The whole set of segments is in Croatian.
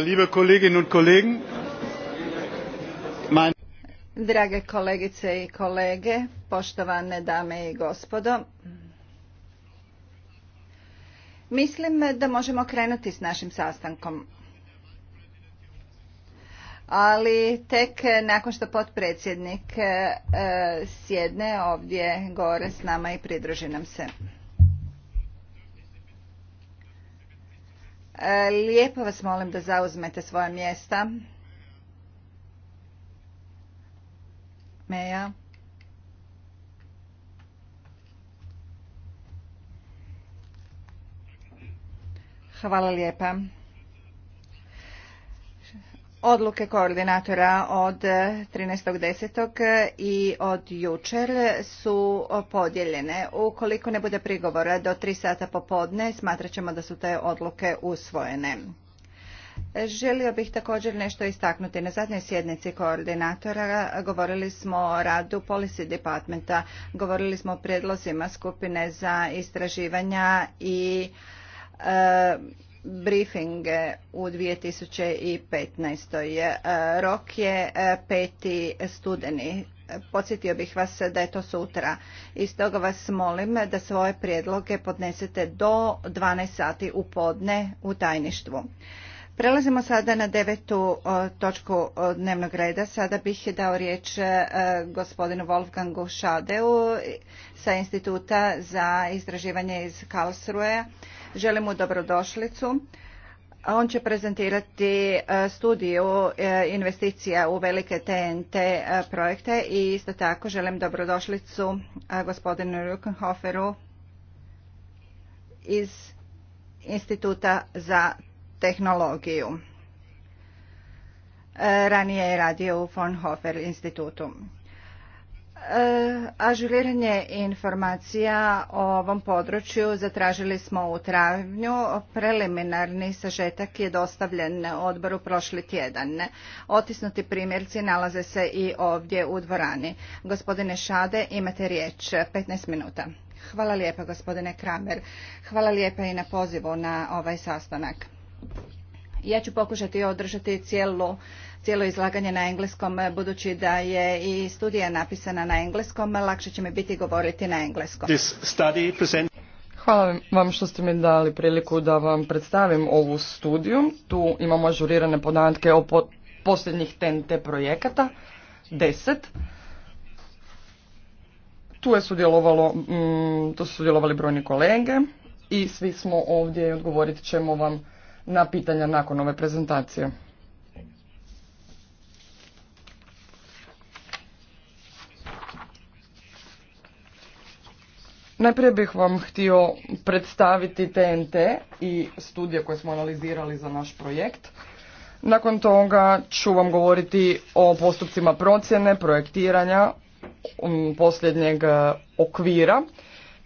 liebe Kolleginnen und Kollegen, Drage kolegice i kolege, poštovane dame i gospodo, mislim da možemo krenuti s našim sastankom. Ali tek nakon što potpredsjednik eh, sjedne ovdje gore s nama i pridruži nam se. E, lijepo vas molim da zauzmete svoja mjesta. Meja. Hvala lijepa. Odluke koordinatora od 13.10. i od jučer su podijeljene. Ukoliko ne bude prigovora do 3 sata popodne, smatrat ćemo da su te odluke usvojene. Želio bih također nešto istaknuti. Na zadnjoj sjednici koordinatora govorili smo o radu Policy Departmenta, govorili smo o predlozima skupine za istraživanja i e, briefing u 2015. E, rok je 5. E, studeni. Podsjetio bih vas da je to sutra. I stoga vas molim da svoje prijedloge podnesete do 12 sati u podne u tajništvu. Prelazimo sada na devetu e, točku dnevnog reda. Sada bih dao riječ gospodinu Wolfgangu Šadeu sa Instituta za istraživanje iz Karlsruhe Želim mu dobrodošlicu. On će prezentirati e, studiju e, investicija u velike TNT e, projekte i isto tako želim dobrodošlicu gospodinu Rukenhoferu iz Instituta za tehnologiju. Ranije je radio u Hofer institutu. E, ažuriranje informacija o ovom području zatražili smo u travnju. Preliminarni sažetak je dostavljen odboru prošli tjedan. Otisnuti primjerci nalaze se i ovdje u dvorani. Gospodine Šade, imate riječ. 15 minuta. Hvala lijepa gospodine Kramer. Hvala lijepa i na pozivu na ovaj sastanak. Ja ću pokušati održati cijelu cijelo izlaganje na engleskom, e, budući da je i studija napisana na engleskom, e, lakše će mi biti govoriti na engleskom. Hvala vam što ste mi dali priliku da vam predstavim ovu studiju. Tu imamo ažurirane podatke o posljednjih TNT projekata, 10. Tu, je sudjelovalo, mm, tu su sudjelovali brojni kolege i svi smo ovdje i odgovorit ćemo vam na pitanja nakon ove prezentacije. Najprije bih vam htio predstaviti TNT i studije koje smo analizirali za naš projekt. Nakon toga ću vam govoriti o postupcima procjene, projektiranja um, posljednjeg e, okvira,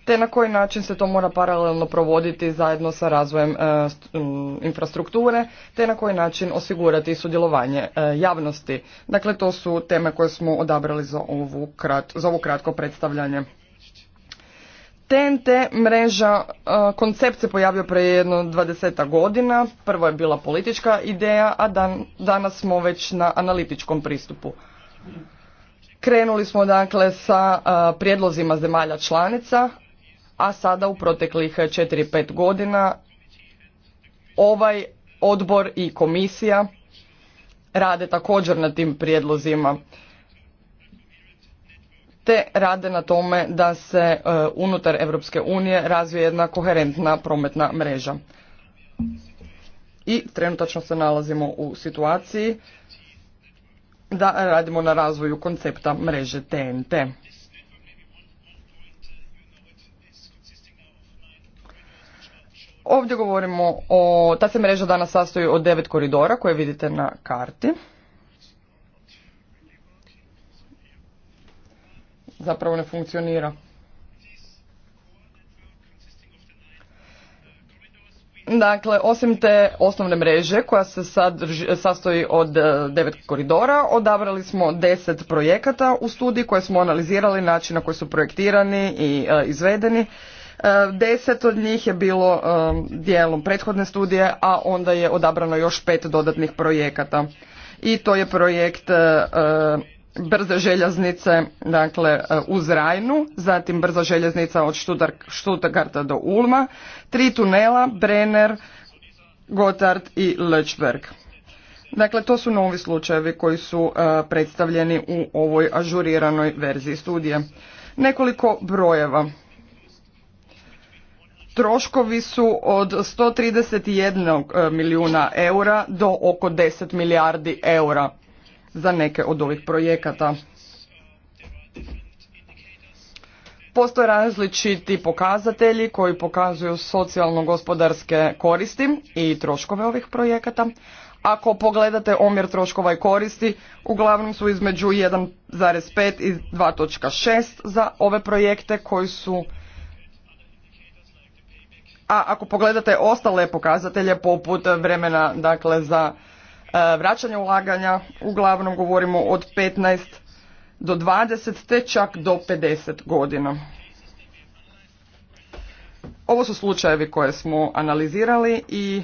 te na koji način se to mora paralelno provoditi zajedno sa razvojem e, um, infrastrukture, te na koji način osigurati sudjelovanje e, javnosti. Dakle, to su teme koje smo odabrali za, ovu krat, za ovo kratko predstavljanje. TNT mreža, e, koncept se pojavio prije jedno 20 godina, prvo je bila politička ideja, a dan, danas smo već na analitičkom pristupu. Krenuli smo dakle sa e, prijedlozima zemalja članica, a sada u proteklih 4-5 godina ovaj odbor i komisija rade također na tim prijedlozima te rade na tome da se e, unutar Europske unije razvije jedna koherentna prometna mreža. I trenutačno se nalazimo u situaciji da radimo na razvoju koncepta mreže TNT. Ovdje govorimo o, ta se mreža danas sastoji od devet koridora koje vidite na karti. zapravo ne funkcionira. Dakle, osim te osnovne mreže koja se sadrži, sastoji od e, devet koridora, odabrali smo deset projekata u studiji koje smo analizirali, način na koji su projektirani i e, izvedeni. E, deset od njih je bilo dijelom prethodne studije, a onda je odabrano još pet dodatnih projekata. I to je projekt brze željeznice dakle e, uz Rajnu, zatim brza željeznica od Stuttgarta do Ulma, tri tunela Brenner, Gotthard i Lechberg. Dakle, to su novi slučajevi koji su e, predstavljeni u ovoj ažuriranoj verziji studije. Nekoliko brojeva. Troškovi su od 131 e, milijuna eura do oko 10 milijardi eura za neke od ovih projekata. Postoje različiti pokazatelji koji pokazuju socijalno-gospodarske koristi i troškove ovih projekata. Ako pogledate omjer troškova i koristi, uglavnom su između 1,5 i 2.6 za ove projekte koji su a ako pogledate ostale pokazatelje poput vremena dakle za Eh, vraćanja ulaganja, uglavnom govorimo od 15 do 20 te čak do 50 godina. Ovo su slučajevi koje smo analizirali i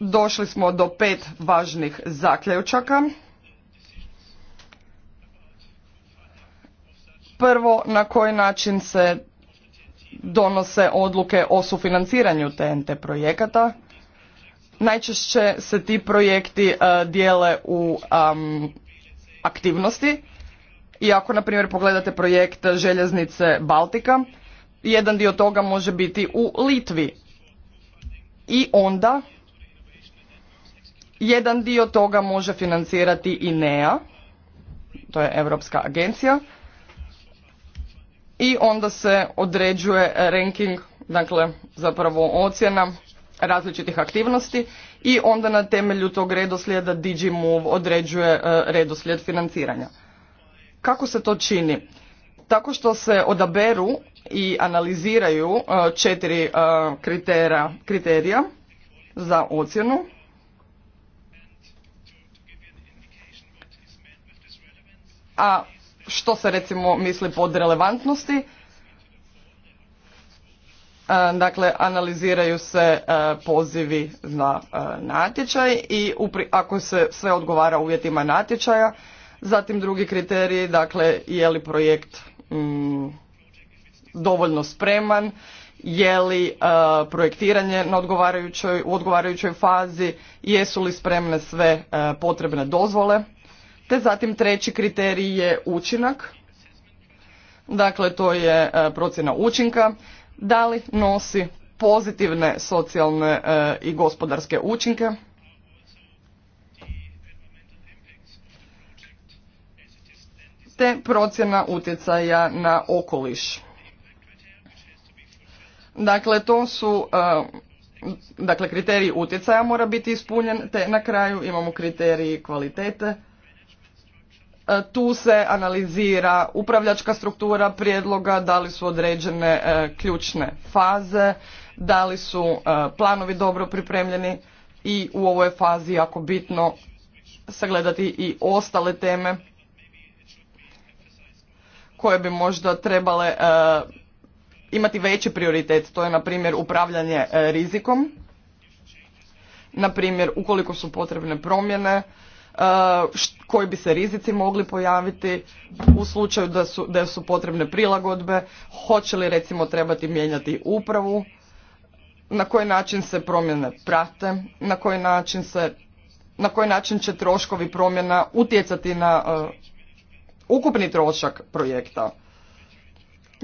došli smo do pet važnih zaključaka. Prvo, na koji način se donose odluke o sufinanciranju TNT projekata. Najčešće se ti projekti e, dijele u aktivnosti i ako na primjer pogledate projekt željeznice Baltika, jedan dio toga može biti u Litvi. I onda jedan dio toga može financirati INEA, to je Europska agencija, i onda se određuje ranking, dakle zapravo ocjena različitih aktivnosti i onda na temelju tog redoslijeda DigiMove određuje e, redoslijed financiranja. Kako se to čini? Tako što se odaberu i analiziraju e, četiri e, kriterija, kriterija za ocjenu. A što se recimo misli pod relevantnosti? E, dakle, analiziraju se e, pozivi na e, natječaj i ako se sve odgovara uvjetima natječaja, zatim drugi kriterij, dakle, je li projekt mm, dovoljno spreman, je li projektiranje na odgovarajućoj, u odgovarajućoj fazi, jesu li spremne sve potrebne dozvole, te zatim treći kriterij je učinak, dakle to je procjena učinka da li nosi pozitivne socijalne e, i gospodarske učinke. te procjena utjecaja na okoliš. Dakle, to su, e, dakle, kriterij utjecaja mora biti ispunjen, te na kraju imamo kriteriji kvalitete, E, tu se analizira upravljačka struktura prijedloga, da li su određene e, ključne faze, da li su e, planovi dobro pripremljeni i u ovoj fazi jako bitno sagledati i ostale teme koje bi možda trebale imati veći prioritet. To je, na primjer, upravljanje rizikom. Na primjer, ukoliko su potrebne promjene, E, koji bi se rizici mogli pojaviti u slučaju da su, da su potrebne prilagodbe, hoće li recimo trebati mijenjati upravu, na koji način se promjene prate, na koji način, se, na koji način će troškovi promjena utjecati na e, ukupni trošak projekta.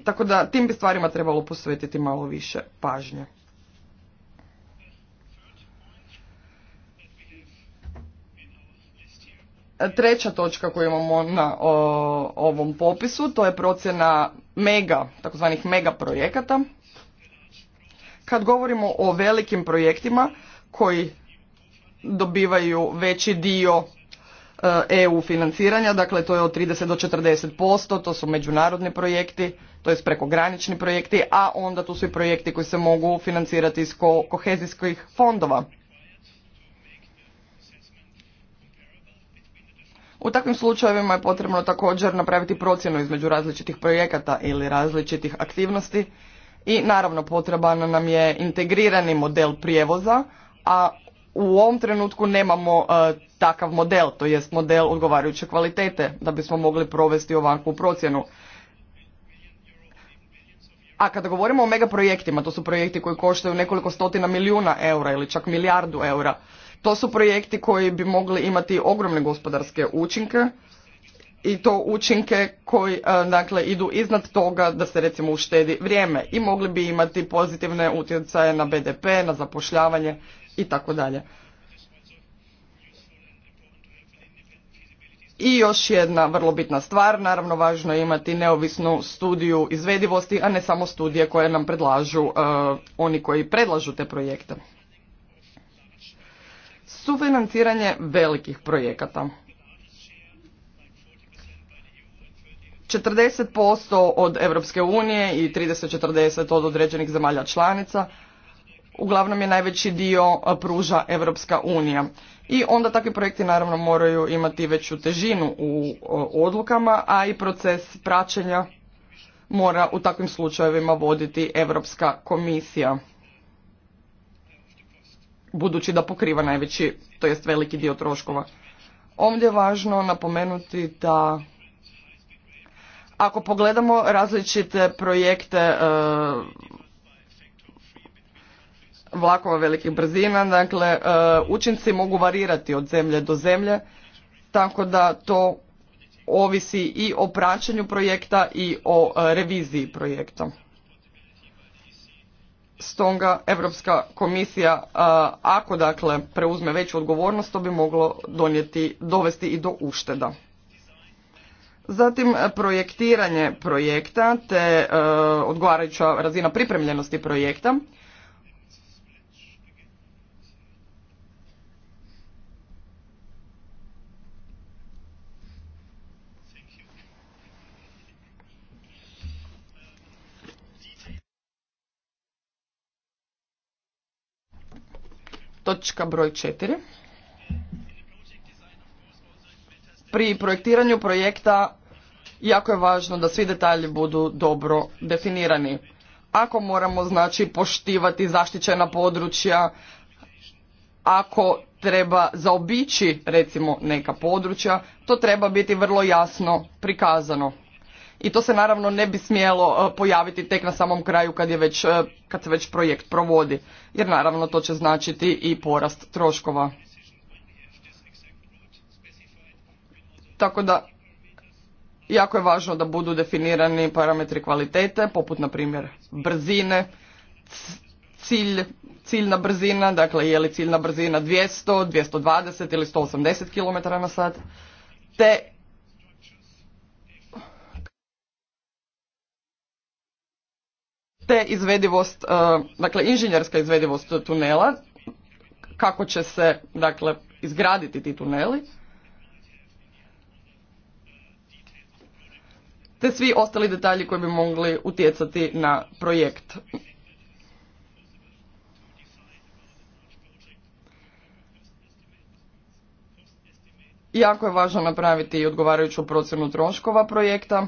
Tako da tim bi stvarima trebalo posvetiti malo više pažnje. Treća točka koju imamo na o, ovom popisu, to je procjena mega, takozvanih mega projekata. Kad govorimo o velikim projektima koji dobivaju veći dio e, EU financiranja, dakle to je od 30 do 40%, to su međunarodni projekti, to je prekogranični projekti, a onda tu su i projekti koji se mogu financirati iz kohezijskih fondova. U takvim slučajevima je potrebno također napraviti procjenu između različitih projekata ili različitih aktivnosti i naravno potreban nam je integrirani model prijevoza, a u ovom trenutku nemamo e, takav model, to jest model odgovarajuće kvalitete da bismo mogli provesti ovakvu procjenu. A kada govorimo o megaprojektima, to su projekti koji koštaju nekoliko stotina milijuna eura ili čak milijardu eura, to su projekti koji bi mogli imati ogromne gospodarske učinke i to učinke koji e, dakle idu iznad toga da se recimo uštedi vrijeme i mogli bi imati pozitivne utjecaje na BDP, na zapošljavanje i tako dalje. I još jedna vrlo bitna stvar, naravno važno je imati neovisnu studiju izvedivosti, a ne samo studije koje nam predlažu e, oni koji predlažu te projekte sufinanciranje velikih projekata. 40% od Europske unije i 30-40% od određenih zemalja članica, uglavnom je najveći dio pruža Europska unija. I onda takvi projekti naravno moraju imati veću težinu u odlukama, a i proces praćenja mora u takvim slučajevima voditi Europska komisija budući da pokriva najveći, to jest veliki dio troškova. Ovdje je važno napomenuti da ako pogledamo različite projekte e, vlakova velikih brzina, dakle e, učinci mogu varirati od zemlje do zemlje, tako da to ovisi i o praćenju projekta i o e, reviziji projekta. Stoga Europska komisija, ako dakle preuzme veću odgovornost, to bi moglo donijeti, dovesti i do ušteda. Zatim projektiranje projekta te e, odgovarajuća razina pripremljenosti projekta točka broj 4. Pri projektiranju projekta jako je važno da svi detalji budu dobro definirani. Ako moramo znači poštivati zaštićena područja, ako treba zaobići recimo neka područja, to treba biti vrlo jasno prikazano i to se naravno ne bi smjelo e, pojaviti tek na samom kraju kad, je već, e, kad se već projekt provodi, jer naravno to će značiti i porast troškova. Tako da jako je važno da budu definirani parametri kvalitete, poput na primjer brzine, cilj, ciljna brzina, dakle je li ciljna brzina 200, 220 ili 180 km na sat, te te izvedivost, e, dakle inženjerska izvedivost tunela, kako će se dakle izgraditi ti tuneli, te svi ostali detalji koji bi mogli utjecati na projekt. Jako je važno napraviti i odgovarajuću procjenu troškova projekta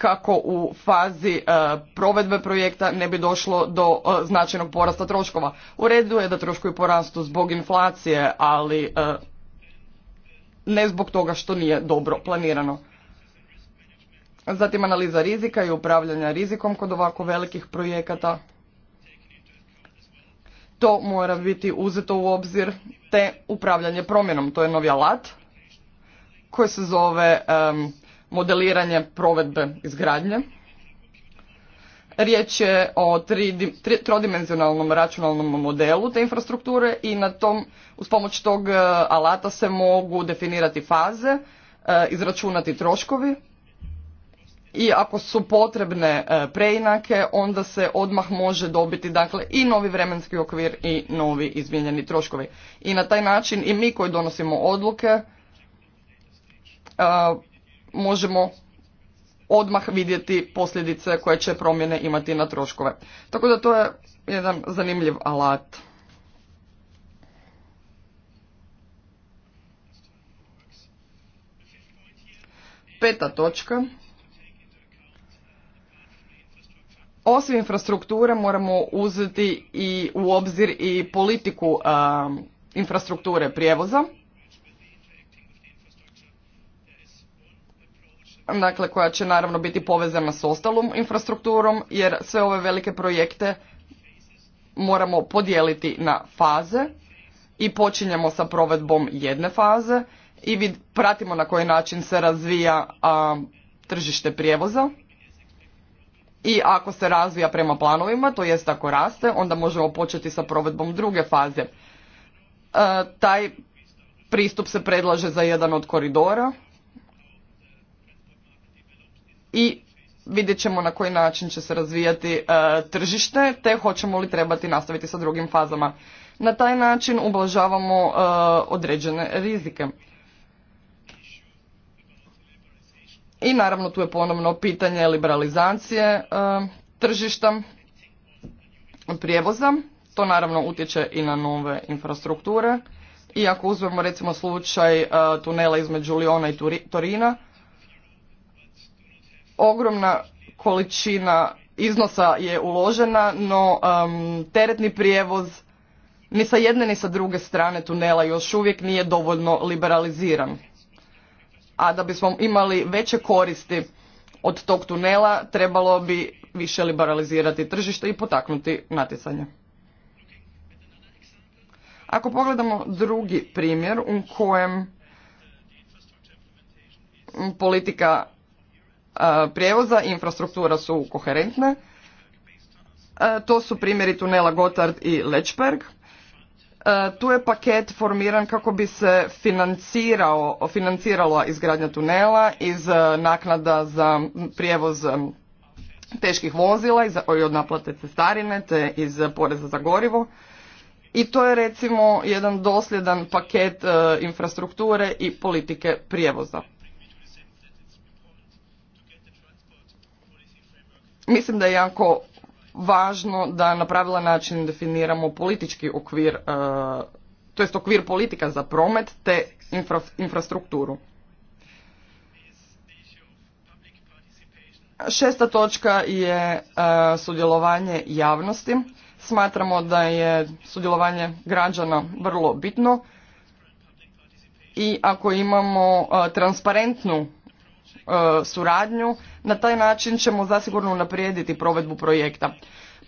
kako u fazi e, provedbe projekta ne bi došlo do e, značajnog porasta troškova. U redu je da troškovi porastu zbog inflacije, ali e, ne zbog toga što nije dobro planirano. Zatim analiza rizika i upravljanja rizikom kod ovako velikih projekata. To mora biti uzeto u obzir te upravljanje promjenom. To je novi alat koji se zove modeliranje provedbe izgradnje. Riječ je o tri, tri, trodimenzionalnom računalnom modelu te infrastrukture i na tom, uz pomoć tog e, alata se mogu definirati faze, e, izračunati troškovi i ako su potrebne e, preinake onda se odmah može dobiti dakle i novi vremenski okvir i novi izmijenjeni troškovi. I na taj način i mi koji donosimo odluke možemo odmah vidjeti posljedice koje će promjene imati na troškove. Tako da to je jedan zanimljiv alat. Peta točka. Osim infrastrukture moramo uzeti i u obzir i politiku infrastrukture prijevoza dakle koja će naravno biti povezana s ostalom infrastrukturom jer sve ove velike projekte moramo podijeliti na faze i počinjemo sa provedbom jedne faze i vid, pratimo na koji način se razvija a, tržište prijevoza i ako se razvija prema planovima, to jest ako raste, onda možemo početi sa provedbom druge faze. E, taj pristup se predlaže za jedan od koridora i vidjet ćemo na koji način će se razvijati e, tržište te hoćemo li trebati nastaviti sa drugim fazama. Na taj način ublažavamo e, određene rizike. I naravno tu je ponovno pitanje liberalizacije e, tržišta prijevoza. To naravno utječe i na nove infrastrukture. I ako uzmemo recimo slučaj e, tunela između Liona i Torina, ogromna količina iznosa je uložena, no teretni prijevoz ni sa jedne ni sa druge strane tunela još uvijek nije dovoljno liberaliziran. A da bismo imali veće koristi od tog tunela trebalo bi više liberalizirati tržište i potaknuti natjecanje. Ako pogledamo drugi primjer u kojem politika prijevoza i infrastruktura su koherentne. To su primjeri tunela Gotard i Lečberg. Tu je paket formiran kako bi se financirao, financirala izgradnja tunela iz naknada za prijevoz teških vozila i od naplate cestarine te iz poreza za gorivo. I to je recimo jedan dosljedan paket infrastrukture i politike prijevoza. Mislim da je jako važno da na pravilan način definiramo politički okvir, e, to jest okvir politika za promet te infrastrukturu. Šesta točka je e, sudjelovanje javnosti. Smatramo da je sudjelovanje građana vrlo bitno i ako imamo e, transparentnu E, suradnju. Na taj način ćemo zasigurno unaprijediti provedbu projekta.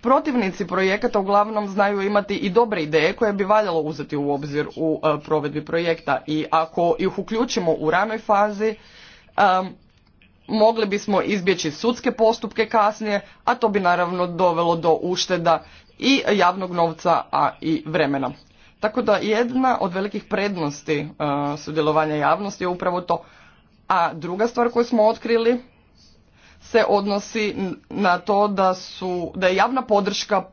Protivnici projekata uglavnom znaju imati i dobre ideje koje bi valjalo uzeti u obzir u e, provedbi projekta i ako ih uključimo u ranoj fazi e, mogli bismo izbjeći sudske postupke kasnije, a to bi naravno dovelo do ušteda i javnog novca, a i vremena. Tako da jedna od velikih prednosti sudjelovanja javnosti je upravo to a druga stvar koju smo otkrili se odnosi na to da, su, da je javna podrška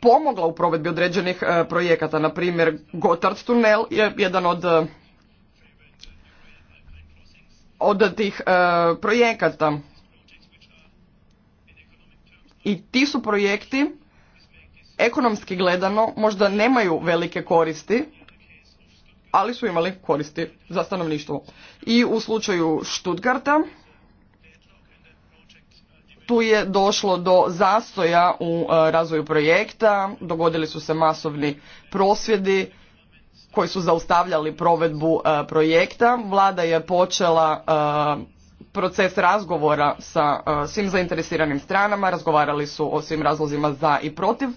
pomogla u provedbi određenih e, projekata. Na primjer, Gotthard tunel je jedan od, od tih e, projekata. I ti su projekti, ekonomski gledano, možda nemaju velike koristi, ali su imali koristi za stanovništvo. I u slučaju Stuttgarta tu je došlo do zastoja u e, razvoju projekta, dogodili su se masovni prosvjedi koji su zaustavljali provedbu e, projekta. Vlada je počela e, proces razgovora sa svim zainteresiranim stranama, razgovarali su o svim razlozima za i protiv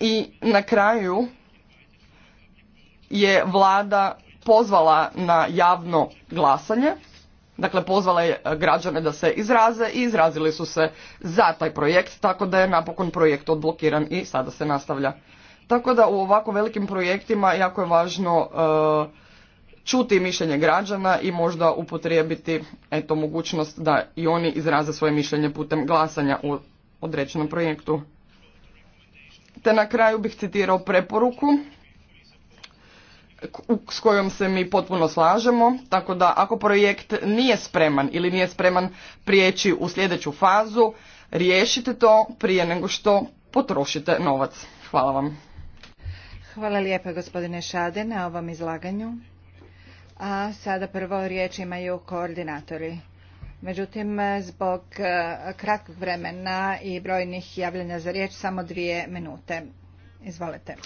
I na kraju je vlada pozvala na javno glasanje, dakle pozvala je građane da se izraze i izrazili su se za taj projekt, tako da je napokon projekt odblokiran i sada se nastavlja. Tako da u ovako velikim projektima jako je važno e, čuti mišljenje građana i možda upotrijebiti eto mogućnost da i oni izraze svoje mišljenje putem glasanja u određenom projektu na kraju bih citirao preporuku s kojom se mi potpuno slažemo, tako da ako projekt nije spreman ili nije spreman prijeći u sljedeću fazu, riješite to prije nego što potrošite novac. Hvala vam. Hvala lijepa gospodine Šade na ovom izlaganju. A sada prvo riječ imaju koordinatori. Međutim, e, zbog e, kratkog vremena i brojnih javljanja za riječ, samo dvije minute. Izvolite.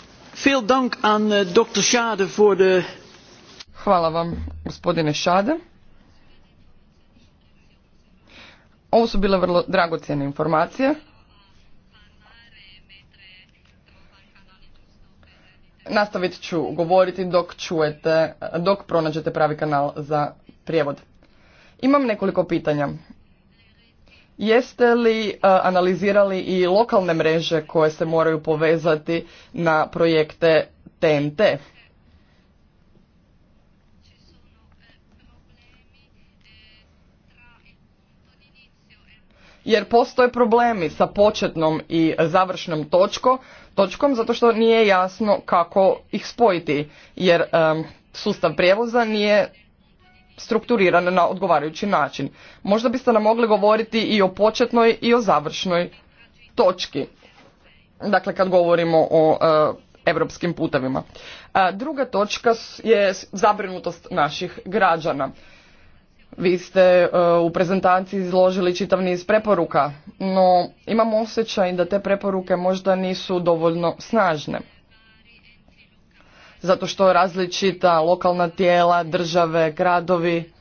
Eh, Hvala vam, gospodine Šade. Ovo su bile vrlo dragocjene informacije. Nastavit ću govoriti dok čujete, dok pronađete pravi kanal za prijevod. Imam nekoliko pitanja. Jeste li e, analizirali i lokalne mreže koje se moraju povezati na projekte TNT? jer postoje problemi sa početnom i završnom točko, točkom zato što nije jasno kako ih spojiti jer sustav prijevoza nije Strukturirane na odgovarajući način. Možda biste nam mogli govoriti i o početnoj i o završnoj točki. Dakle, kad govorimo o europskim putevima. E, druga točka je zabrinutost naših građana. Vi ste e, u prezentaciji izložili čitav niz preporuka, no imam osjećaj da te preporuke možda nisu dovoljno snažne zato što različita lokalna tijela, države, gradovi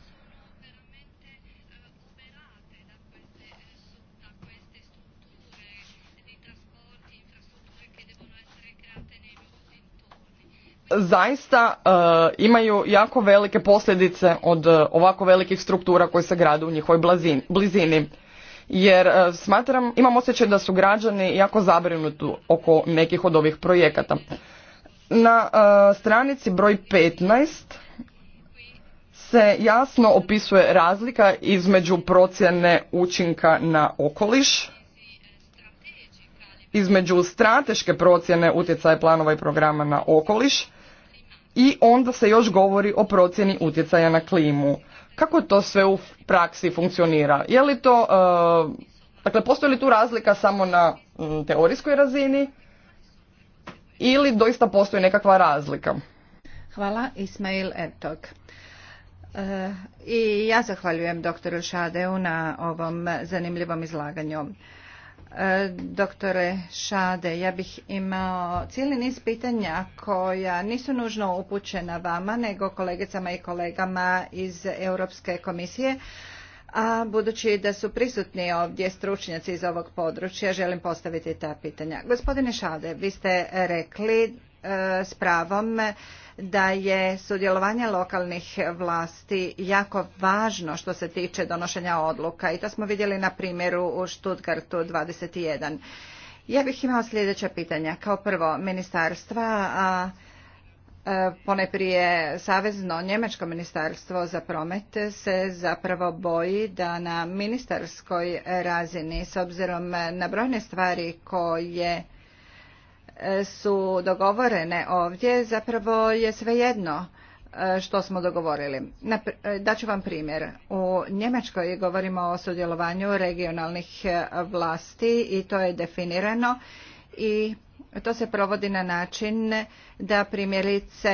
zaista e, imaju jako velike posljedice od e, ovako velikih struktura koje se grade u njihovoj blizini jer e, smatram imam osjećaj da su građani jako zabrinuti oko nekih od ovih projekata na e, stranici broj 15 se jasno opisuje razlika između procjene učinka na okoliš, između strateške procjene utjecaja planova i programa na okoliš i onda se još govori o procjeni utjecaja na klimu. Kako to sve u praksi funkcionira? Je li to, e, dakle, postoji li tu razlika samo na mm, teorijskoj razini ili doista postoji nekakva razlika? Hvala, Ismail Ertog. E, I ja zahvaljujem doktoru Šadeu na ovom zanimljivom izlaganju. E, doktore Šade, ja bih imao cijeli niz pitanja koja nisu nužno upućena vama, nego kolegicama i kolegama iz Europske komisije, a budući da su prisutni ovdje stručnjaci iz ovog područja, želim postaviti ta pitanja. Gospodine Šade, vi ste rekli e, s pravom da je sudjelovanje lokalnih vlasti jako važno što se tiče donošenja odluka i to smo vidjeli na primjeru u Stuttgartu 21. Ja bih imao sljedeća pitanja. Kao prvo, ministarstva E, Poneprije Savezno njemačko ministarstvo za promet se zapravo boji da na ministarskoj razini s obzirom na brojne stvari koje e, su dogovorene ovdje zapravo je svejedno e, što smo dogovorili. Daću vam primjer. U Njemačkoj govorimo o sudjelovanju regionalnih vlasti i to je definirano i to se provodi na način da primjerice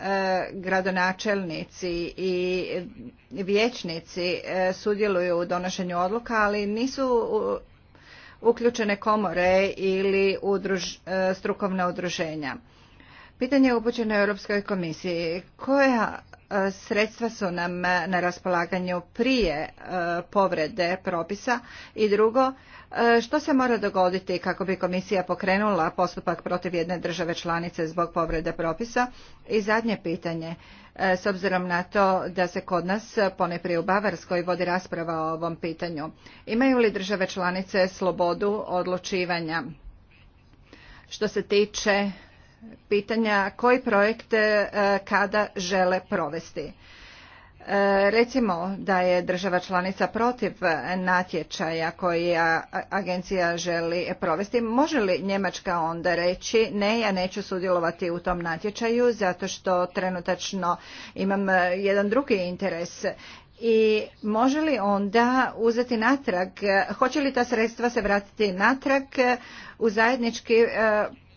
e, gradonačelnici i vijećnici e, sudjeluju u donošenju odluka, ali nisu uključene komore ili e, strukovna udruženja. Pitanje je upućeno Europskoj komisiji. Koja sredstva su nam eh, na raspolaganju prije eh, povrede propisa i drugo eh, što se mora dogoditi kako bi komisija pokrenula postupak protiv jedne države članice zbog povrede propisa i zadnje pitanje s obzirom na to da se kod nas poneprije u Bavarskoj vodi rasprava o ovom pitanju imaju li države članice slobodu odlučivanja što se tiče pitanja koji projekt e, kada žele provesti. E, recimo da je država članica protiv natječaja koji agencija želi provesti, može li Njemačka onda reći ne, ja neću sudjelovati u tom natječaju zato što trenutačno imam e, jedan drugi interes i može li onda uzeti natrag, hoće li ta sredstva se vratiti natrag u zajednički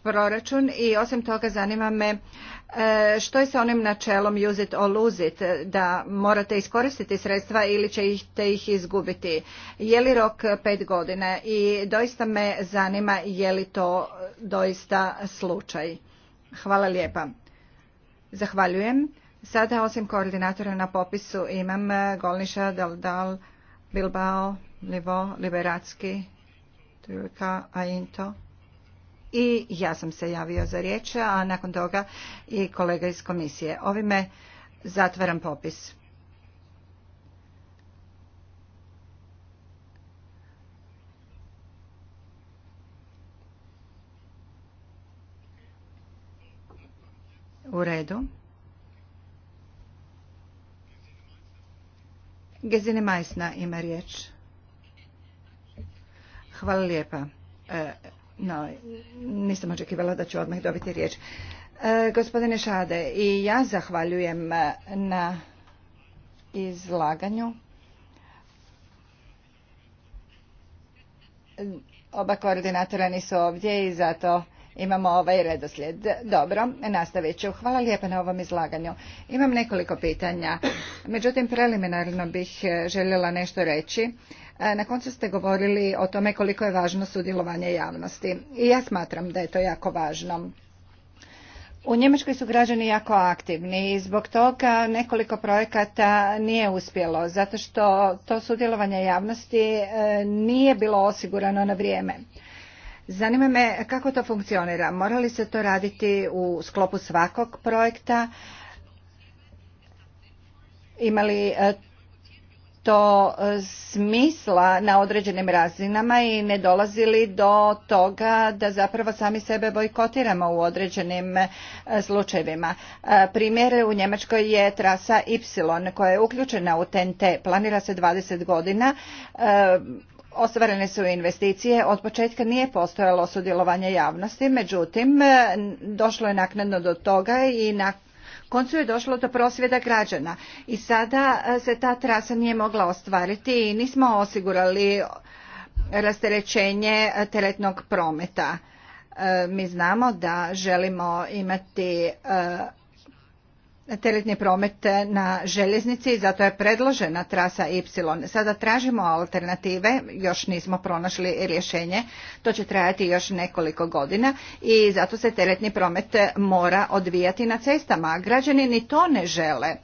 proračun i osim toga zanima me e, što je sa onim načelom use it or lose it, da morate iskoristiti sredstva ili ćete ih izgubiti. Je li rok pet godina i doista me zanima je li to doista slučaj. Hvala lijepa. Zahvaljujem. Sada osim koordinatora na popisu imam e, Golniša, Daldal, Bilbao, Livo, Liberacki, Turka, Ainto i ja sam se javio za riječ, a nakon toga i kolega iz komisije. Ovime zatvaram popis. U redu. Gezine Majsna ima riječ. Hvala lijepa. E, no, nisam očekivala da ću odmah dobiti riječ. E, gospodine Šade, i ja zahvaljujem na izlaganju. Oba koordinatora nisu ovdje i zato Imamo ovaj redoslijed. Dobro, nastavit ću. Hvala lijepa na ovom izlaganju. Imam nekoliko pitanja. Međutim, preliminarno bih e, željela nešto reći. E, na koncu ste govorili o tome koliko je važno sudjelovanje javnosti. I ja smatram da je to jako važno. U Njemačkoj su građani jako aktivni i zbog toga nekoliko projekata nije uspjelo, zato što to sudjelovanje javnosti e, nije bilo osigurano na vrijeme. Zanima me kako to funkcionira. Mora li se to raditi u sklopu svakog projekta? Ima li e, to smisla na određenim razinama i ne dolazi li do toga da zapravo sami sebe bojkotiramo u određenim e, slučajevima. E, primjer u Njemačkoj je trasa Y koja je uključena u TNT, planira se 20 godina, Ostvarene su investicije, od početka nije postojalo sudjelovanje javnosti, međutim došlo je naknadno do toga i na koncu je došlo do prosvjeda građana i sada e, se ta trasa nije mogla ostvariti i nismo osigurali rasterećenje e, teretnog prometa. E, mi znamo da želimo imati teretni promet na željeznici zato je predložena trasa Y. Sada tražimo alternative, još nismo pronašli rješenje, to će trajati još nekoliko godina i zato se teretni promet mora odvijati na cestama. Građani ni to ne žele.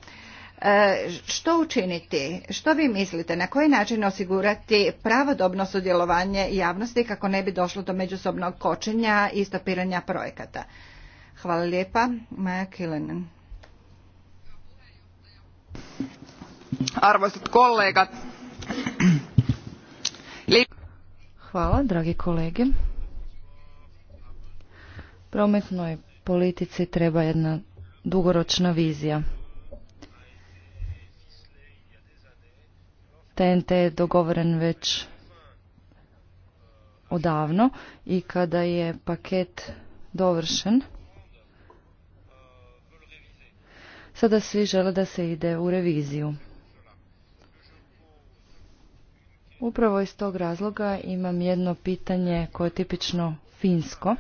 E, što učiniti? Što vi mislite? Na koji način osigurati pravodobno sudjelovanje javnosti kako ne bi došlo do međusobnog kočenja i stopiranja projekata? Hvala lijepa. Maja Kilenen. Arvoisat kollegat. Hvala, dragi kolege. Prometnoj politici treba jedna dugoročna vizija. TNT je dogovoren već odavno i kada je paket dovršen, Sada svi žele da se ide u reviziju. Upravo iz tog razloga imam jedno pitanje koje je tipično finsko.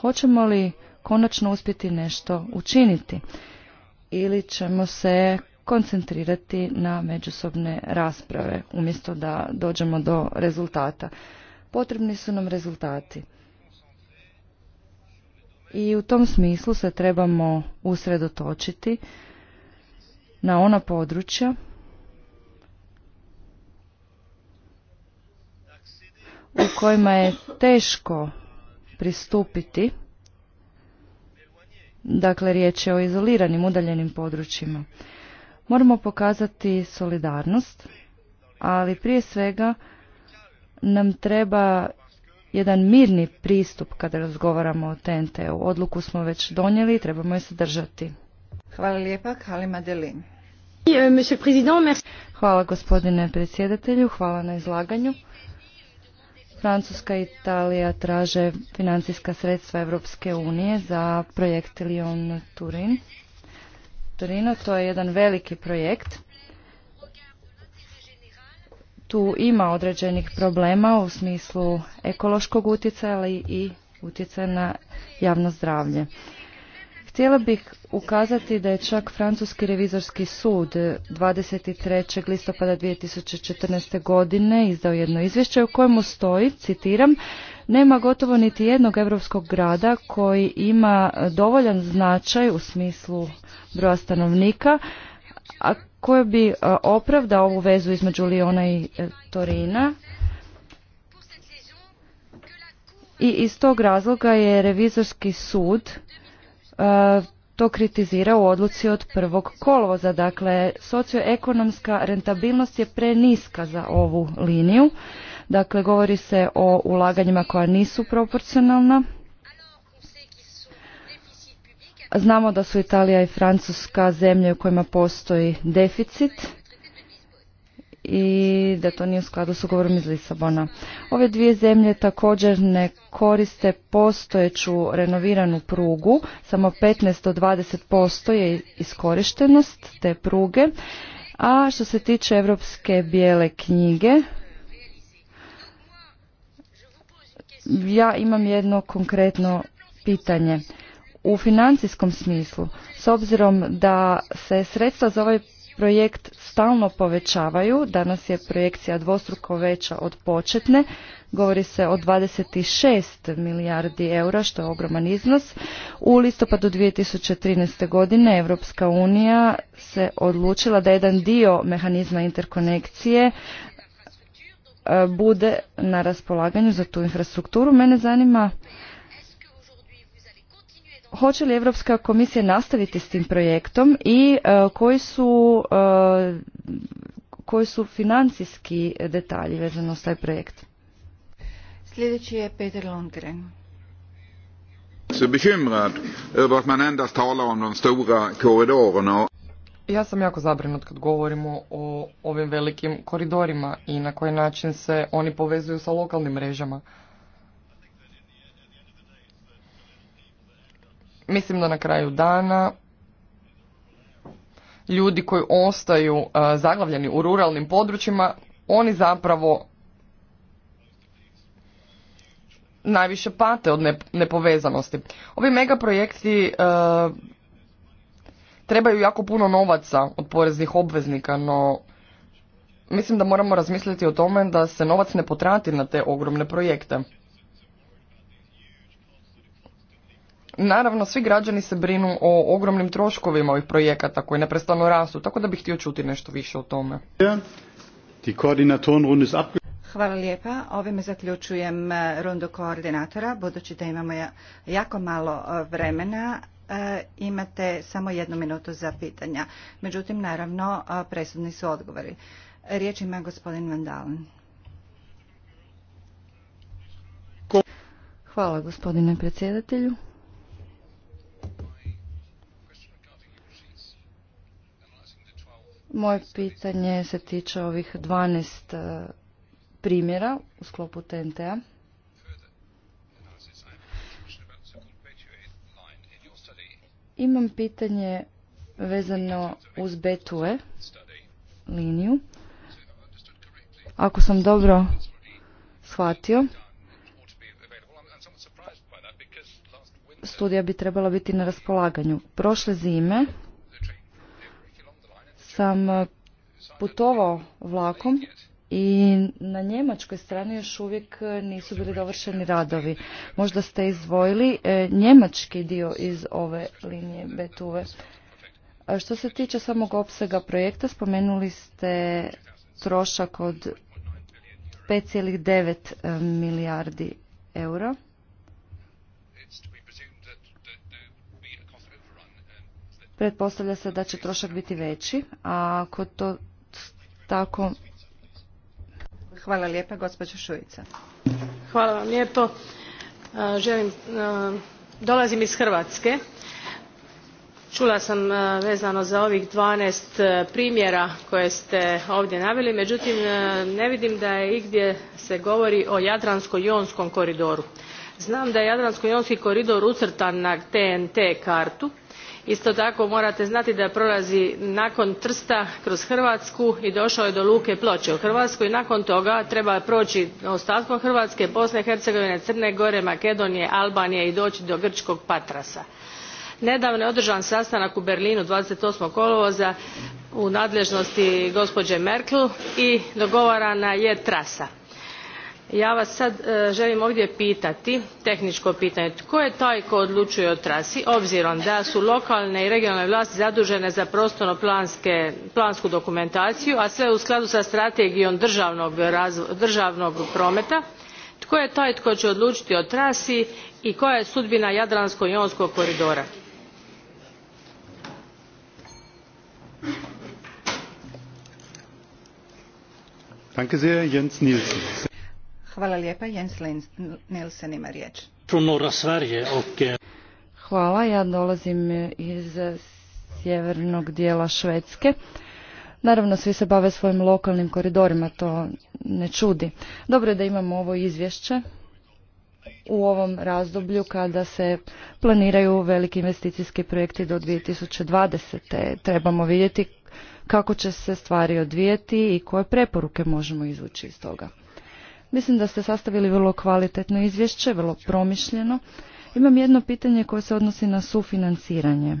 Hoćemo li konačno uspjeti nešto učiniti ili ćemo se koncentrirati na međusobne rasprave umjesto da dođemo do rezultata. Potrebni su nam rezultati i u tom smislu se trebamo usredotočiti na ona područja u kojima je teško pristupiti dakle riječ je o izoliranim udaljenim područjima moramo pokazati solidarnost ali prije svega nam treba jedan mirni pristup kada razgovaramo o TNT-u. Odluku smo već donijeli i trebamo je sadržati. Hvala lijepa, Halima Delin. Euh, hvala gospodine predsjedatelju, hvala na izlaganju. Francuska i Italija traže financijska sredstva Europske unije za projekt Lyon Turin. Turino, to je jedan veliki projekt tu ima određenih problema u smislu ekološkog utjecaja, ali i utjecaja na javno zdravlje. Htjela bih ukazati da je čak Francuski revizorski sud 23. listopada 2014. godine izdao jedno izvješće u kojemu stoji, citiram, nema gotovo niti jednog evropskog grada koji ima dovoljan značaj u smislu broja stanovnika, a koja bi e, opravda ovu vezu između Liona i e, Torina. I iz tog razloga je revizorski sud e, to kritizira u odluci od prvog kolovoza. Dakle, socioekonomska rentabilnost je preniska za ovu liniju. Dakle, govori se o ulaganjima koja nisu proporcionalna Znamo da su Italija i Francuska zemlje u kojima postoji deficit i da to nije u skladu s ugovorom iz Lisabona. Ove dvije zemlje također ne koriste postojeću renoviranu prugu, samo 15 do 20% je iskorištenost te pruge. A što se tiče Europske bijele knjige, ja imam jedno konkretno pitanje u financijskom smislu, s obzirom da se sredstva za ovaj projekt stalno povećavaju, danas je projekcija dvostruko veća od početne, govori se o 26 milijardi eura, što je ogroman iznos. U listopadu 2013. godine Europska unija se odlučila da jedan dio mehanizma interkonekcije e, bude na raspolaganju za tu infrastrukturu. Mene zanima hoće li Europska komisija nastaviti s tim projektom i e, koji su, e, koji su financijski detalji vezano s taj projekt? Sljedeći je Peter Lundgren. Ja sam jako zabrinut kad govorimo o ovim velikim koridorima i na koji način se oni povezuju sa lokalnim mrežama. Mislim da na kraju dana ljudi koji ostaju e, zaglavljeni u ruralnim područjima, oni zapravo najviše pate od nepovezanosti. Ovi megaprojekti e, trebaju jako puno novaca od poreznih obveznika, no mislim da moramo razmisliti o tome da se novac ne potrati na te ogromne projekte. Naravno, svi građani se brinu o ogromnim troškovima ovih projekata koji neprestano rastu, tako da bih htio čuti nešto više o tome. Hvala lijepa. Ovime zaključujem e, rundu koordinatora, budući da imamo jako malo e, vremena. E, imate samo jednu minutu za pitanja. Međutim, naravno, presudni su odgovori. Riječ ima gospodin Vandalen. Hvala gospodine predsjedatelju. Moje pitanje se tiče ovih 12 e, primjera u sklopu TNT-a. Imam pitanje vezano uz Betue liniju. Ako sam dobro shvatio, studija bi trebala biti na raspolaganju. Prošle zime sam e, putovao vlakom i na njemačkoj strani još uvijek e, nisu bili dovršeni radovi. Možda ste izdvojili e, njemački dio iz ove linije Betuve. što se tiče samog opsega projekta, spomenuli ste trošak od 5,9 milijardi eura. pretpostavlja se da će trošak biti veći, a ako to tako... Hvala lijepa, gospođa Šujica. Hvala vam lijepo. E, želim, e, dolazim iz Hrvatske. Čula sam e, vezano za ovih 12 primjera koje ste ovdje naveli, međutim ne vidim da je igdje se govori o Jadransko-Jonskom koridoru. Znam da je Jadransko-Jonski koridor ucrtan na TNT kartu, isto tako morate znati da prolazi nakon trsta kroz hrvatsku i došao je do luke ploče u hrvatskoj i nakon toga treba proći ostatkom hrvatske bosne hercegovine crne gore makedonije albanije i doći do grčkog patrasa. nedavno je održan sastanak u berlinu. twenty eight kolovoza u nadležnosti gospođe merkel i dogovarana je trasa ja vas sad e, želim ovdje pitati tehničko pitanje tko je taj tko odlučuje o trasi obzirom da su lokalne i regionalne vlasti zadužene za prostorno plansku dokumentaciju a sve u skladu sa strategijom državnog prometa tko je taj tko će odlučiti o trasi i koja je sudbina jadransko jonskog koridora? Hvala lijepa. Jens Nielsen riječ. Hvala, ja dolazim iz sjevernog dijela Švedske. Naravno, svi se bave svojim lokalnim koridorima, to ne čudi. Dobro je da imamo ovo izvješće u ovom razdoblju kada se planiraju veliki investicijski projekti do 2020. Trebamo vidjeti kako će se stvari odvijeti i koje preporuke možemo izvući iz toga. Mislim da ste sastavili vrlo kvalitetno izvješće, vrlo promišljeno. Imam jedno pitanje koje se odnosi na sufinanciranje.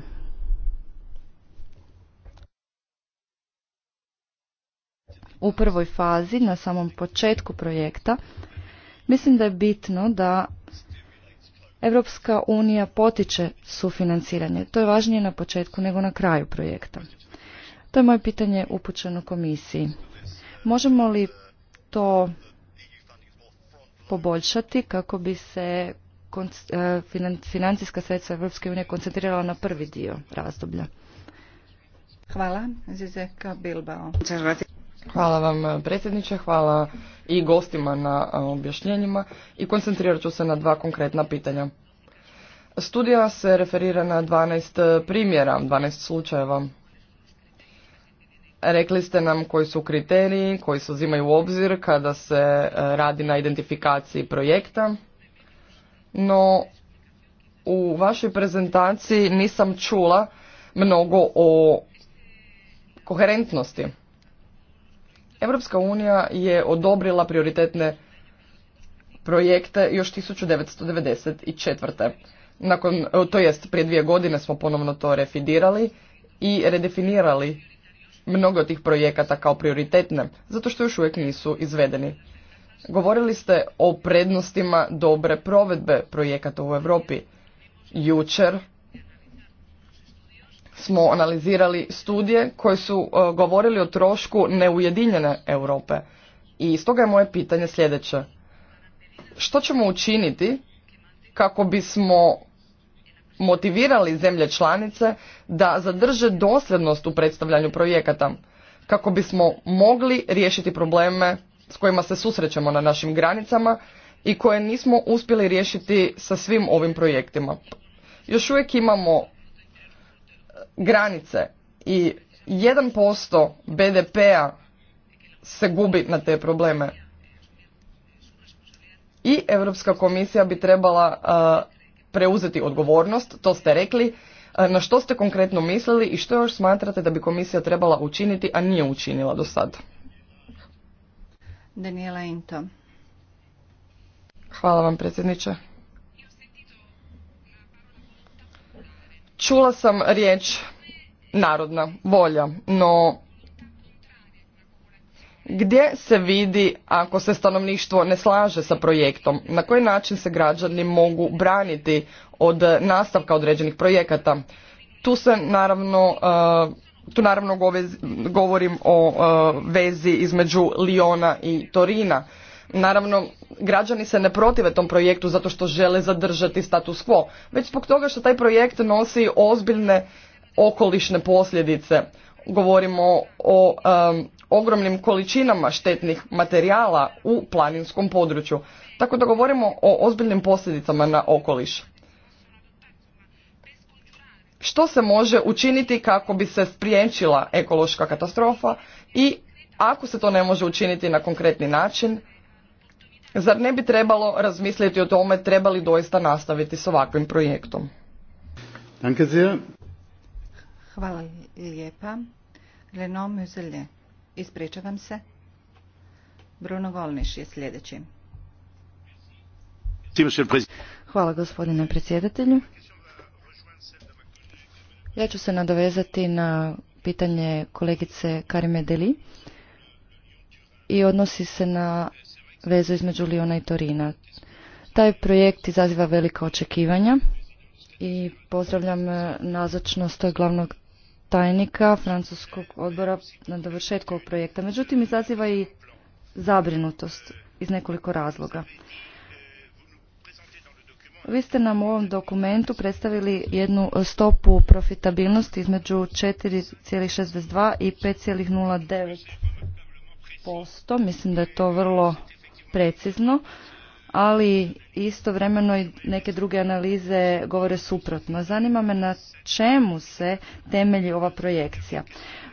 U prvoj fazi, na samom početku projekta, mislim da je bitno da Evropska unija potiče sufinanciranje. To je važnije na početku nego na kraju projekta. To je moje pitanje upućeno komisiji. Možemo li to poboljšati kako bi se e, financijska sredstva Europske unije koncentrirala na prvi dio razdoblja. Hvala. Zizeka Bilbao. Hvala vam e, predsjedniče, hvala i gostima na e, objašnjenjima i koncentrirat ću se na dva konkretna pitanja. Studija se referira na 12 primjera, 12 slučajeva Rekli ste nam koji su kriteriji, koji se uzimaju u obzir kada se e, radi na identifikaciji projekta, no u vašoj prezentaciji nisam čula mnogo o koherentnosti. Europska unija je odobrila prioritetne projekte još 1994. Nakon, to jest prije dvije godine smo ponovno to refidirali i redefinirali mnogo od tih projekata kao prioritetne, zato što još uvijek nisu izvedeni. Govorili ste o prednostima dobre provedbe projekata u Europi. Jučer smo analizirali studije koje su e, govorili o trošku neujedinjene Europe. I stoga je moje pitanje sljedeće. Što ćemo učiniti kako bismo motivirali zemlje članice da zadrže dosljednost u predstavljanju projekata kako bismo mogli riješiti probleme s kojima se susrećemo na našim granicama i koje nismo uspjeli riješiti sa svim ovim projektima. Još uvijek imamo e, granice i 1% BDP-a se gubi na te probleme. I Europska komisija bi trebala e, preuzeti odgovornost, to ste rekli. E, na što ste konkretno mislili i što još smatrate da bi komisija trebala učiniti, a nije učinila do sad? Daniela Into. Hvala vam, predsjedniče. Čula sam riječ narodna, volja, no gdje se vidi ako se stanovništvo ne slaže sa projektom? Na koji način se građani mogu braniti od nastavka određenih projekata? Tu se naravno, eh, tu naravno govorim o eh, vezi između Liona i Torina. Naravno, građani se ne protive tom projektu zato što žele zadržati status quo, već zbog toga što taj projekt nosi ozbiljne okolišne posljedice. Govorimo o eh, ogromnim količinama štetnih materijala u planinskom području. Tako da govorimo o ozbiljnim posljedicama na okoliš. Što se može učiniti kako bi se spriječila ekološka katastrofa i ako se to ne može učiniti na konkretni način, zar ne bi trebalo razmisliti o tome trebali doista nastaviti s ovakvim projektom? Hvala lijepa. Ispričavam se. Bruno Volniš je sljedeći. Hvala gospodine predsjedatelju. Ja ću se nadovezati na pitanje kolegice Karime Deli i odnosi se na vezu između Liona i Torina. Taj projekt izaziva velika očekivanja i pozdravljam nazočnost glavnog tajnika Francuskog odbora na dovršetku ovog projekta. Međutim, izaziva i zabrinutost iz nekoliko razloga. Vi ste nam u ovom dokumentu predstavili jednu stopu profitabilnosti između 4,62 i 5,09%. Mislim da je to vrlo precizno ali istovremeno i neke druge analize govore suprotno. Zanima me na čemu se temelji ova projekcija.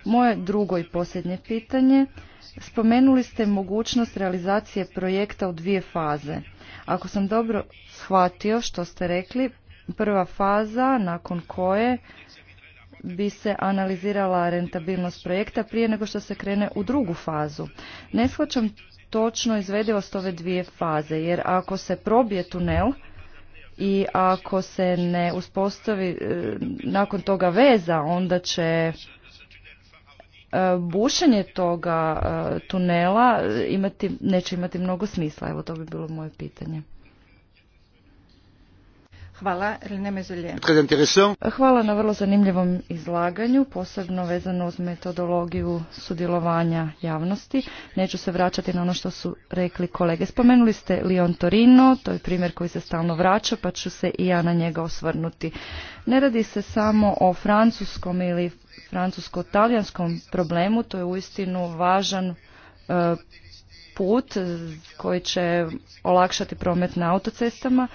Moje drugo i posljednje pitanje. Spomenuli ste mogućnost realizacije projekta u dvije faze. Ako sam dobro shvatio što ste rekli, prva faza nakon koje bi se analizirala rentabilnost projekta prije nego što se krene u drugu fazu. Ne shvaćam točno izvedivost ove dvije faze, jer ako se probije tunel i ako se ne uspostavi e, nakon toga veza, onda će e, bušenje toga e, tunela imati, neće imati mnogo smisla. Evo to bi bilo moje pitanje. Hvala, Hvala na vrlo zanimljivom izlaganju, posebno vezano uz metodologiju sudjelovanja javnosti. Neću se vraćati na ono što su rekli kolege. Spomenuli ste Lion Torino, to je primjer koji se stalno vraća, pa ću se i ja na njega osvrnuti. Ne radi se samo o francuskom ili francusko-talijanskom problemu, to je uistinu važan e, put koji će olakšati promet na autocestama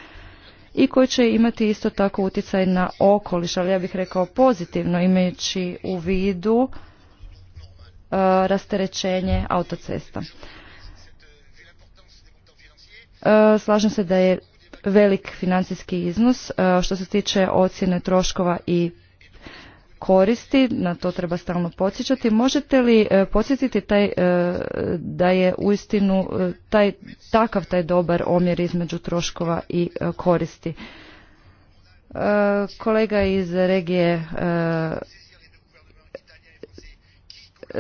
i koji će imati isto tako utjecaj na okoliš, ali ja bih rekao pozitivno imajući u vidu e, rasterećenje autocesta. E, slažem se da je velik financijski iznos e, što se tiče ocjene troškova i koristi, na to treba stalno podsjećati. Možete li e, podsjetiti taj, e, da je uistinu e, taj, takav taj dobar omjer između troškova i koristi? Kolega iz regije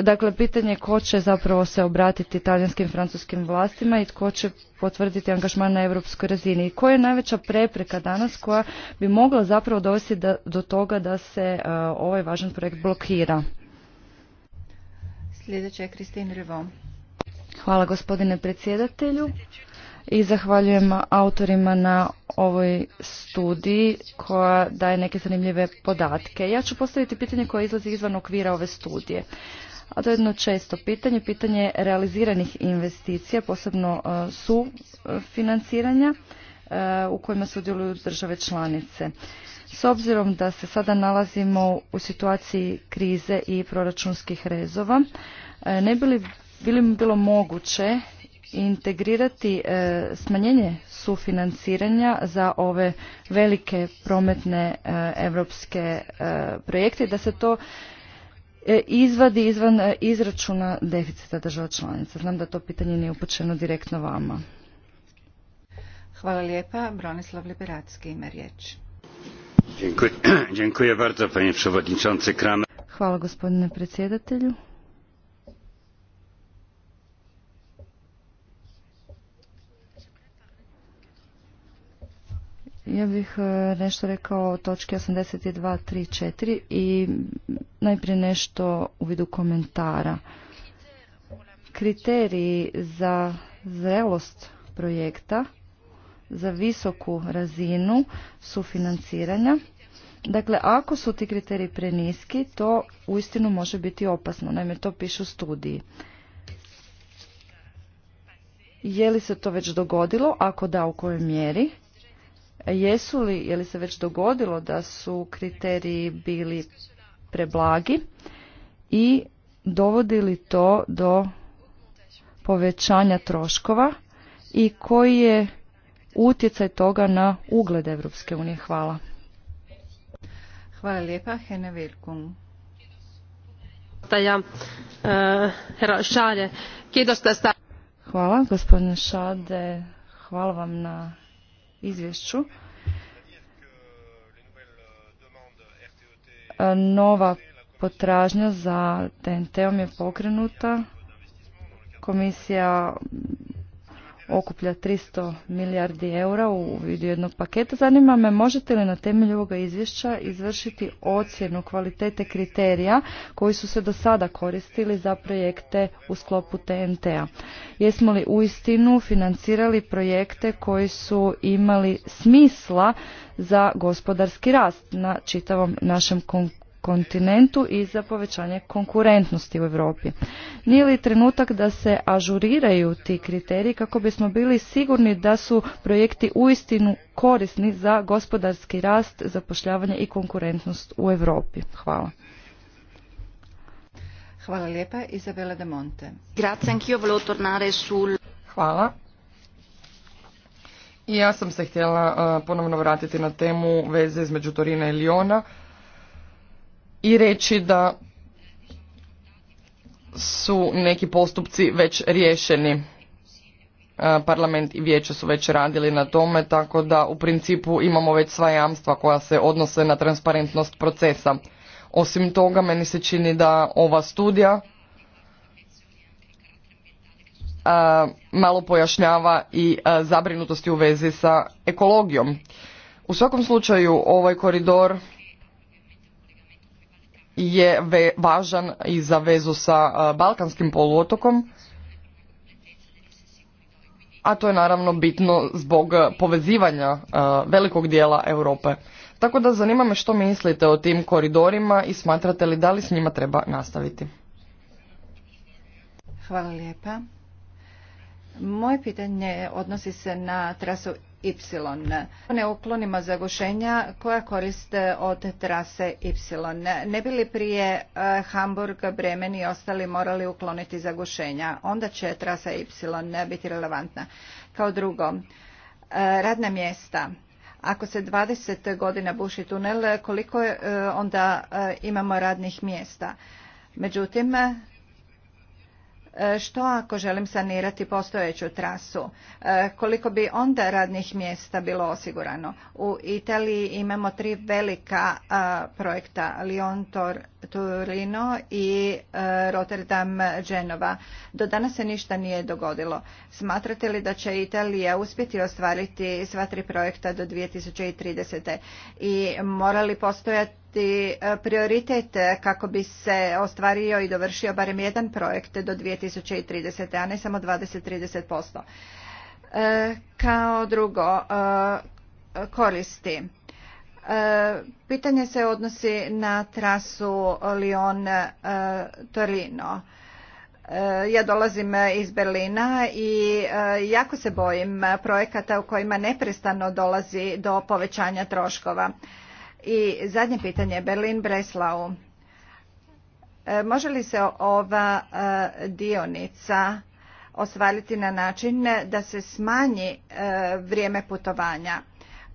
Dakle, pitanje ko će zapravo se obratiti talijanskim i francuskim vlastima i tko će potvrditi angažman na europskoj razini. I koja je najveća prepreka danas koja bi mogla zapravo dovesti do toga da se e, ovaj važan projekt blokira? Sljedeća je Hvala gospodine predsjedatelju i zahvaljujem autorima na ovoj studiji koja daje neke zanimljive podatke. Ja ću postaviti pitanje koje izlazi izvan okvira ove studije a to je jedno često pitanje, pitanje realiziranih investicija, posebno e, su e, financiranja e, u kojima sudjeluju države članice. S obzirom da se sada nalazimo u situaciji krize i proračunskih rezova, ne bi li bili bilo moguće integrirati smanjenje sufinanciranja za ove velike prometne evropske europske projekte da se to E, izvadi izvan e, izračuna deficita država članica? Znam da to pitanje nije upućeno direktno vama. Hvala lijepa. Bronislav Liberacki ima riječ. Dziękuję, bardzo, przewodniczący Hvala gospodine predsjedatelju. Ja bih e, nešto rekao o točki 82.3.4 i najprije nešto u vidu komentara. Kriteriji za zrelost projekta za visoku razinu sufinanciranja. Dakle, ako su ti kriteriji preniski, to uistinu može biti opasno. Naime, to piše u studiji. Je li se to već dogodilo? Ako da, u kojoj mjeri? Jesu li, je li se već dogodilo da su kriteriji bili preblagi i dovodi li to do povećanja troškova i koji je utjecaj toga na ugled Europske unije? Hvala. Hvala lijepa, Hene Virkum. Eh, Hvala, gospodine Šade. Hvala vam na izvješću. E, nova potražnja za TNT-om je pokrenuta. Komisija okuplja 300 milijardi eura u vidu jednog paketa. Zanima me, možete li na temelju ovoga izvješća izvršiti ocjenu kvalitete kriterija koji su se do sada koristili za projekte u sklopu TNT-a? Jesmo li uistinu financirali projekte koji su imali smisla za gospodarski rast na čitavom našem kontinentu i za povećanje konkurentnosti u Europi. Nije li trenutak da se ažuriraju ti kriteriji kako bismo bili sigurni da su projekti uistinu korisni za gospodarski rast, zapošljavanje i konkurentnost u Europi? Hvala. Hvala lijepa. Izabela De Monte. Hvala. I ja sam se htjela eh, ponovno vratiti na temu veze između Torina i Liona i reći da su neki postupci već riješeni. E, parlament i vijeće su već radili na tome, tako da u principu imamo već sva jamstva koja se odnose na transparentnost procesa. Osim toga, meni se čini da ova studija e, malo pojašnjava i e, zabrinutosti u vezi sa ekologijom. U svakom slučaju, ovaj koridor je ve, važan i za vezu sa e, Balkanskim poluotokom, a to je naravno bitno zbog povezivanja e, velikog dijela Europe. Tako da zanima me što mislite o tim koridorima i smatrate li da li s njima treba nastaviti. Hvala lijepa. Moje pitanje odnosi se na trasu Y. Ne uklonimo zagušenja koja koriste od trase Y. Ne bi li prije e, Hamburg, Bremen i ostali morali ukloniti zagušenja? Onda će trasa Y biti relevantna. Kao drugo, e, radna mjesta. Ako se 20 godina buši tunel, koliko e, onda imamo radnih mjesta? Međutim, E, što ako želim sanirati postojeću trasu? E, koliko bi onda radnih mjesta bilo osigurano? U Italiji imamo tri velika projekta Lyon Torino i e, Rotterdam Genova. Do danas se ništa nije dogodilo. Smatrate li da će Italija uspjeti ostvariti sva tri projekta do 2030. i morali postojati prioritete prioritet e, kako bi se ostvario i dovršio barem jedan projekt do 2030. a ne samo 20-30%. E, kao drugo, e, koristi. Pitanje se odnosi na trasu Lyon-Torino. Ja dolazim iz Berlina i jako se bojim projekata u kojima neprestano dolazi do povećanja troškova. I zadnje pitanje, Berlin-Breslau. E, može li se ova e, dionica ostvariti na način da se smanji e, vrijeme putovanja?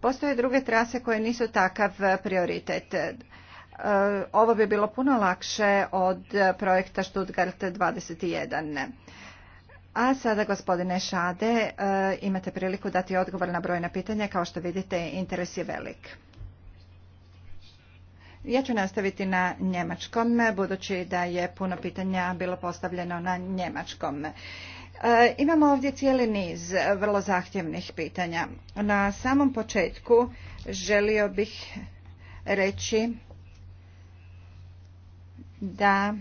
Postoje druge trase koje nisu takav prioritet. Ovo bi bilo puno lakše od projekta Stuttgart 21. A sada, gospodine Šade, imate priliku dati odgovor na brojna pitanja. Kao što vidite, interes je velik. Ja ću nastaviti na njemačkom, budući da je puno pitanja bilo postavljeno na njemačkom. E, imamo ovdje cijeli niz vrlo zahtjevnih pitanja. Na samom početku želio bih reći da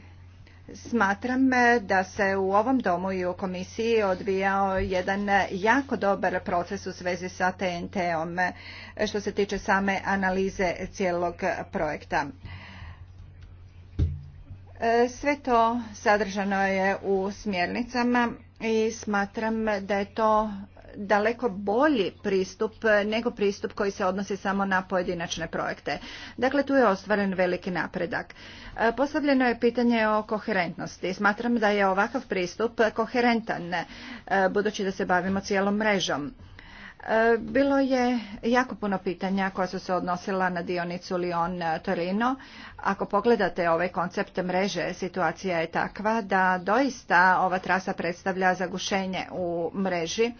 Smatram e, da se u ovom domu i u komisiji odvijao jedan jako dobar proces u svezi sa TNT-om e, što se tiče same analize cijelog projekta. E, sve to sadržano je u smjernicama i smatram da je to daleko bolji pristup nego pristup koji se odnosi samo na pojedinačne projekte. Dakle, tu je ostvaren veliki napredak. E, postavljeno je pitanje o koherentnosti. Smatram da je ovakav pristup koherentan, e, budući da se bavimo cijelom mrežom. E, bilo je jako puno pitanja koja su se odnosila na dionicu Lyon-Torino. Ako pogledate ovaj koncept mreže, situacija je takva da doista ova trasa predstavlja zagušenje u mreži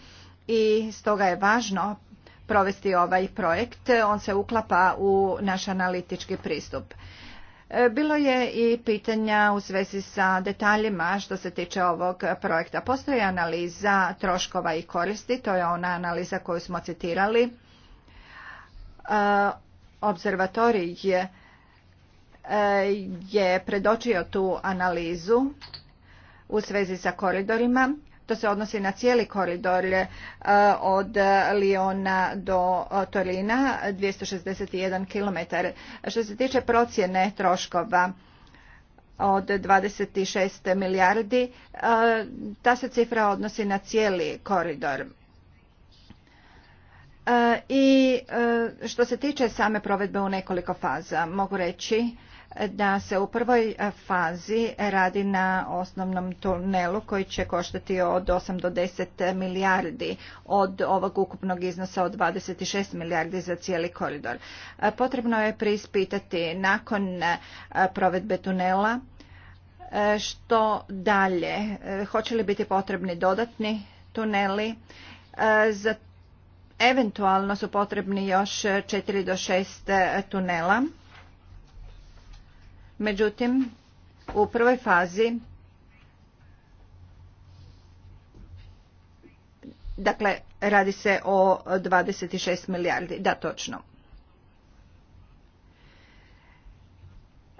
i stoga je važno provesti ovaj projekt. On se uklapa u naš analitički pristup. E, bilo je i pitanja u svezi sa detaljima što se tiče ovog projekta. Postoji analiza troškova i koristi, to je ona analiza koju smo citirali. E, observatorij je, e, je predočio tu analizu u svezi sa koridorima to se odnosi na cijeli koridor e, od Liona do Torina, 261 km. Što se tiče procjene troškova, od 26 milijardi, e, ta se cifra odnosi na cijeli koridor. E, I što se tiče same provedbe u nekoliko faza, mogu reći da se u prvoj e, fazi radi na osnovnom tunelu koji će koštati od 8 do 10 milijardi od ovog ukupnog iznosa od 26 milijardi za cijeli koridor. E, potrebno je preispitati nakon e, provedbe tunela što dalje, hoće li biti potrebni dodatni tuneli, za eventualno su potrebni još 4 do 6 tunela Međutim, u prvoj fazi Dakle, radi se o 26 milijardi. Da, točno.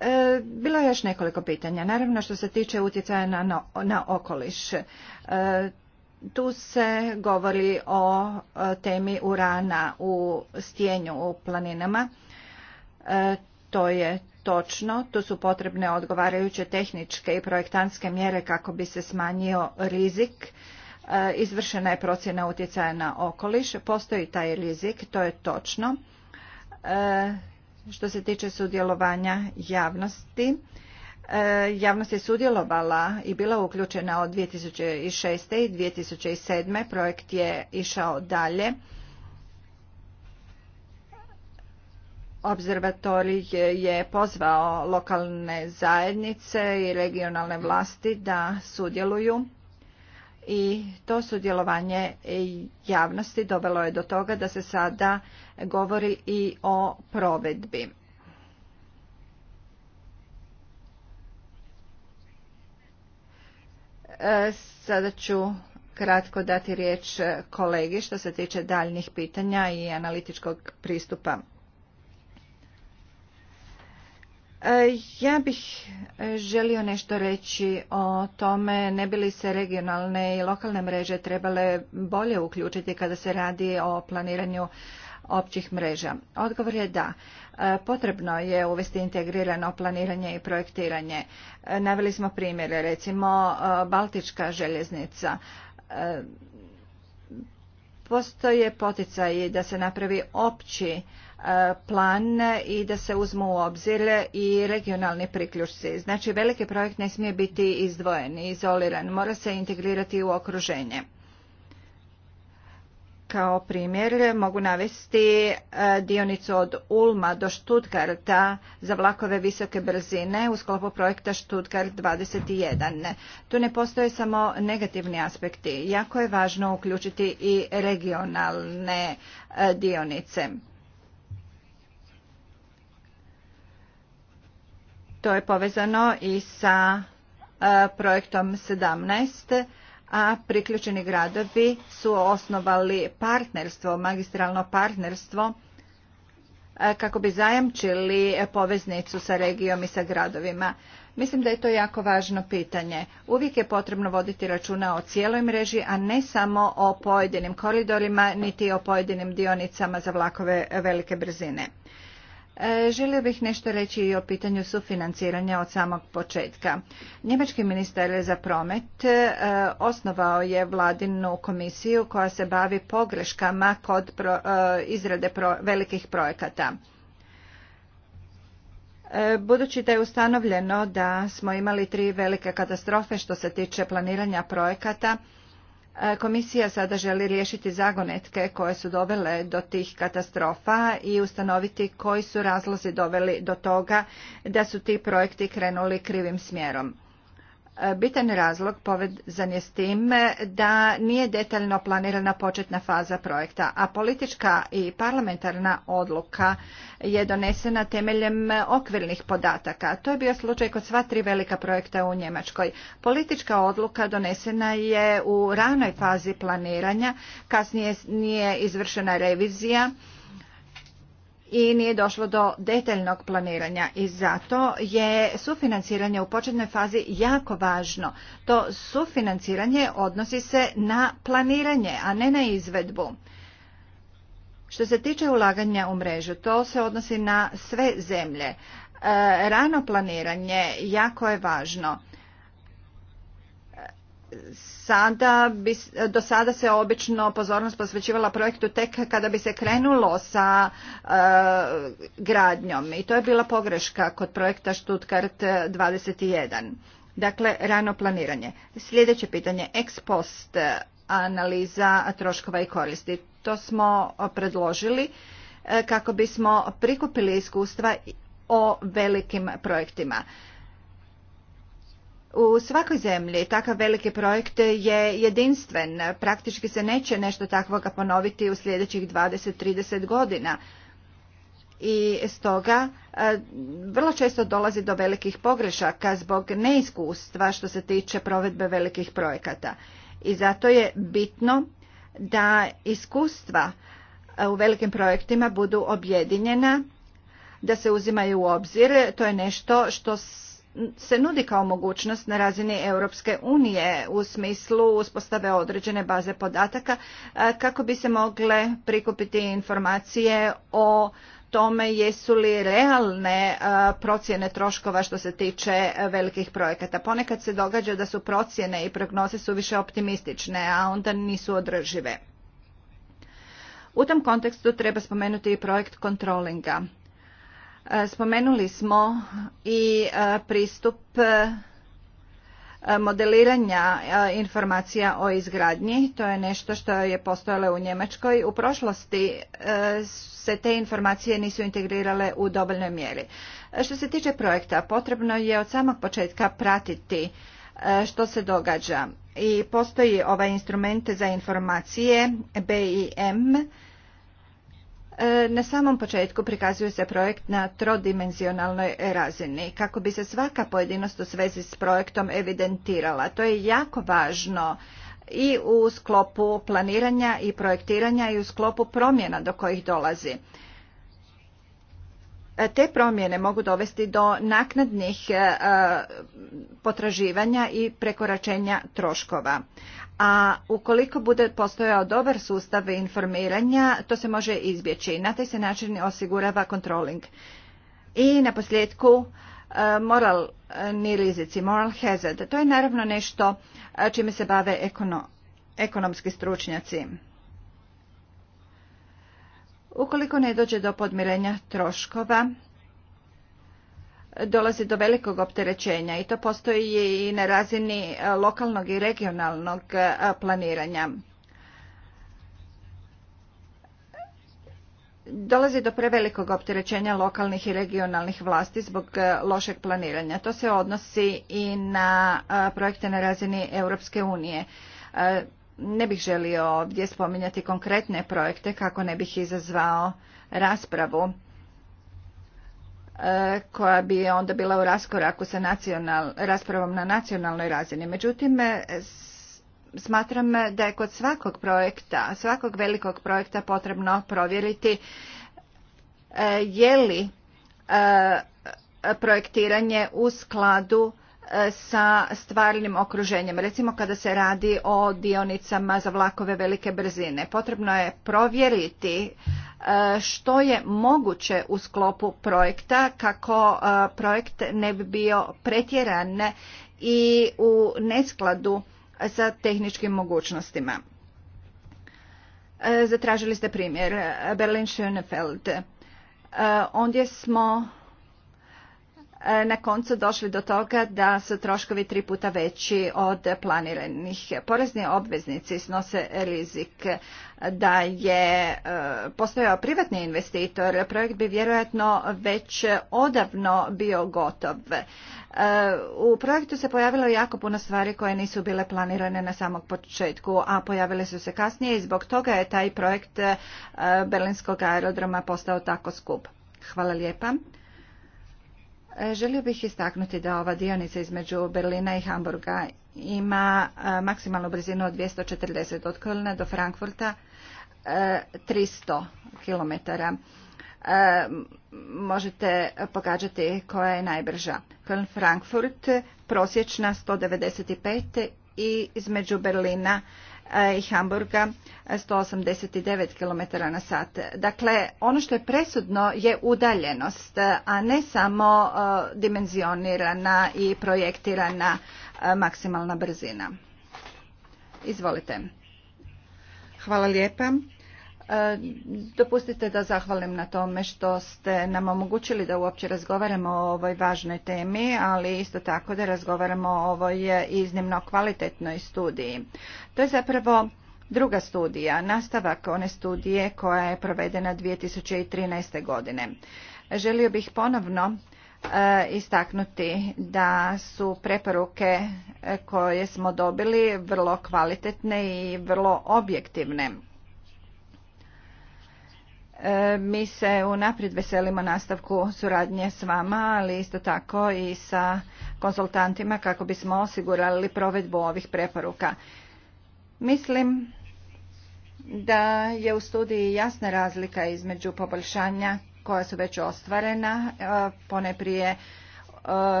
E, bilo je još nekoliko pitanja. Naravno što se tiče utjecaja na, na, okoliš. E, tu se govori o temi urana u stijenju u planinama. E, to je točno, tu su potrebne odgovarajuće tehničke i projektantske mjere kako bi se smanjio rizik. E, izvršena je procjena utjecaja na okoliš, postoji taj rizik, to je točno. E, što se tiče sudjelovanja javnosti, e, javnost je sudjelovala i bila uključena od 2006. i 2007. Projekt je išao dalje. Observatorij je pozvao lokalne zajednice i regionalne vlasti da sudjeluju i to sudjelovanje javnosti dovelo je do toga da se sada govori i o provedbi. E, sada ću kratko dati riječ kolegi što se tiče daljnjih pitanja i analitičkog pristupa ja bih e, želio nešto reći o tome ne bi li se regionalne i lokalne mreže trebale bolje uključiti kada se radi o planiranju općih mreža. Odgovor je da. E, potrebno je uvesti integrirano planiranje i projektiranje. E, naveli smo primjere, recimo Baltička željeznica postoje poticaji da se napravi opći plan i da se uzmu u obzir i regionalni priključci. Znači veliki projekt ne smije biti izdvojen, izoliran, mora se integrirati u okruženje. Kao primjer mogu navesti e, dionicu od Ulma do Stuttgarta za vlakove visoke brzine u sklopu projekta Stuttgart 21. Tu ne postoje samo negativni aspekti. Jako je važno uključiti i regionalne e, dionice. To je povezano i sa e, projektom 17, a priključeni gradovi su osnovali partnerstvo, magistralno partnerstvo e, kako bi zajamčili poveznicu sa regijom i sa gradovima. Mislim da je to jako važno pitanje. Uvijek je potrebno voditi računa o cijeloj mreži, a ne samo o pojedinim koridorima, niti o pojedinim dionicama za vlakove velike brzine. E, želio bih nešto reći i o pitanju sufinanciranja od samog početka. Njemački ministar za promet e, osnovao je vladinu komisiju koja se bavi pogreškama kod e, izrade velikih projekata. Budući da je ustanovljeno da smo imali tri velike katastrofe što se tiče planiranja projekata, E, komisija sada želi riješiti zagonetke koje su dovele do tih katastrofa i ustanoviti koji su razlozi doveli do toga da su ti projekti krenuli krivim smjerom. Bitan razlog povezan je s tim da nije detaljno planirana početna faza projekta, a politička i parlamentarna odluka je donesena temeljem okvirnih podataka. To je bio slučaj kod sva tri velika projekta u Njemačkoj. Politička odluka donesena je u ranoj fazi planiranja, kasnije nije izvršena revizija, i nije došlo do detaljnog planiranja i zato je sufinanciranje u početnoj fazi jako važno. To sufinanciranje odnosi se na planiranje, a ne na izvedbu. Što se tiče ulaganja u mrežu, to se odnosi na sve zemlje. E, rano planiranje jako je važno sada bi, do sada se obično pozornost posvećivala projektu tek kada bi se krenulo sa e, gradnjom i to je bila pogreška kod projekta Stuttgart 21. Dakle, rano planiranje. Sljedeće pitanje, ex post analiza troškova i koristi. To smo predložili e, kako bismo prikupili iskustva o velikim projektima. U svakoj zemlji takav veliki projekt je jedinstven. Praktički se neće nešto takvoga ponoviti u sljedećih 20-30 godina. I stoga e, vrlo često dolazi do velikih pogrešaka zbog neiskustva što se tiče provedbe velikih projekata. I zato je bitno da iskustva e, u velikim projektima budu objedinjena, da se uzimaju u obzir. To je nešto što se nudi kao mogućnost na razini Europske unije u smislu uspostave određene baze podataka e, kako bi se mogle prikupiti informacije o tome jesu li realne e, procjene troškova što se tiče e, velikih projekata. Ponekad se događa da su procjene i prognoze su više optimistične, a onda nisu održive. U tom kontekstu treba spomenuti i projekt kontrolinga. E, spomenuli smo i e, pristup e, modeliranja informacija o izgradnji. To je nešto što je postojalo u Njemačkoj. U prošlosti se te informacije nisu integrirale u dovoljnoj mjeri. Što se tiče projekta, potrebno je od samog početka pratiti što se događa. I postoji ovaj instrument za informacije BIM E, na samom početku prikazuje se projekt na trodimenzionalnoj razini kako bi se svaka pojedinost u svezi s projektom evidentirala. To je jako važno i u sklopu planiranja i projektiranja i u sklopu promjena do kojih dolazi. E, te promjene mogu dovesti do naknadnih e, potraživanja i prekoračenja troškova a ukoliko bude postojao dobar sustav informiranja, to se može izbjeći. Na taj se način osigurava kontroling. I na posljedku e, moral rizici, moral hazard. To je naravno nešto e, čime se bave ekonomski stručnjaci. Ukoliko ne dođe do podmirenja troškova, dolazi do velikog opterećenja i to postoji i na razini e, lokalnog i regionalnog e, planiranja. Dolazi do prevelikog opterećenja lokalnih i regionalnih vlasti zbog e, lošeg planiranja. To se odnosi i na projekte na razini Europske unije. Ne bih želio ovdje spominjati konkretne projekte kako ne bih izazvao raspravu Eh, koja bi onda bila u raskoraku sa nacional, raspravom na nacionalnoj razini. Međutim, eh, smatram eh, da je kod svakog projekta, svakog velikog projekta potrebno provjeriti je li projektiranje u skladu sa stvarnim okruženjem. Recimo kada se radi o dionicama za vlakove velike brzine. Potrebno je provjeriti E, što je moguće u sklopu projekta kako e, projekt ne bi bio pretjeran i u neskladu sa tehničkim mogućnostima. E, zatražili ste primjer Berlin Schönefeld. Ondje smo E, na koncu došli do toga da su troškovi tri puta veći od planiranih. Porezni obveznici snose rizik da je e, postojao privatni investitor, projekt bi vjerojatno već odavno bio gotov. E, u projektu se pojavilo jako puno stvari koje nisu bile planirane na samog početku, a pojavile su se kasnije i zbog toga je taj projekt Berlinskog aerodroma postao tako skup. Hvala lijepa. E, želio bih istaknuti da ova dionica između Berlina i Hamburga ima e, maksimalnu brzinu od 240 od Kölna do Frankfurta 300 e, km. Možete pogađati koja je najbrža. Köln-Frankfurt prosječna 195 i između Berlina Eh, i Hamburga 189 eh, km na sat. Dakle, ono što je presudno je udaljenost, eh, a ne samo dimenzionirana i projektirana maksimalna brzina. Izvolite. Hvala lijepa. E, dopustite da zahvalim na tome što ste nam omogućili da uopće razgovaramo o ovoj važnoj temi, ali isto tako da razgovaramo o ovoj iznimno kvalitetnoj studiji. To je zapravo druga studija, nastavak one studije koja je provedena 2013. godine. Želio bih ponovno e, istaknuti da su preporuke e, koje smo dobili vrlo kvalitetne i vrlo objektivne. E, mi se unaprijed veselimo nastavku suradnje s vama, ali isto tako i sa konsultantima kako bismo osigurali provedbu ovih preporuka. Mislim da je u studiji jasna razlika između poboljšanja koja su već ostvarena, e, prije e,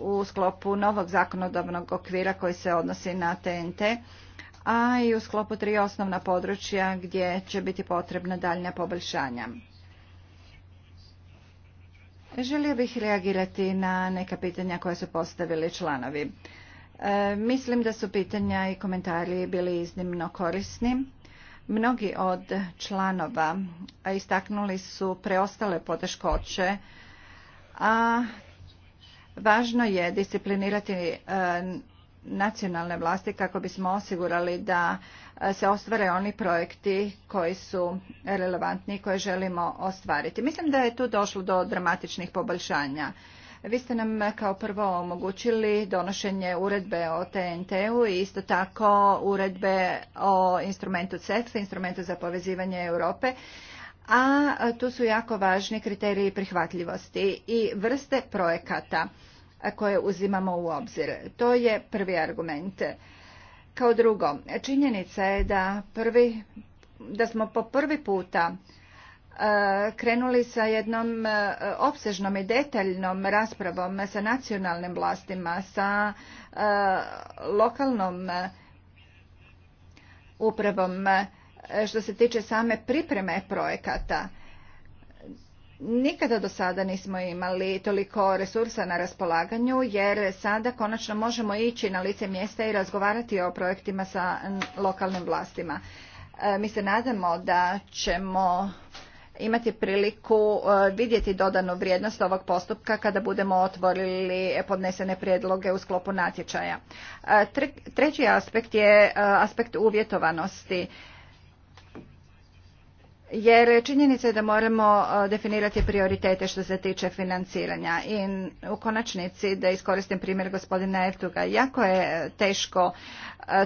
u sklopu novog zakonodavnog okvira koji se odnosi na TNT a i u sklopu tri osnovna područja gdje će biti potrebna daljnja poboljšanja. Želio bih reagirati na neka pitanja koje su postavili članovi. E, mislim da su pitanja i komentari bili iznimno korisni. Mnogi od članova istaknuli su preostale poteškoće, a važno je disciplinirati e, nacionalne vlasti kako bismo osigurali da e, se ostvare oni projekti koji su relevantni i koje želimo ostvariti. Mislim da je tu došlo do dramatičnih poboljšanja. Vi ste nam e, kao prvo omogućili donošenje uredbe o TNT-u i isto tako uredbe o instrumentu CEF, instrumentu za povezivanje Europe, a e, tu su jako važni kriteriji prihvatljivosti i vrste projekata koje uzimamo u obzir. To je prvi argument. Kao drugo, činjenica je da, prvi, da smo po prvi puta e, krenuli sa jednom e, opsežnom i detaljnom raspravom sa nacionalnim vlastima, sa e, lokalnom upravom što se tiče same pripreme projekata Nikada do sada nismo imali toliko resursa na raspolaganju jer sada konačno možemo ići na lice mjesta i razgovarati o projektima sa lokalnim vlastima. E, mi se nadamo da ćemo imati priliku e, vidjeti dodanu vrijednost ovog postupka kada budemo otvorili podnesene prijedloge u sklopu natječaja. E, treći aspekt je aspekt uvjetovanosti jer činjenica je da moramo definirati prioritete što se tiče financiranja i u konačnici da iskoristim primjer gospodina Ertuga jako je e, teško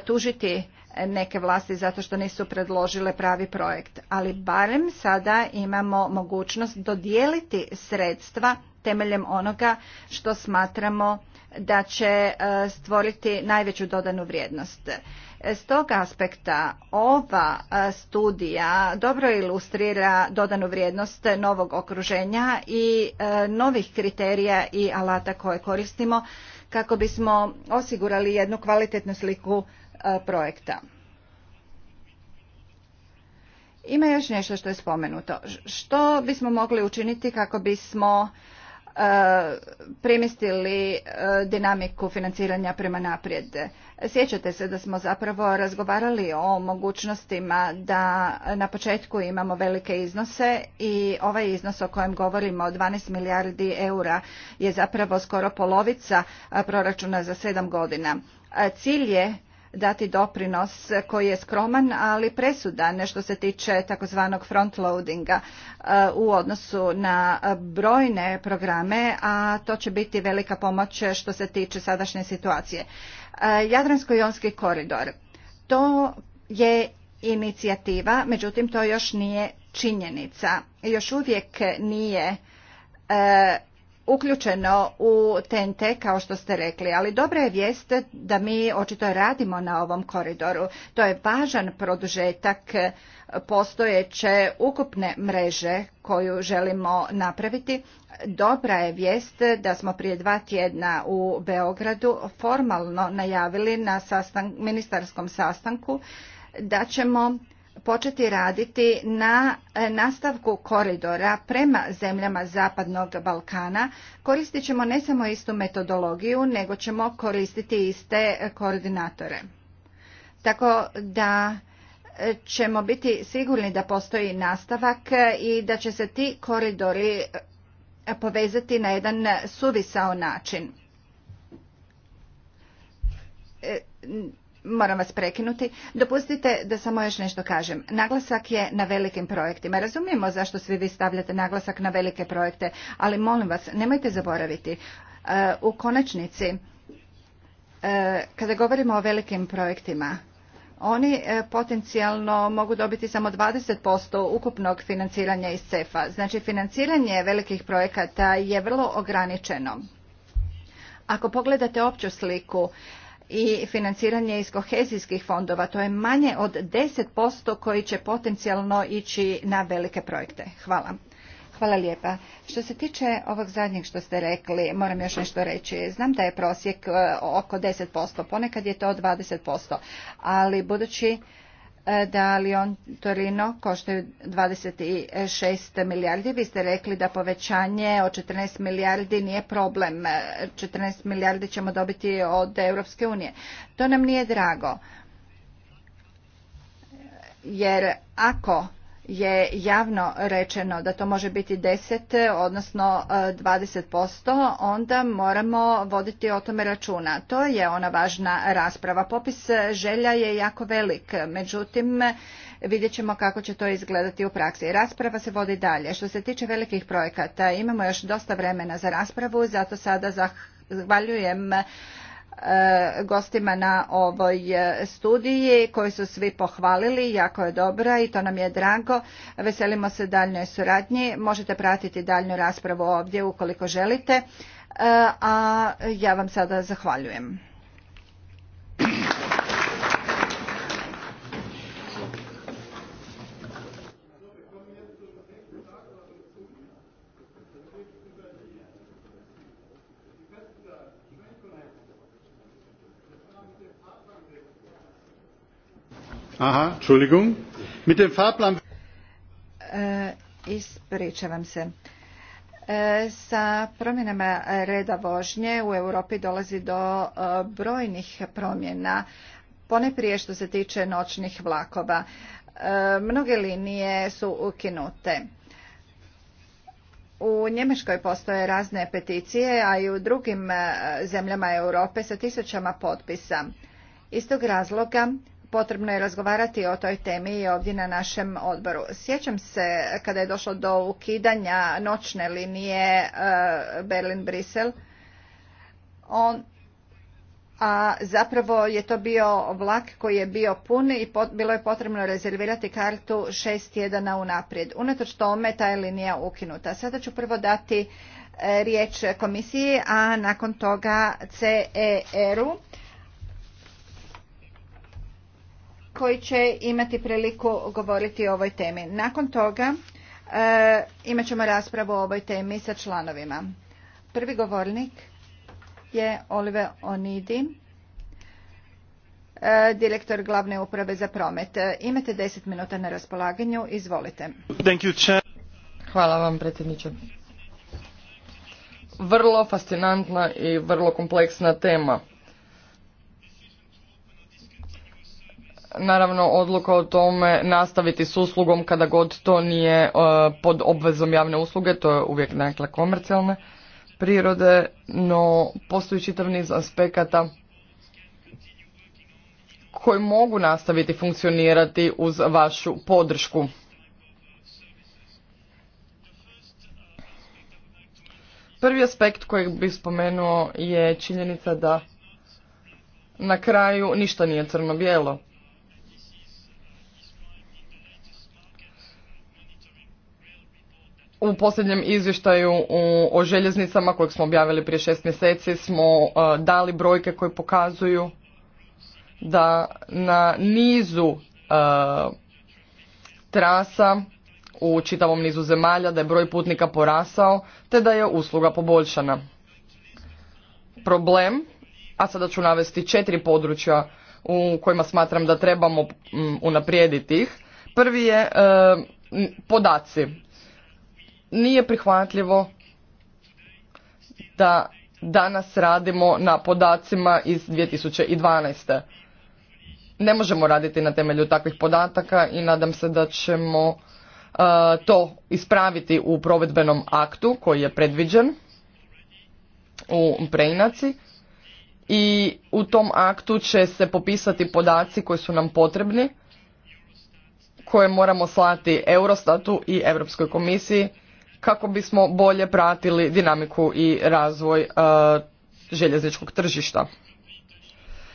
tužiti neke vlasti zato što nisu predložile pravi projekt ali barem sada imamo mogućnost dodijeliti sredstva temeljem onoga što smatramo da će e, stvoriti najveću dodanu vrijednost. E, s tog aspekta ova e, studija dobro ilustrira dodanu vrijednost novog okruženja i novih kriterija i alata koje koristimo kako bismo osigurali jednu kvalitetnu sliku projekta. Ima još nešto što je spomenuto. Što bismo mogli učiniti kako bismo E, premjestili e, dinamiku financiranja prema naprijed. Sjećate se da smo zapravo razgovarali o mogućnostima da na početku imamo velike iznose i ovaj iznos o kojem govorimo, 12 milijardi eura, je zapravo skoro polovica e, proračuna za sedam godina. Cilj je dati doprinos koji je skroman, ali presudan što se tiče takozvanog frontloadinga eh, u odnosu na brojne programe, a to će biti velika pomoć što se tiče sadašnje situacije. Eh, Jadransko-jonski koridor. To je inicijativa, međutim to još nije činjenica. Još uvijek nije eh, uključeno u TNT kao što ste rekli, ali dobra je vijest da mi očito radimo na ovom koridoru. To je važan produžetak postojeće ukupne mreže koju želimo napraviti. Dobra je vijest da smo prije dva tjedna u Beogradu formalno najavili na sastan, ministarskom sastanku da ćemo početi raditi na e, nastavku koridora prema zemljama Zapadnog Balkana, koristit ćemo ne samo istu metodologiju, nego ćemo koristiti iste e, koordinatore. Tako da e, ćemo biti sigurni da postoji nastavak i da će se ti koridori povezati na jedan suvisao način Moram vas prekinuti. Dopustite da samo još nešto kažem. Naglasak je na velikim projektima. Razumijemo zašto svi vi stavljate naglasak na velike projekte, ali molim vas, nemojte zaboraviti. E, u konačnici, e, kada govorimo o velikim projektima, oni e, potencijalno mogu dobiti samo 20% ukupnog financiranja iz CEFA. Znači, financiranje velikih projekata je vrlo ograničeno. Ako pogledate opću sliku, i financiranje iz kohezijskih fondova. To je manje od 10% koji će potencijalno ići na velike projekte. Hvala. Hvala lijepa. Što se tiče ovog zadnjeg što ste rekli, moram još nešto reći. Znam da je prosjek e, oko 10%, ponekad je to 20%, ali budući E, da Lyon Torino koštaju 26 milijardi. Vi ste rekli da povećanje od 14 milijardi nije problem. 14 e, milijardi ćemo dobiti od Europske unije. To nam nije drago. Jer ako je javno rečeno da to može biti 10 odnosno 20%, e, onda moramo voditi o tome računa. To je ona važna rasprava. Popis želja je jako velik, međutim vidjet ćemo kako će to izgledati u praksi. Rasprava se vodi dalje. Što se tiče velikih projekata, imamo još dosta vremena za raspravu, zato sada zahvaljujem E, gostima na ovoj e, studiji koju su svi pohvalili, jako je dobra i to nam je drago. Veselimo se daljnoj suradnji. Možete pratiti daljnju raspravu ovdje ukoliko želite. E, a ja vam sada zahvaljujem. E, ispričavam se. E, sa promjenama reda vožnje u Europi dolazi do e, brojnih promjena, poneprije što se tiče noćnih vlakova. Mnoge linije su ukinute. U Njemačkoj postoje razne peticije, a i u drugim zemljama Europe sa tisućama potpisa. Iz tog razloga potrebno je razgovarati o toj temi i ovdje na našem odboru. Sjećam se kada je došlo do ukidanja noćne linije e, Berlin-Brisel, on, a zapravo je to bio vlak koji je bio pun i bilo je potrebno rezervirati kartu šest tjedana unaprijed. Unatoč tome ta je linija ukinuta. Sada ću prvo dati e, riječ komisiji, a nakon toga CER-u e koji će imati priliku govoriti o ovoj temi. Nakon toga e, imat ćemo raspravu o ovoj temi sa članovima. Prvi govornik je Olive Onidi, e, direktor glavne uprave za promet. E, imate deset minuta na raspolaganju, izvolite. Hvala vam predsjedniče. Vrlo fascinantna i vrlo kompleksna tema naravno odluka o tome nastaviti s uslugom kada god to nije e, pod obvezom javne usluge, to je uvijek nekakle komercijalne prirode, no postoji čitav niz aspekata koji mogu nastaviti funkcionirati uz vašu podršku. Prvi aspekt kojeg bih spomenuo je činjenica da na kraju ništa nije crno-bijelo. u posljednjem izvještaju o željeznicama kojeg smo objavili prije šest mjeseci smo e, dali brojke koje pokazuju da na nizu e, trasa u čitavom nizu zemalja, da je broj putnika porasao, te da je usluga poboljšana. Problem, a sada ću navesti četiri područja u kojima smatram da trebamo unaprijediti ih. Prvi je e, podaci nije prihvatljivo da danas radimo na podacima iz 2012. Ne možemo raditi na temelju takvih podataka i nadam se da ćemo e, to ispraviti u provedbenom aktu koji je predviđen u preinaci i u tom aktu će se popisati podaci koji su nam potrebni koje moramo slati Eurostatu i Europskoj komisiji kako bismo bolje pratili dinamiku i razvoj e, željezničkog tržišta.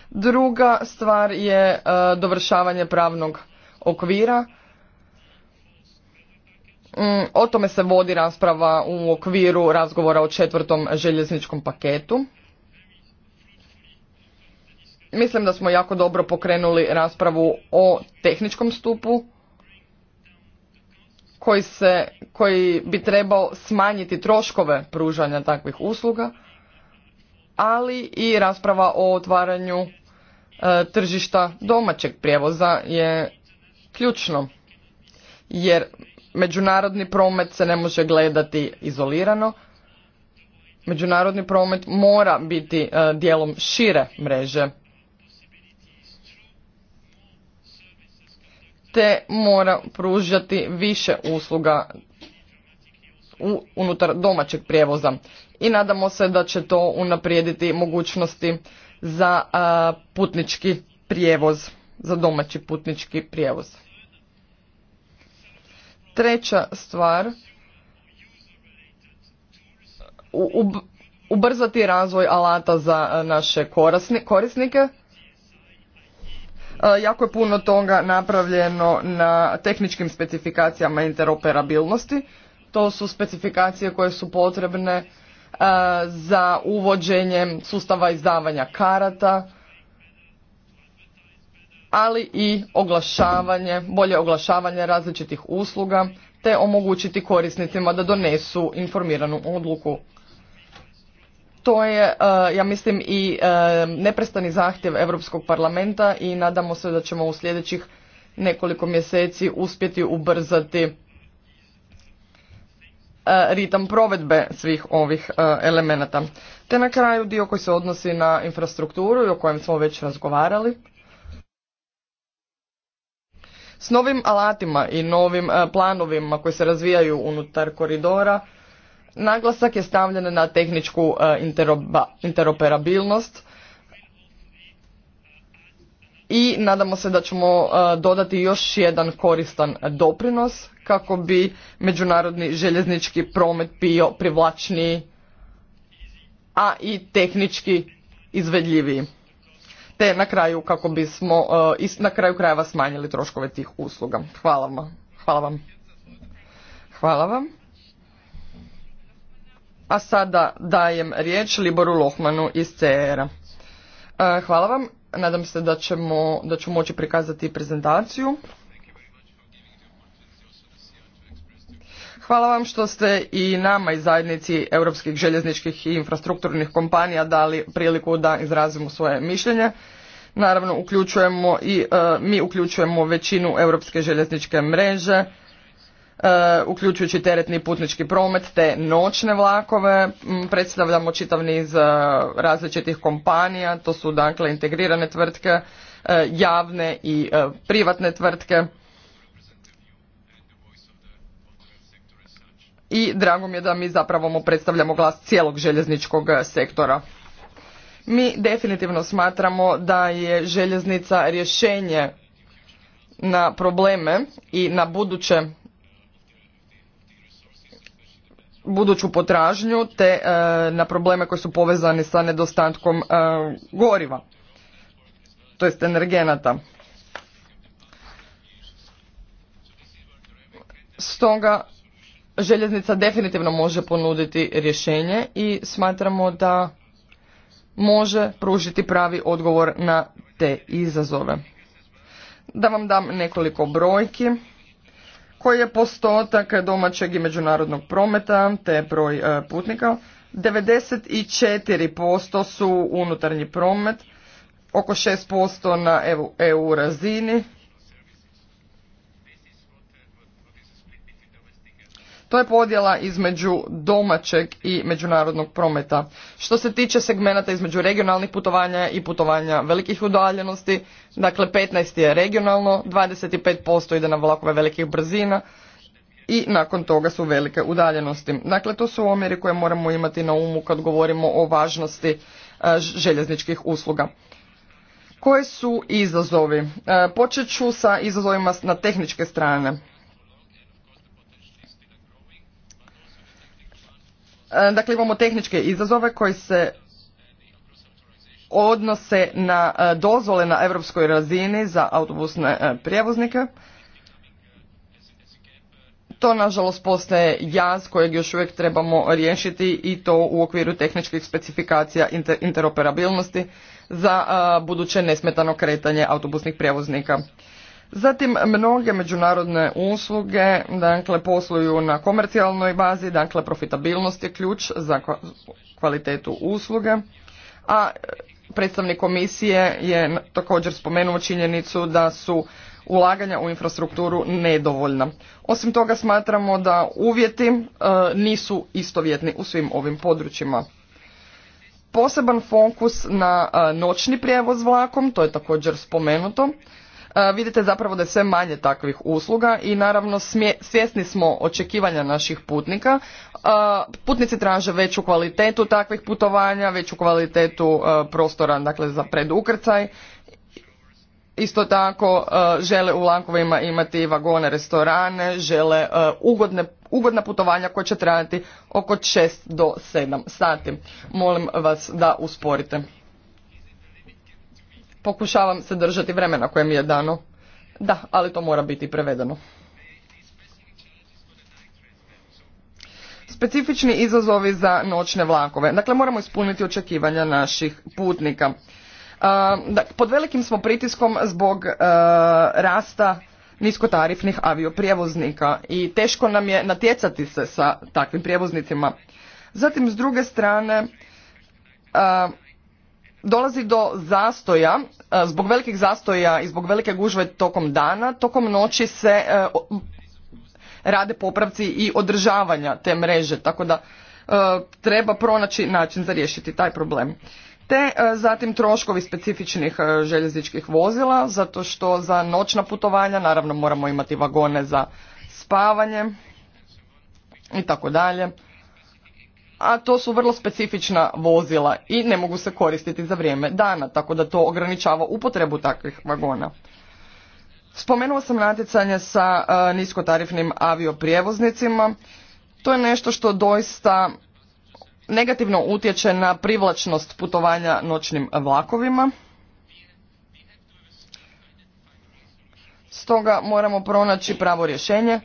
Druga stvar je e, dovršavanje pravnog okvira. Mm, o tome se vodi rasprava u okviru razgovora o četvrtom željezničkom paketu. Mislim da smo jako dobro pokrenuli raspravu o tehničkom stupu koji, se, koji bi trebao smanjiti troškove pružanja takvih usluga, ali i rasprava o otvaranju e, tržišta domaćeg prijevoza je ključno. Jer međunarodni promet se ne može gledati izolirano. Međunarodni promet mora biti e, dijelom šire mreže te mora pružati više usluga unutar domaćeg prijevoza. I nadamo se da će to unaprijediti mogućnosti za putnički prijevoz, za domaći putnički prijevoz. Treća stvar, ubrzati razvoj alata za naše korisnike E, jako je puno toga napravljeno na tehničkim specifikacijama interoperabilnosti. To su specifikacije koje su potrebne e, za uvođenje sustava izdavanja karata, ali i oglašavanje, bolje oglašavanje različitih usluga, te omogućiti korisnicima da donesu informiranu odluku. To je, e, ja mislim, i e, neprestani zahtjev Europskog parlamenta i nadamo se da ćemo u sljedećih nekoliko mjeseci uspjeti ubrzati e, ritam provedbe svih ovih elemenata. Te na kraju dio koji se odnosi na infrastrukturu i o kojem smo već razgovarali. S novim alatima i novim planovima koji se razvijaju unutar koridora, Naglasak je stavljen na tehničku e, interoperabilnost i nadamo se da ćemo e, dodati još jedan koristan doprinos kako bi međunarodni željeznički promet bio privlačniji, a i tehnički izvedljiviji. Te na kraju kako bismo e, na kraju krajeva smanjili troškove tih usluga. Hvala vam. Hvala vam. Hvala vam. A sada dajem riječ Liboru Lohmanu iz CR-a. E, hvala vam. Nadam se da, ćemo, da ću moći prikazati prezentaciju. Hvala vam što ste i nama i zajednici europskih željezničkih i infrastrukturnih kompanija dali priliku da izrazimo svoje mišljenje. Naravno, uključujemo i e, mi uključujemo većinu europske željezničke mreže E, uključujući teretni putnički promet te noćne vlakove. Mm, predstavljamo čitav niz e, različitih kompanija, to su dakle integrirane tvrtke, e, javne i privatne tvrtke. I drago mi je da mi zapravo predstavljamo glas cijelog željezničkog sektora. Mi definitivno smatramo da je željeznica rješenje na probleme i na buduće buduću potražnju te e, na probleme koji su povezani sa nedostatkom e, goriva, to jest energenata. Stoga željeznica definitivno može ponuditi rješenje i smatramo da može pružiti pravi odgovor na te izazove. Da vam dam nekoliko brojki koji je postotak domaćeg i međunarodnog prometa te broj e, putnika. 94% su unutarnji promet, oko 6% na EU razini, To je podjela između domaćeg i međunarodnog prometa. Što se tiče segmenata između regionalnih putovanja i putovanja velikih udaljenosti, dakle 15 je regionalno, 25% ide na vlakove velikih brzina, i nakon toga su velike udaljenosti. Dakle, to su omjeri koje moramo imati na umu kad govorimo o važnosti e, željezničkih usluga. Koje su izazovi? E, počet ću sa izazovima na tehničke strane. E, dakle, imamo tehničke izazove koji se odnose na e, dozvole na europskoj razini za autobusne e, prijevoznike. To, nažalost, postaje jaz kojeg još uvijek trebamo riješiti i to u okviru tehničkih specifikacija interoperabilnosti za buduće nesmetano kretanje autobusnih prijevoznika. Zatim mnoge međunarodne usluge dakle, posluju na komercijalnoj bazi, dakle profitabilnost je ključ za kvalitetu usluge, a predstavnik komisije je također spomenuo činjenicu da su ulaganja u infrastrukturu nedovoljna. Osim toga smatramo da uvjeti e, nisu istovjetni u svim ovim područjima. Poseban fokus na e, noćni prijevoz vlakom, to je također spomenuto, vidite zapravo da je sve manje takvih usluga i naravno svjesni smo očekivanja naših putnika. Putnici traže veću kvalitetu takvih putovanja, veću kvalitetu prostora dakle, za predukrcaj. Isto tako žele u lankovima imati vagone, restorane, žele ugodne, ugodna putovanja koja će trajati oko 6 do 7 sati. Molim vas da usporite. Pokušavam se držati vremena koje mi je dano. Da, ali to mora biti prevedeno. Specifični izazovi za noćne vlakove. Dakle, moramo ispuniti očekivanja naših putnika. Pod velikim smo pritiskom zbog e, rasta niskotarifnih avioprijevoznika i teško nam je natjecati se sa takvim prijevoznicima. Zatim, s druge strane, dolazi do zastoja, e, zbog velikih zastoja i zbog velike gužve tokom dana, tokom noći se e, rade popravci i održavanja te mreže, tako da e, treba pronaći način za riješiti taj problem. Te zatim troškovi specifičnih željezničkih vozila, zato što za noćna putovanja naravno moramo imati vagone za spavanje i tako dalje a to su vrlo specifična vozila i ne mogu se koristiti za vrijeme dana, tako da to ograničava upotrebu takvih vagona. Spomenuo sam natjecanje sa e, niskotarifnim avioprijevoznicima. To je nešto što doista negativno utječe na privlačnost putovanja noćnim vlakovima. Stoga moramo pronaći pravo rješenje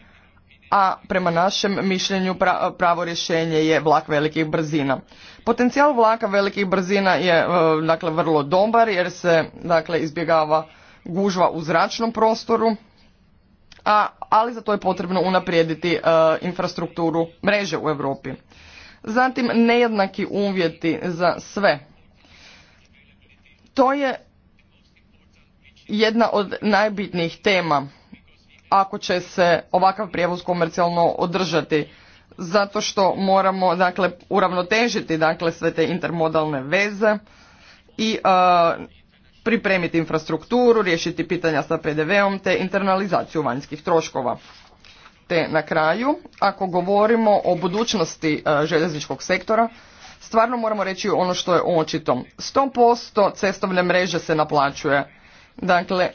a prema našem mišljenju pravo rješenje je vlak velikih brzina. Potencijal vlaka velikih brzina je e, dakle vrlo dobar jer se dakle izbjegava gužva u zračnom prostoru, a, ali za to je potrebno unaprijediti e, infrastrukturu mreže u Europi. Zatim nejednaki uvjeti za sve. To je jedna od najbitnijih tema ako će se ovakav prijevoz komercijalno održati zato što moramo dakle uravnotežiti dakle sve te intermodalne veze i e, pripremiti infrastrukturu, riješiti pitanja sa PDV-om te internalizaciju vanjskih troškova. Te na kraju, ako govorimo o budućnosti e, željezničkog sektora, stvarno moramo reći ono što je očito. 100% cestovne mreže se naplaćuje. Dakle,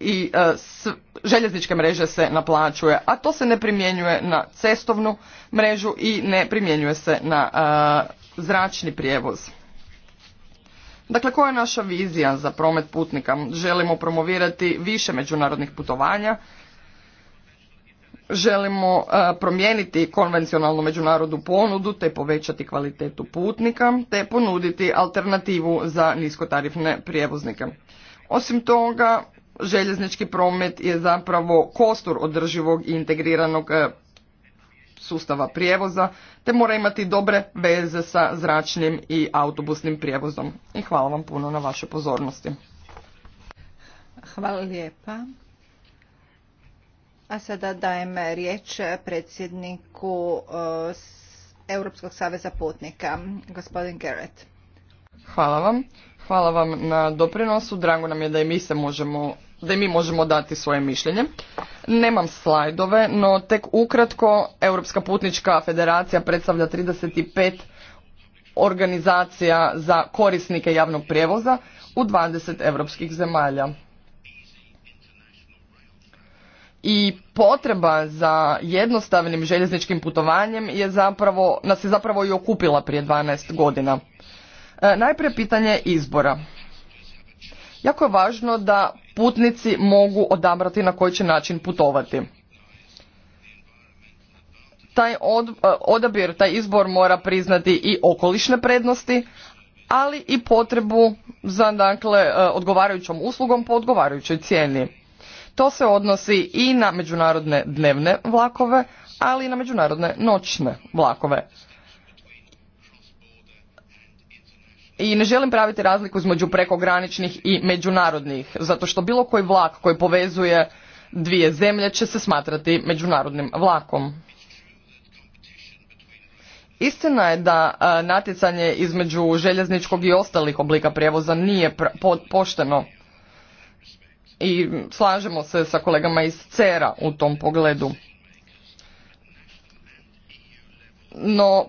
i e, željezničke mreže se naplaćuje, a to se ne primjenjuje na cestovnu mrežu i ne primjenjuje se na e, zračni prijevoz. Dakle, koja je naša vizija za promet putnika? Želimo promovirati više međunarodnih putovanja, želimo e, promijeniti konvencionalnu međunarodnu ponudu te povećati kvalitetu putnika te ponuditi alternativu za niskotarifne prijevoznike. Osim toga, željeznički promet je zapravo kostur održivog i integriranog e, sustava prijevoza, te mora imati dobre veze sa zračnim i autobusnim prijevozom. I hvala vam puno na vašoj pozornosti. Hvala lijepa. A sada dajem riječ predsjedniku e, Europskog saveza putnika, gospodin Gerrit. Hvala vam. Hvala vam na doprinosu. Drago nam je da i mi se možemo da i mi možemo dati svoje mišljenje. Nemam slajdove, no tek ukratko Europska putnička federacija predstavlja 35 organizacija za korisnike javnog prijevoza u 20 europskih zemalja. I potreba za jednostavnim željezničkim putovanjem je zapravo, nas je zapravo i okupila prije 12 godina. E, najprije pitanje izbora. Jako je važno da putnici mogu odabrati na koji će način putovati. Taj e, odabir, taj izbor mora priznati i okolišne prednosti, ali i potrebu za dakle, e, odgovarajućom uslugom po odgovarajućoj cijeni. To se odnosi i na međunarodne dnevne vlakove, ali i na međunarodne noćne vlakove. i ne želim praviti razliku između prekograničnih i međunarodnih, zato što bilo koji vlak koji povezuje dvije zemlje će se smatrati međunarodnim vlakom. Istina je da e, natjecanje između željezničkog i ostalih oblika prijevoza nije pošteno. I slažemo se sa kolegama iz CERA u tom pogledu. No,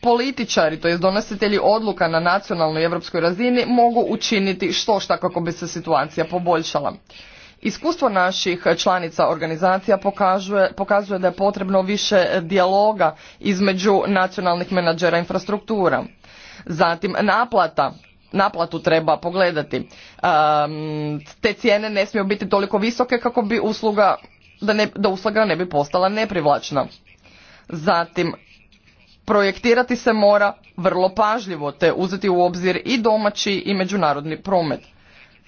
političari, to jest donositelji odluka na nacionalnoj i europskoj razini mogu učiniti što šta kako bi se situacija poboljšala. Iskustvo naših članica organizacija pokazuje, pokazuje da je potrebno više dijaloga između nacionalnih menadžera infrastruktura. Zatim naplata, naplatu treba pogledati. te cijene ne smiju biti toliko visoke kako bi usluga, da, ne, da usluga ne bi postala neprivlačna. Zatim projektirati se mora vrlo pažljivo te uzeti u obzir i domaći i međunarodni promet.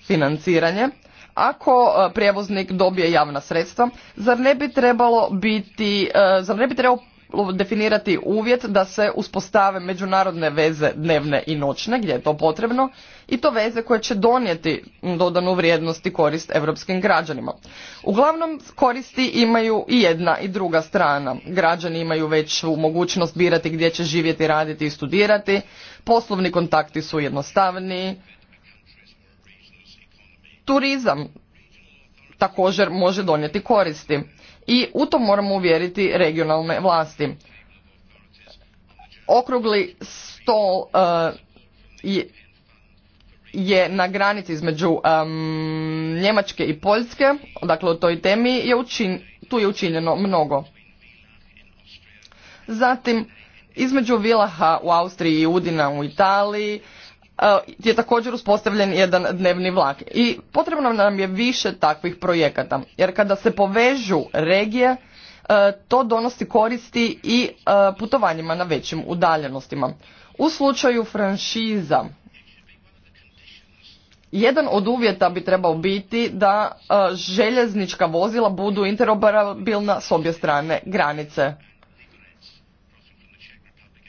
Financiranje. Ako e, prijevoznik dobije javna sredstva, zar ne bi trebalo biti, e, zar ne bi trebalo definirati uvjet da se uspostave međunarodne veze dnevne i noćne gdje je to potrebno i to veze koje će donijeti dodanu vrijednost i korist europskim građanima. Uglavnom koristi imaju i jedna i druga strana. Građani imaju već mogućnost birati gdje će živjeti, raditi i studirati, poslovni kontakti su jednostavniji, turizam također može donijeti koristi i u to moramo uvjeriti regionalne vlasti. Okrugli stol eh, je na granici između Njemačke i Poljske, dakle o toj temi je učin, tu je učinjeno mnogo. Zatim između Vilaha u Austriji i Udina u Italiji E, je također uspostavljen jedan dnevni vlak. I potrebno nam je više takvih projekata, jer kada se povežu regije, e, to donosi koristi i e, putovanjima na većim udaljenostima. U slučaju franšiza, jedan od uvjeta bi trebao biti da željeznička vozila budu interoperabilna s obje strane granice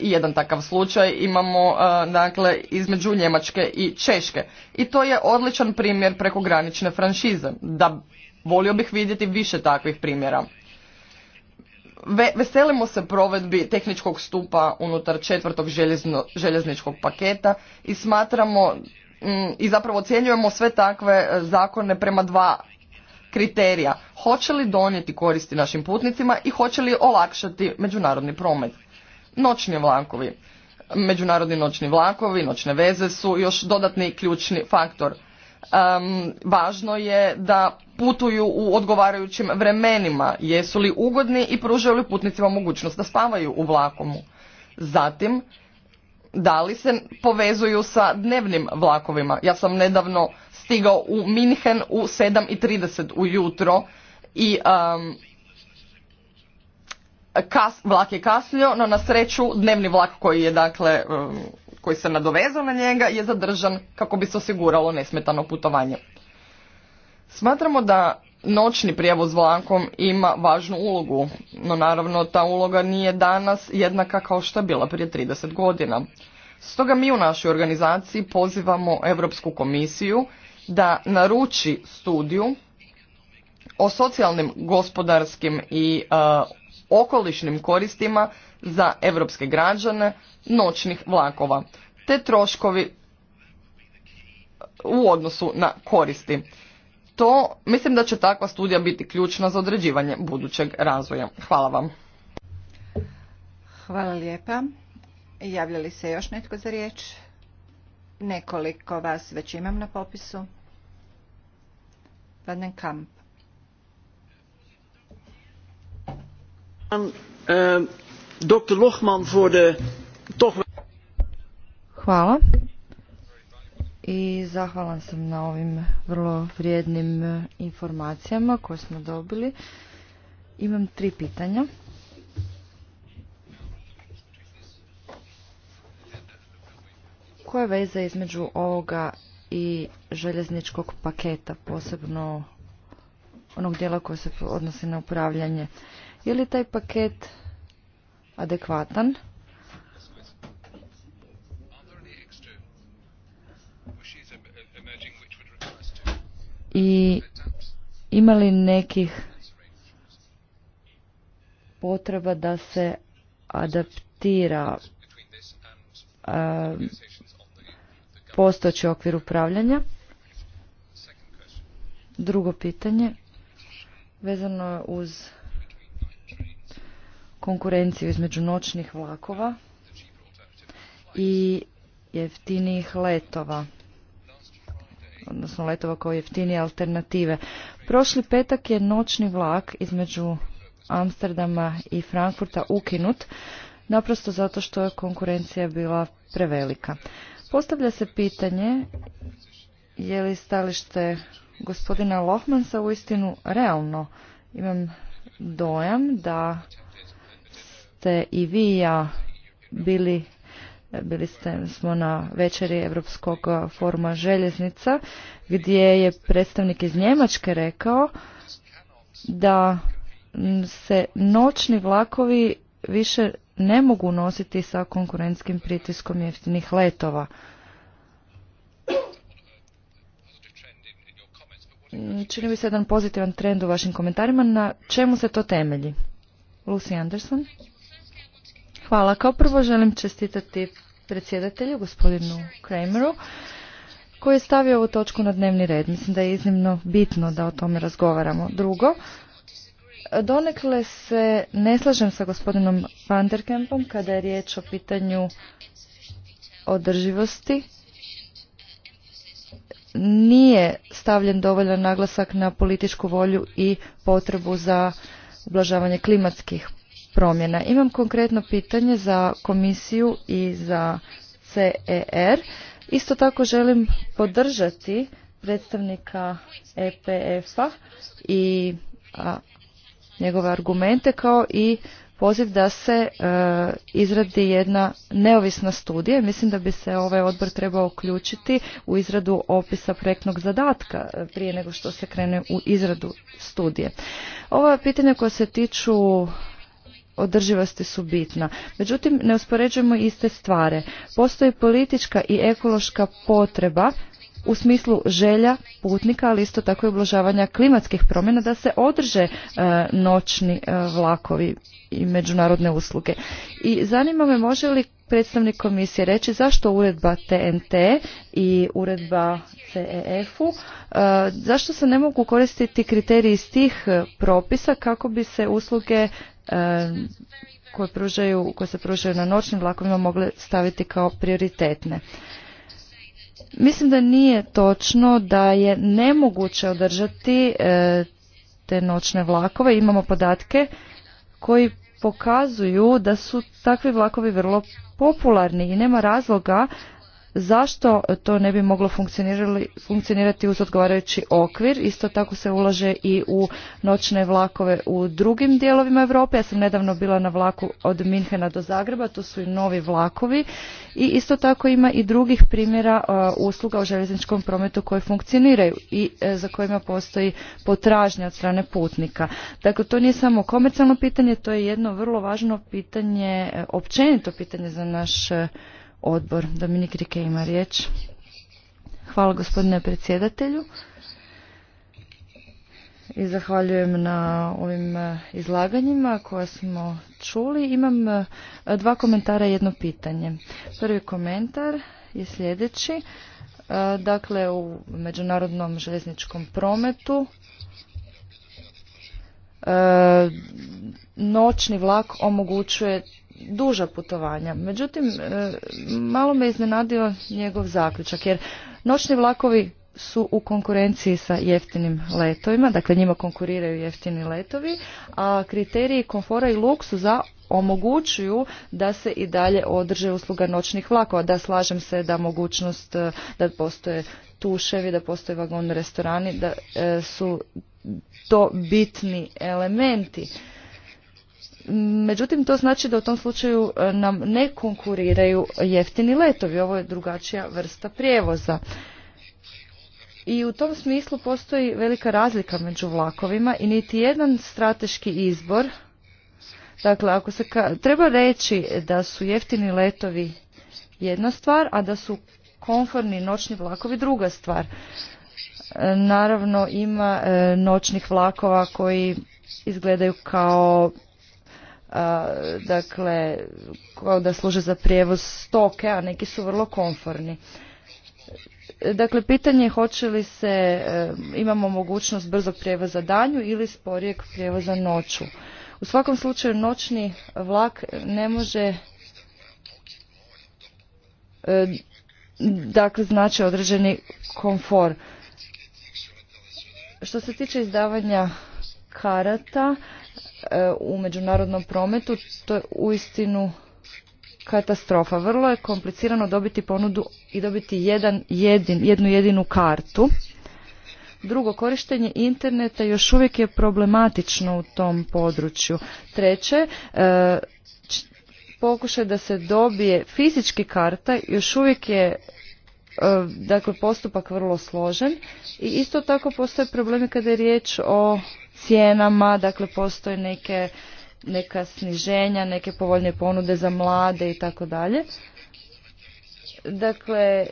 jedan takav slučaj imamo e, dakle između Njemačke i Češke. I to je odličan primjer prekogranične franšize. Da volio bih vidjeti više takvih primjera. veselimo se provedbi tehničkog stupa unutar četvrtog željezničkog paketa i smatramo mm, i zapravo ocjenjujemo sve takve e, zakone prema dva kriterija. Hoće li donijeti koristi našim putnicima i hoće li olakšati međunarodni promet. Noćni vlakovi, međunarodni noćni vlakovi, noćne veze su još dodatni ključni faktor. važno je da putuju u odgovarajućim vremenima, jesu li ugodni i pružaju li putnicima mogućnost da spavaju u vlakomu. Zatim, da li se povezuju sa dnevnim vlakovima. Ja sam nedavno stigao u Minhen u 7.30 ujutro i Kas, vlak je kasnio, no na sreću dnevni vlak koji je dakle e, koji se nadovezao na njega je zadržan kako bi se osiguralo nesmetano putovanje. Smatramo da noćni prijevoz vlakom ima važnu ulogu, no naravno ta uloga nije danas jednaka kao što je bila prije 30 godina. Stoga mi u našoj organizaciji pozivamo Europsku komisiju da naruči studiju o socijalnim, gospodarskim i e, okolišnim koristima za europske građane noćnih vlakova, te troškovi u odnosu na koristi. To mislim da će takva studija biti ključna za određivanje budućeg razvoja. Hvala vam. Hvala lijepa. Javlja li se još netko za riječ? Nekoliko vas već imam na popisu. Kamp. Ehm, Doktor Lohman Hvala. I zahvalan sam na ovim vrlo vrijednim e, informacijama koje smo dobili. Imam tri pitanja. Koja je veza između ovoga i željezničkog paketa, posebno onog dijela koji se odnosi na upravljanje. Je li taj paket adekvatan? I ima li nekih potreba da se adaptira um, postojeći okvir upravljanja? Drugo pitanje vezano je uz konkurenciju između noćnih vlakova i jeftinijih letova odnosno letova kao jeftinije alternative. Prošli petak je noćni vlak između Amsterdama i Frankfurta ukinut, naprosto zato što je konkurencija bila prevelika. Postavlja se pitanje je li stalište gospodina Lohmansa uistinu realno. Imam dojam da ste i vi i ja bili bili ste, smo na večeri Europskog foruma željeznica gdje je predstavnik iz Njemačke rekao da se noćni vlakovi više ne mogu nositi sa konkurentskim pritiskom jeftinih letova. Mm, čini mi se jedan pozitivan trend u vašim komentarima. Na čemu se to temelji? Lucy Anderson. Hvala. Kao prvo želim čestitati predsjedatelju, gospodinu Krameru, koji je stavio ovu točku na dnevni red. Mislim da je iznimno bitno da o tome razgovaramo. Drugo, donekle se ne slažem sa gospodinom Vanderkampom kada je riječ o pitanju održivosti nije stavljen dovoljan naglasak na političku volju i potrebu za ublažavanje klimatskih promjena. Imam konkretno pitanje za komisiju i za CER. Isto tako želim podržati predstavnika EPF-a i njegove argumente kao i poziv da se e, izradi jedna neovisna studija. Mislim da bi se ovaj odbor trebao uključiti u izradu opisa projektnog zadatka e, prije nego što se krene u izradu studije. Ova pitanja koja se tiču održivosti su bitna. Međutim, ne uspoređujemo iste stvari. Postoji politička i ekološka potreba u smislu želja putnika, ali isto tako i ublažavanja klimatskih promjena da se održe e, noćni e, vlakovi i međunarodne usluge. I zanima me može li predstavnik komisije reći zašto uredba TNT i uredba CEF-u, e, zašto se ne mogu koristiti kriteriji iz tih propisa kako bi se usluge koje, koje se pružaju na noćnim vlakovima mogle staviti kao prioritetne. Mislim da nije točno da je nemoguće održati e, te noćne vlakove. Imamo podatke koji pokazuju da su takvi vlakovi vrlo popularni i nema razloga Zašto to ne bi moglo funkcionirati uz odgovarajući okvir? Isto tako se ulaže i u noćne vlakove u drugim dijelovima Europe. Ja sam nedavno bila na vlaku od Minhena do Zagreba, to su i novi vlakovi. I isto tako ima i drugih primjera e, usluga u željezničkom prometu koje funkcioniraju i e, za kojima postoji potražnja od strane putnika. Dakle, to nije samo komercijalno pitanje, to je jedno vrlo važno pitanje, e, općenito pitanje za naš odbor. Dominik Rike ima riječ. Hvala gospodine predsjedatelju i zahvaljujem na ovim e, izlaganjima koja smo čuli. Imam e, dva komentara i jedno pitanje. Prvi komentar je sljedeći. E, dakle, u međunarodnom željezničkom prometu noćni vlak omogućuje duža putovanja. Međutim, e, malo me iznenadio njegov zaključak, jer noćni vlakovi su u konkurenciji sa jeftinim letovima, dakle njima konkuriraju jeftini letovi, a kriteriji komfora i luksuza omogućuju da se i dalje održe usluga noćnih vlakova. Da, slažem se da mogućnost e, da postoje tuševi, da postoje vagon restorani, da e, su to bitni elementi Međutim, to znači da u tom slučaju e, nam ne konkuriraju jeftini letovi. Ovo je drugačija vrsta prijevoza. I u tom smislu postoji velika razlika među vlakovima i niti jedan strateški izbor. Dakle, ako se ka... treba reći da su jeftini letovi jedna stvar, a da su konforni noćni vlakovi druga stvar. E, naravno, ima e, noćnih vlakova koji izgledaju kao dakle, kao da služe za prijevoz stoke, a neki su vrlo konforni. Dakle, pitanje je hoće li se, e, imamo mogućnost brzog prijevoza danju ili sporijeg prijevoza noću. U svakom slučaju noćni vlak ne može e, dakle znači određeni komfor. Što se tiče izdavanja karata, E, u međunarodnom prometu, to je uistinu katastrofa. Vrlo je komplicirano dobiti ponudu i dobiti jedan, jednu jedinu kartu. Drugo, korištenje interneta još uvijek je problematično u tom području. Treće, e, pokušaj da se dobije fizički karta još uvijek je e, dakle postupak vrlo složen i isto tako postoje problemi kada je riječ o cijenama, dakle postoje neke, neka sniženja, neke povoljne ponude za mlade i tako dalje. Dakle,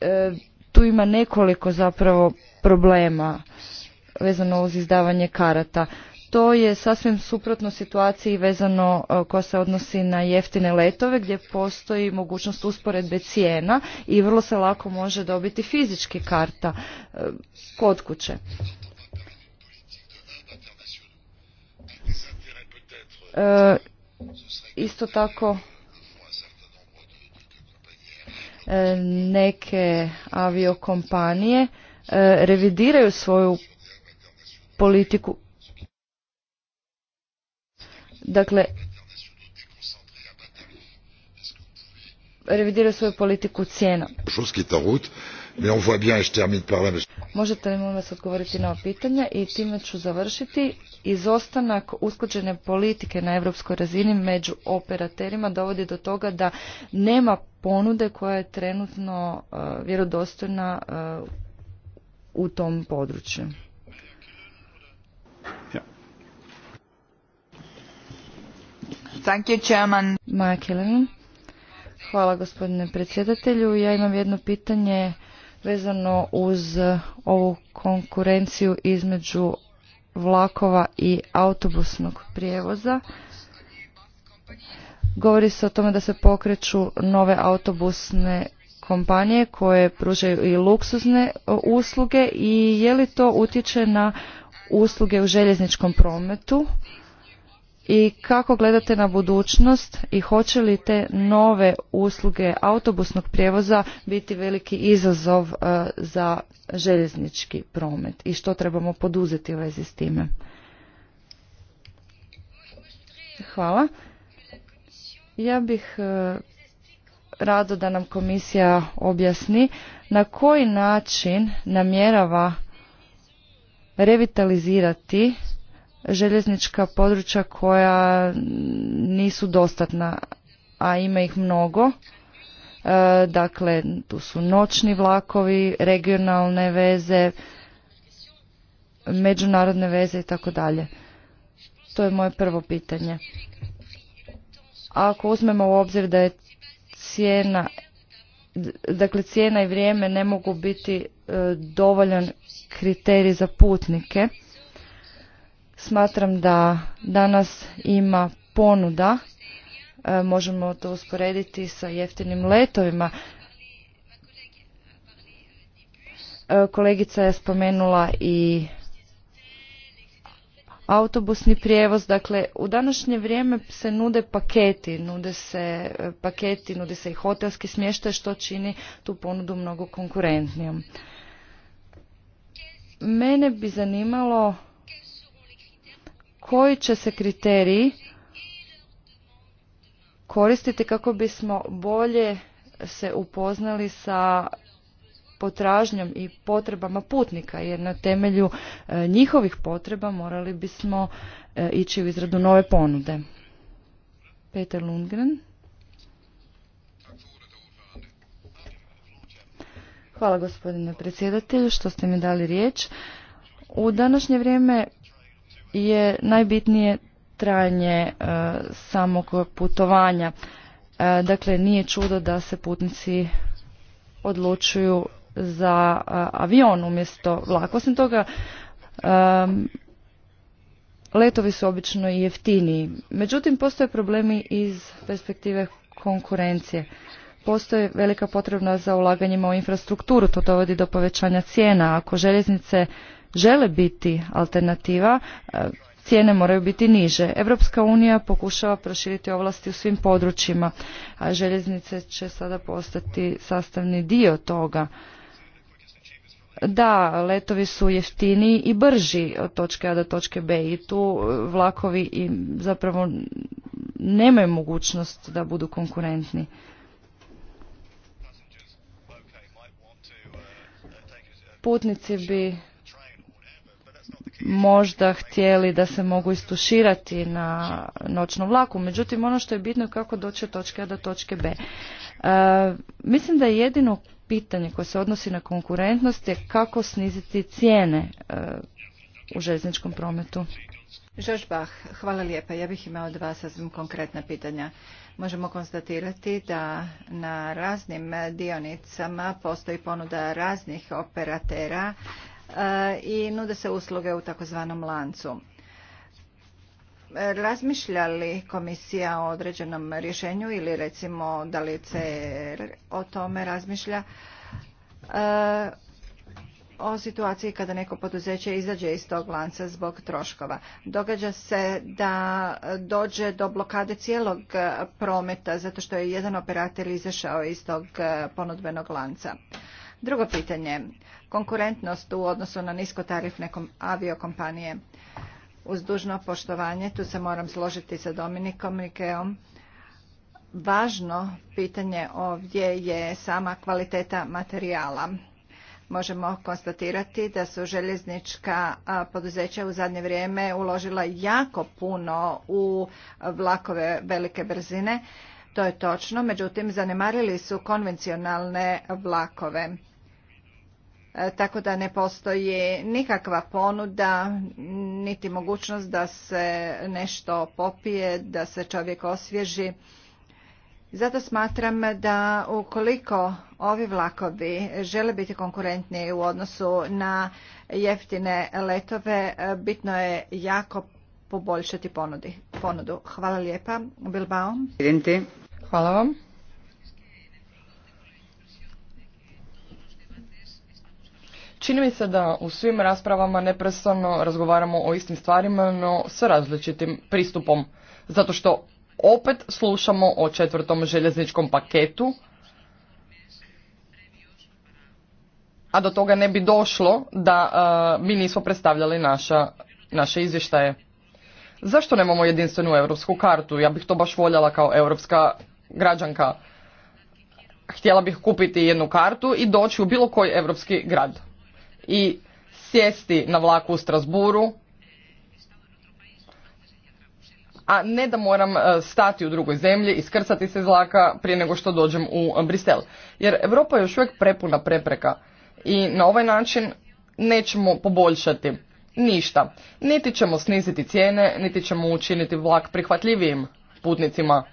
e, tu ima nekoliko zapravo problema vezano uz izdavanje karata. To je sasvim suprotno situaciji vezano e, koja se odnosi na jeftine letove gdje postoji mogućnost usporedbe cijena i vrlo se lako može dobiti fizički karta e, kod kuće. E, isto tako e, neke aviokompanije e, revidiraju svoju politiku. Dakle, revidiraju svoju politiku cijena. Možete li molim vas odgovoriti na pitanja i time ću završiti. Izostanak usklađene politike na europskoj razini među operaterima dovodi do toga da nema ponude koja je trenutno e, vjerodostojna e, u tom području. Thank you, Hvala gospodine predsjedatelju. Ja imam jedno pitanje vezano uz e, ovu konkurenciju između vlakova i autobusnog prijevoza. Govori se o tome da se pokreću nove autobusne kompanije koje pružaju i luksuzne e, usluge i je li to utječe na usluge u željezničkom prometu i kako gledate na budućnost i hoće li te nove usluge autobusnog prijevoza biti veliki izazov e, za željeznički promet i što trebamo poduzeti u vezi s time? Hvala. Ja bih e, rado da nam komisija objasni na koji način namjerava revitalizirati željeznička područja koja nisu dostatna, a ima ih mnogo. E, dakle, tu su noćni vlakovi, regionalne veze, međunarodne veze i tako dalje. To je moje prvo pitanje. ako uzmemo u obzir da je cijena, dakle cijena i vrijeme ne mogu biti e, dovoljan kriterij za putnike, Smatram da danas ima ponuda, e, možemo to usporediti sa jeftinim letovima. E, kolegica je spomenula i autobusni prijevoz. Dakle, u današnje vrijeme se nude paketi, nude se e, paketi, nude se i hotelski smještaj što čini tu ponudu mnogo konkurentnijom. Mene bi zanimalo koji će se kriteriji koristiti kako bismo bolje se upoznali sa potražnjom i potrebama putnika jer na temelju e, njihovih potreba morali bismo e, ići u izradu nove ponude. Peter Lundgren. Hvala gospodine predsjedatelju što ste mi dali riječ. U današnje vrijeme je najbitnije trajanje e, samog putovanja. E, dakle, nije čudo da se putnici odlučuju za e, avion umjesto vlaka. Osim toga, letovi su obično i jeftiniji. Međutim, postoje problemi iz perspektive konkurencije. Postoje velika potrebna za ulaganjima u infrastrukturu, to dovodi do povećanja cijena. Ako željeznice žele biti alternativa, e, cijene moraju biti niže. Europska unija pokušava proširiti ovlasti u svim područjima, a željeznice će sada postati sastavni dio toga. Da, letovi su jeftiniji i brži od točke A do točke B i tu e, vlakovi i zapravo nemaju mogućnost da budu konkurentni. Putnici bi možda htjeli da se mogu istuširati na noćnom vlaku. Međutim, ono što je bitno je kako doći od točke A do točke B. E, mislim da je jedino pitanje koje se odnosi na konkurentnost je kako sniziti cijene e, u željezničkom prometu. Žoš hvala lijepa. Ja bih imao vas sasvim konkretna pitanja. Možemo konstatirati da na raznim dionicama postoji ponuda raznih operatera E, i nude se usluge u takozvanom lancu. E, razmišlja li komisija o određenom rješenju ili recimo da li CR o tome razmišlja e, o situaciji kada neko poduzeće izađe iz tog lanca zbog troškova. Događa se da dođe do blokade cijelog prometa zato što je jedan operator izašao iz tog ponudbenog lanca. Drugo pitanje, konkurentnost u odnosu na niskotarifne aviokompanije. Uz dužno poštovanje, tu se moram složiti sa Dominikom Rikeom, važno pitanje ovdje je sama kvaliteta materijala. Možemo konstatirati da su željeznička poduzeća u zadnje vrijeme uložila jako puno u vlakove velike brzine. To je točno, međutim zanemarili su konvencionalne vlakove. E, tako da ne postoji nikakva ponuda niti mogućnost da se nešto popije, da se čovjek osvježi. Zato smatram da ukoliko ovi vlakovi žele biti konkurentni u odnosu na jeftine letove, bitno je jako poboljšati ponudu. Hvala lijepa. Bilbao. Hvala vam. Čini mi se da u svim raspravama neprestano razgovaramo o istim stvarima, no s različitim pristupom. Zato što opet slušamo o četvrtom željezničkom paketu, a do toga ne bi došlo da mi nismo predstavljali naša, naše izvještaje. Zašto nemamo jedinstvenu europsku kartu? Ja bih to baš voljela kao europska građanka. Htjela bih kupiti jednu kartu i doći u bilo koji europski grad i sjesti na vlaku u Strasburu, a ne da moram e, stati u drugoj zemlji i skrcati se iz vlaka prije nego što dođem u Brisel. Jer Europa je još uvijek prepuna prepreka i na ovaj način nećemo poboljšati ništa. Niti ćemo sniziti cijene, niti ćemo učiniti vlak prihvatljivijim putnicima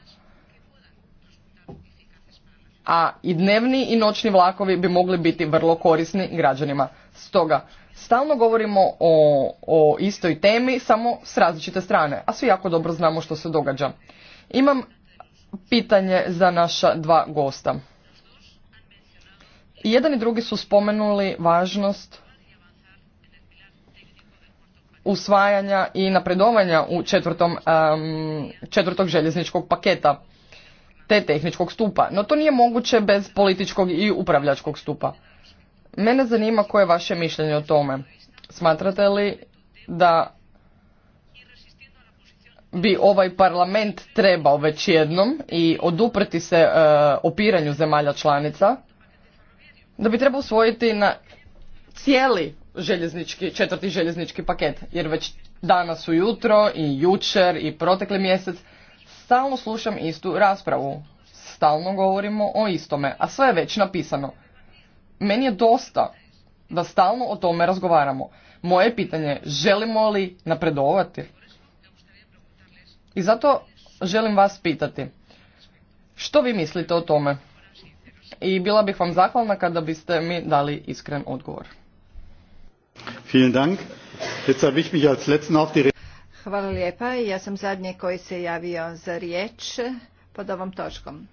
a i dnevni i noćni vlakovi bi mogli biti vrlo korisni građanima. Stoga, stalno govorimo o, o istoj temi, samo s različite strane, a svi jako dobro znamo što se događa. Imam pitanje za naša dva gosta. I jedan i drugi su spomenuli važnost usvajanja i napredovanja u četvrtom, um, četvrtog željezničkog paketa te tehničkog stupa. No to nije moguće bez političkog i upravljačkog stupa. Mene zanima koje je vaše mišljenje o tome. Smatrate li da bi ovaj parlament trebao već jednom i oduprti se e, opiranju zemalja članica, da bi trebao usvojiti na cijeli željeznički, četvrti željeznički paket, jer već danas ujutro i jučer i protekli mjesec Stalno slušam istu raspravu. Stalno govorimo o istome, a sve je već napisano. Meni je dosta da stalno o tome razgovaramo. Moje pitanje, želimo li napredovati? I zato želim vas pitati, što vi mislite o tome? I bila bih vam zahvalna kada biste mi dali iskren odgovor. Vielen Hvala lijepa. Ja sam zadnji koji se javio za riječ pod ovom točkom.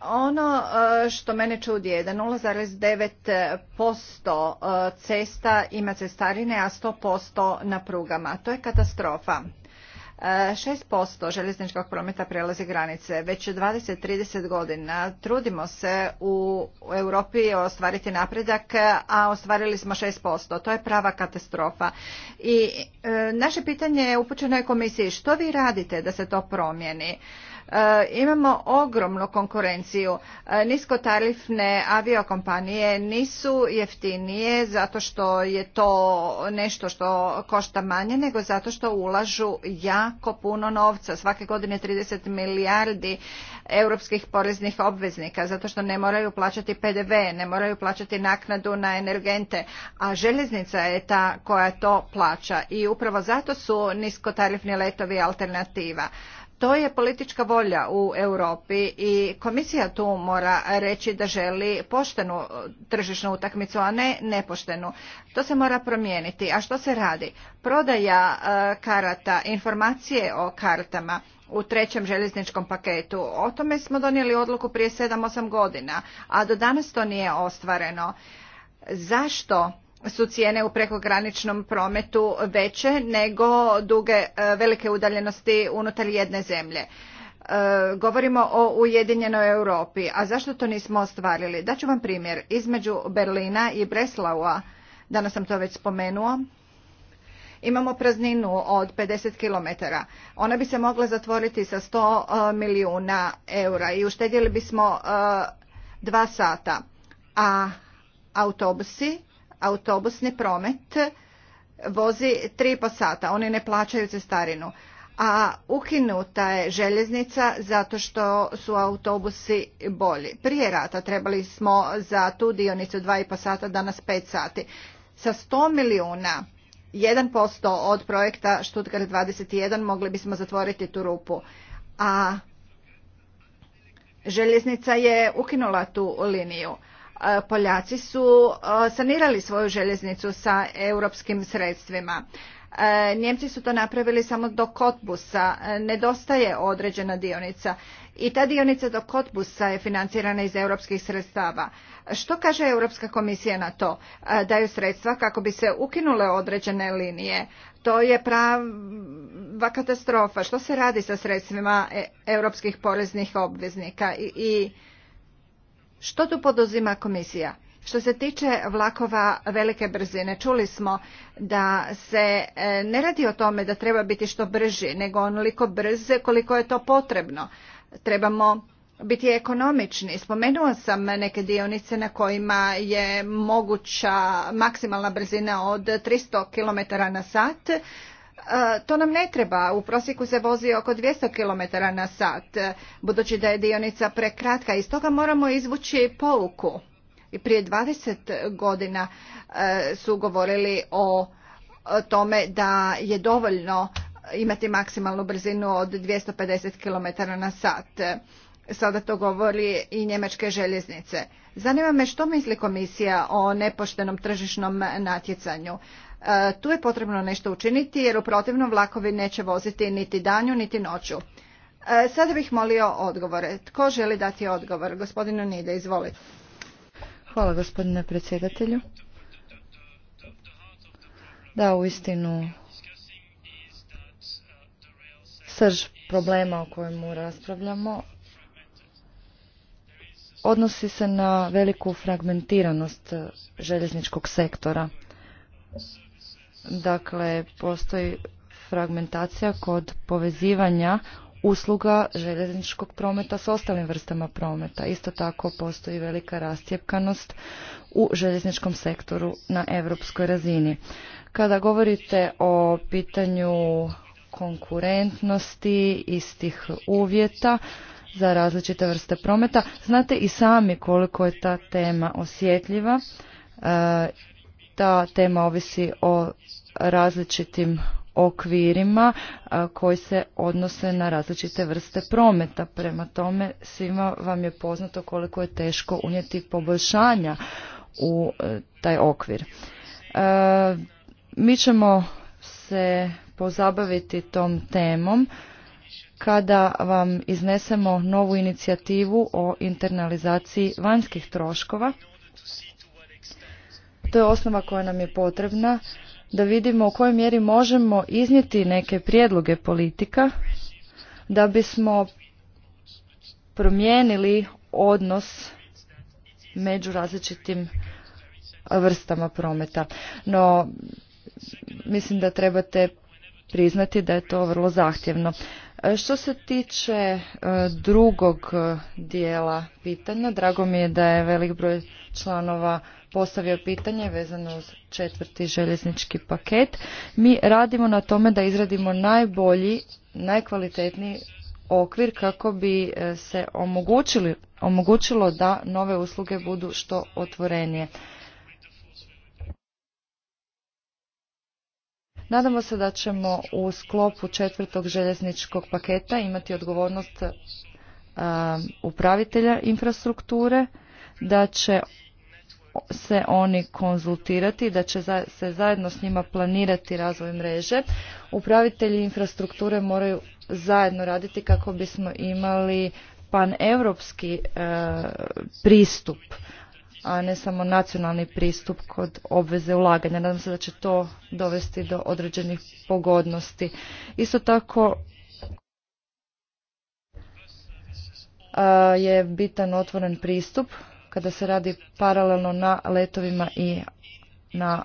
Ono e, što mene čudi je da 0,9% e, cesta ima cestarine, a 100% na prugama. To je katastrofa. 6% željezničkog prometa prelazi granice. Već 20-30 godina trudimo se u Europi ostvariti napredak, a ostvarili smo 6%. To je prava katastrofa. I e, naše pitanje je upućeno je komisiji. Što vi radite da se to promijeni? E, imamo ogromnu konkurenciju. E, niskotarifne aviokompanije nisu jeftinije zato što je to nešto što košta manje nego zato što ulažu jako puno novca. Svake godine 30 milijardi europskih poreznih obveznika zato što ne moraju plaćati PDV, ne moraju plaćati naknadu na energente, a željeznica je ta koja to plaća i upravo zato su niskotarifni letovi alternativa. To je politička volja u Europi i komisija tu mora reći da želi poštenu tržišnu utakmicu, a ne nepoštenu. To se mora promijeniti. A što se radi? Prodaja e, karata, informacije o kartama u trećem željezničkom paketu. O tome smo donijeli odluku prije 7-8 godina, a do danas to nije ostvareno. Zašto su cijene u prekograničnom prometu veće nego duge e, velike udaljenosti unutar jedne zemlje. E, govorimo o Ujedinjenoj Europi, a zašto to nismo ostvarili? Daću vam primjer. Između Berlina i Breslaua, danas sam to već spomenuo, imamo prazninu od 50 km. Ona bi se mogla zatvoriti sa 100 e, milijuna eura i uštedjeli bismo dva sata. A autobusi autobusni promet vozi 3,5 sata. Oni ne plaćaju cestarinu. A ukinuta je željeznica zato što su autobusi bolji. Prije rata trebali smo za tu dionicu 2,5 sata, danas 5 sati. Sa 100 milijuna 1% od projekta Stuttgart 21 mogli bismo zatvoriti tu rupu. A željeznica je ukinula tu liniju. E, Poljaci su e, sanirali svoju željeznicu sa europskim sredstvima. E, Njemci su to napravili samo do Kotbusa, nedostaje određena dionica i ta dionica do Kotbusa je financirana iz europskih sredstava. Što kaže Europska komisija na to? Daju sredstva kako bi se ukinule određene linije. To je prava katastrofa. Što se radi sa sredstvima europskih poreznih obveznika i, i što tu poduzima komisija? Što se tiče vlakova velike brzine, čuli smo da se e, ne radi o tome da treba biti što brži, nego onoliko brze koliko je to potrebno. Trebamo biti ekonomični. Spomenuo sam neke dionice na kojima je moguća maksimalna brzina od 300 km na sat E, to nam ne treba. U prosjeku se vozi oko 200 km na sat, budući da je dionica prekratka. Iz toga moramo izvući pouku. I prije 20 godina e, su govorili o tome da je dovoljno imati maksimalnu brzinu od 250 km na sat. Sada to govori i njemačke željeznice. Zanima me što misli komisija o nepoštenom tržišnom natjecanju. E, tu je potrebno nešto učiniti jer u protivnom vlakovi neće voziti niti danju niti noću. E, sada bih molio odgovore. Tko želi dati odgovor? Gospodinu Nide, izvolite. Hvala gospodine predsjedatelju. Da, u istinu srž problema o kojemu raspravljamo odnosi se na veliku fragmentiranost željezničkog sektora. Dakle, postoji fragmentacija kod povezivanja usluga željezničkog prometa s ostalim vrstama prometa. Isto tako postoji velika rastjepkanost u željezničkom sektoru na europskoj razini. Kada govorite o pitanju konkurentnosti, istih uvjeta za različite vrste prometa, znate i sami koliko je ta tema osjetljiva e, ta tema ovisi o različitim okvirima koji se odnose na različite vrste prometa. Prema tome svima vam je poznato koliko je teško unijeti poboljšanja u e, taj okvir. E, mi ćemo se pozabaviti tom temom kada vam iznesemo novu inicijativu o internalizaciji vanjskih troškova to je osnova koja nam je potrebna da vidimo u kojoj mjeri možemo iznijeti neke prijedloge politika da bismo promijenili odnos među različitim vrstama prometa. No, mislim da trebate priznati da je to vrlo zahtjevno. E, što se tiče e, drugog dijela pitanja, drago mi je da je velik broj članova postavio pitanje vezano uz četvrti željeznički paket. Mi radimo na tome da izradimo najbolji, najkvalitetniji okvir kako bi e, se omogućili, omogućilo da nove usluge budu što otvorenije. Nadamo se da ćemo u sklopu četvrtog željezničkog paketa imati odgovornost e, upravitelja infrastrukture, da će se oni konzultirati, da će se zajedno s njima planirati razvoj mreže. Upravitelji infrastrukture moraju zajedno raditi kako bismo imali paneuropski e, pristup, a ne samo nacionalni pristup kod obveze ulaganja. Nadam se da će to dovesti do određenih pogodnosti. Isto tako je bitan otvoren pristup kada se radi paralelno na letovima i na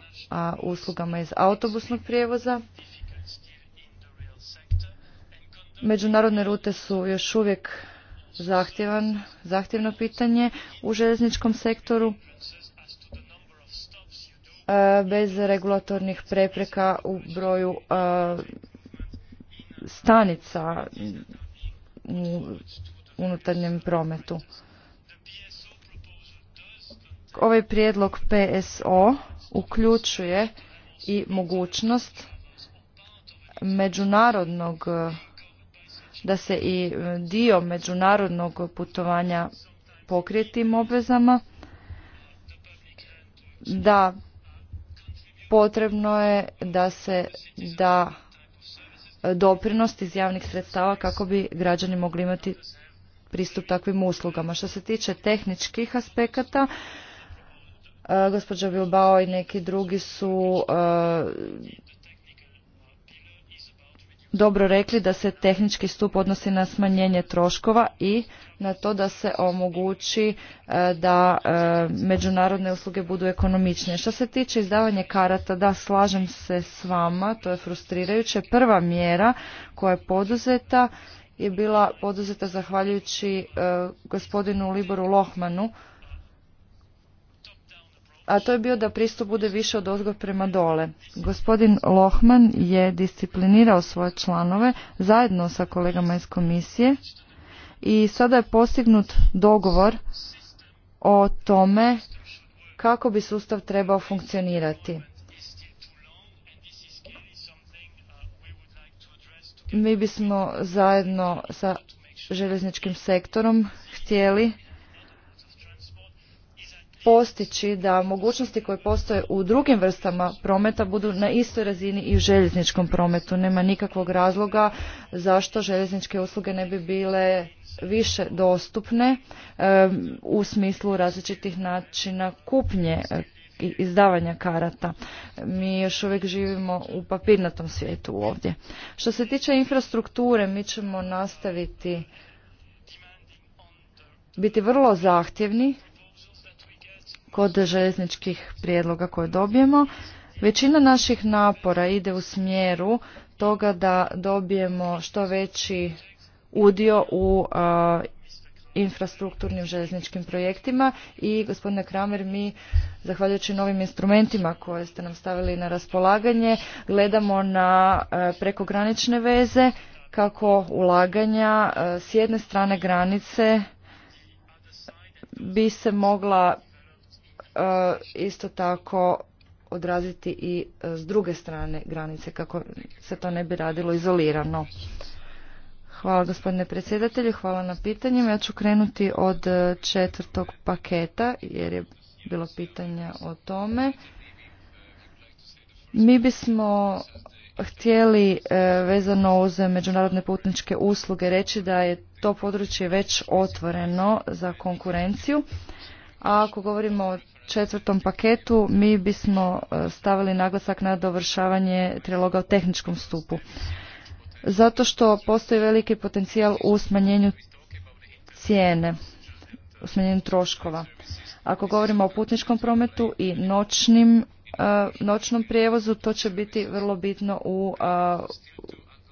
uslugama iz autobusnog prijevoza. Međunarodne rute su još uvijek zahtjevan, zahtjevno pitanje u željezničkom sektoru e, bez regulatornih prepreka u broju e, stanica u unutarnjem prometu ovaj prijedlog PSO uključuje i mogućnost međunarodnog da se i dio međunarodnog putovanja pokrije tim obvezama da potrebno je da se da doprinost iz javnih sredstava kako bi građani mogli imati pristup takvim uslugama. Što se tiče tehničkih aspekata, E, gospođa Bilbao i neki drugi su e, dobro rekli da se tehnički stup odnosi na smanjenje troškova i na to da se omogući e, da međunarodne usluge budu ekonomičnije. Što se tiče izdavanja karata, da slažem se s vama, to je frustrirajuće. Prva mjera koja je poduzeta je bila poduzeta zahvaljujući gospodinu Liboru Lohmanu a to je bio da pristup bude više od ozgo prema dole. Gospodin Lohman je disciplinirao svoje članove zajedno sa kolegama iz komisije i sada je postignut dogovor o tome kako bi sustav trebao funkcionirati. Mi bismo zajedno sa željezničkim sektorom htjeli postići da mogućnosti koje postoje u drugim vrstama prometa budu na istoj razini i u željezničkom prometu. Nema nikakvog razloga zašto željezničke usluge ne bi bile više dostupne u smislu različitih načina kupnje e, i izdavanja karata. Mi još uvijek živimo u papirnatom svijetu ovdje. Što se tiče infrastrukture, mi ćemo nastaviti biti vrlo zahtjevni kod željezničkih prijedloga koje dobijemo. Većina naših napora ide u smjeru toga da dobijemo što veći udio u infrastrukturnim željezničkim projektima i gospodine Kramer mi zahvaljujući novim instrumentima koje ste nam stavili na raspolaganje gledamo na prekogranične veze kako ulaganja s jedne strane granice bi se mogla E, isto tako odraziti i e, s druge strane granice kako se to ne bi radilo izolirano. Hvala gospodine predsjedatelju, hvala na pitanjima. Ja ću krenuti od e, četvrtog paketa jer je bilo pitanja o tome. Mi bismo htjeli vezano uz međunarodne putničke usluge reći da je to područje već otvoreno za konkurenciju. A ako govorimo o četvrtom paketu mi bismo e, stavili naglasak na dovršavanje triloga u tehničkom stupu. Zato što postoji veliki potencijal u smanjenju cijene, u smanjenju troškova. Ako govorimo o putničkom prometu i noćnim e, noćnom prijevozu, to će biti vrlo bitno u e,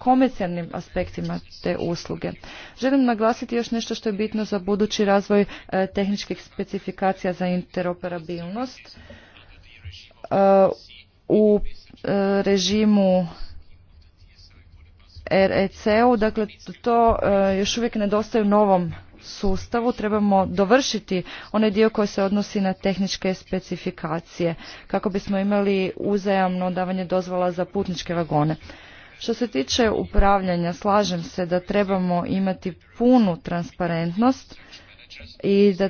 komercijalnim aspektima te usluge. Želim naglasiti još nešto što je bitno za budući razvoj e, tehničkih specifikacija za interoperabilnost. E, u e, režimu rec dakle to još uvijek nedostaje u novom sustavu trebamo dovršiti onaj dio koji se odnosi na tehničke specifikacije kako bismo imali uzajamno davanje dozvola za putničke vagone. Što se tiče upravljanja, slažem se da trebamo imati punu transparentnost i da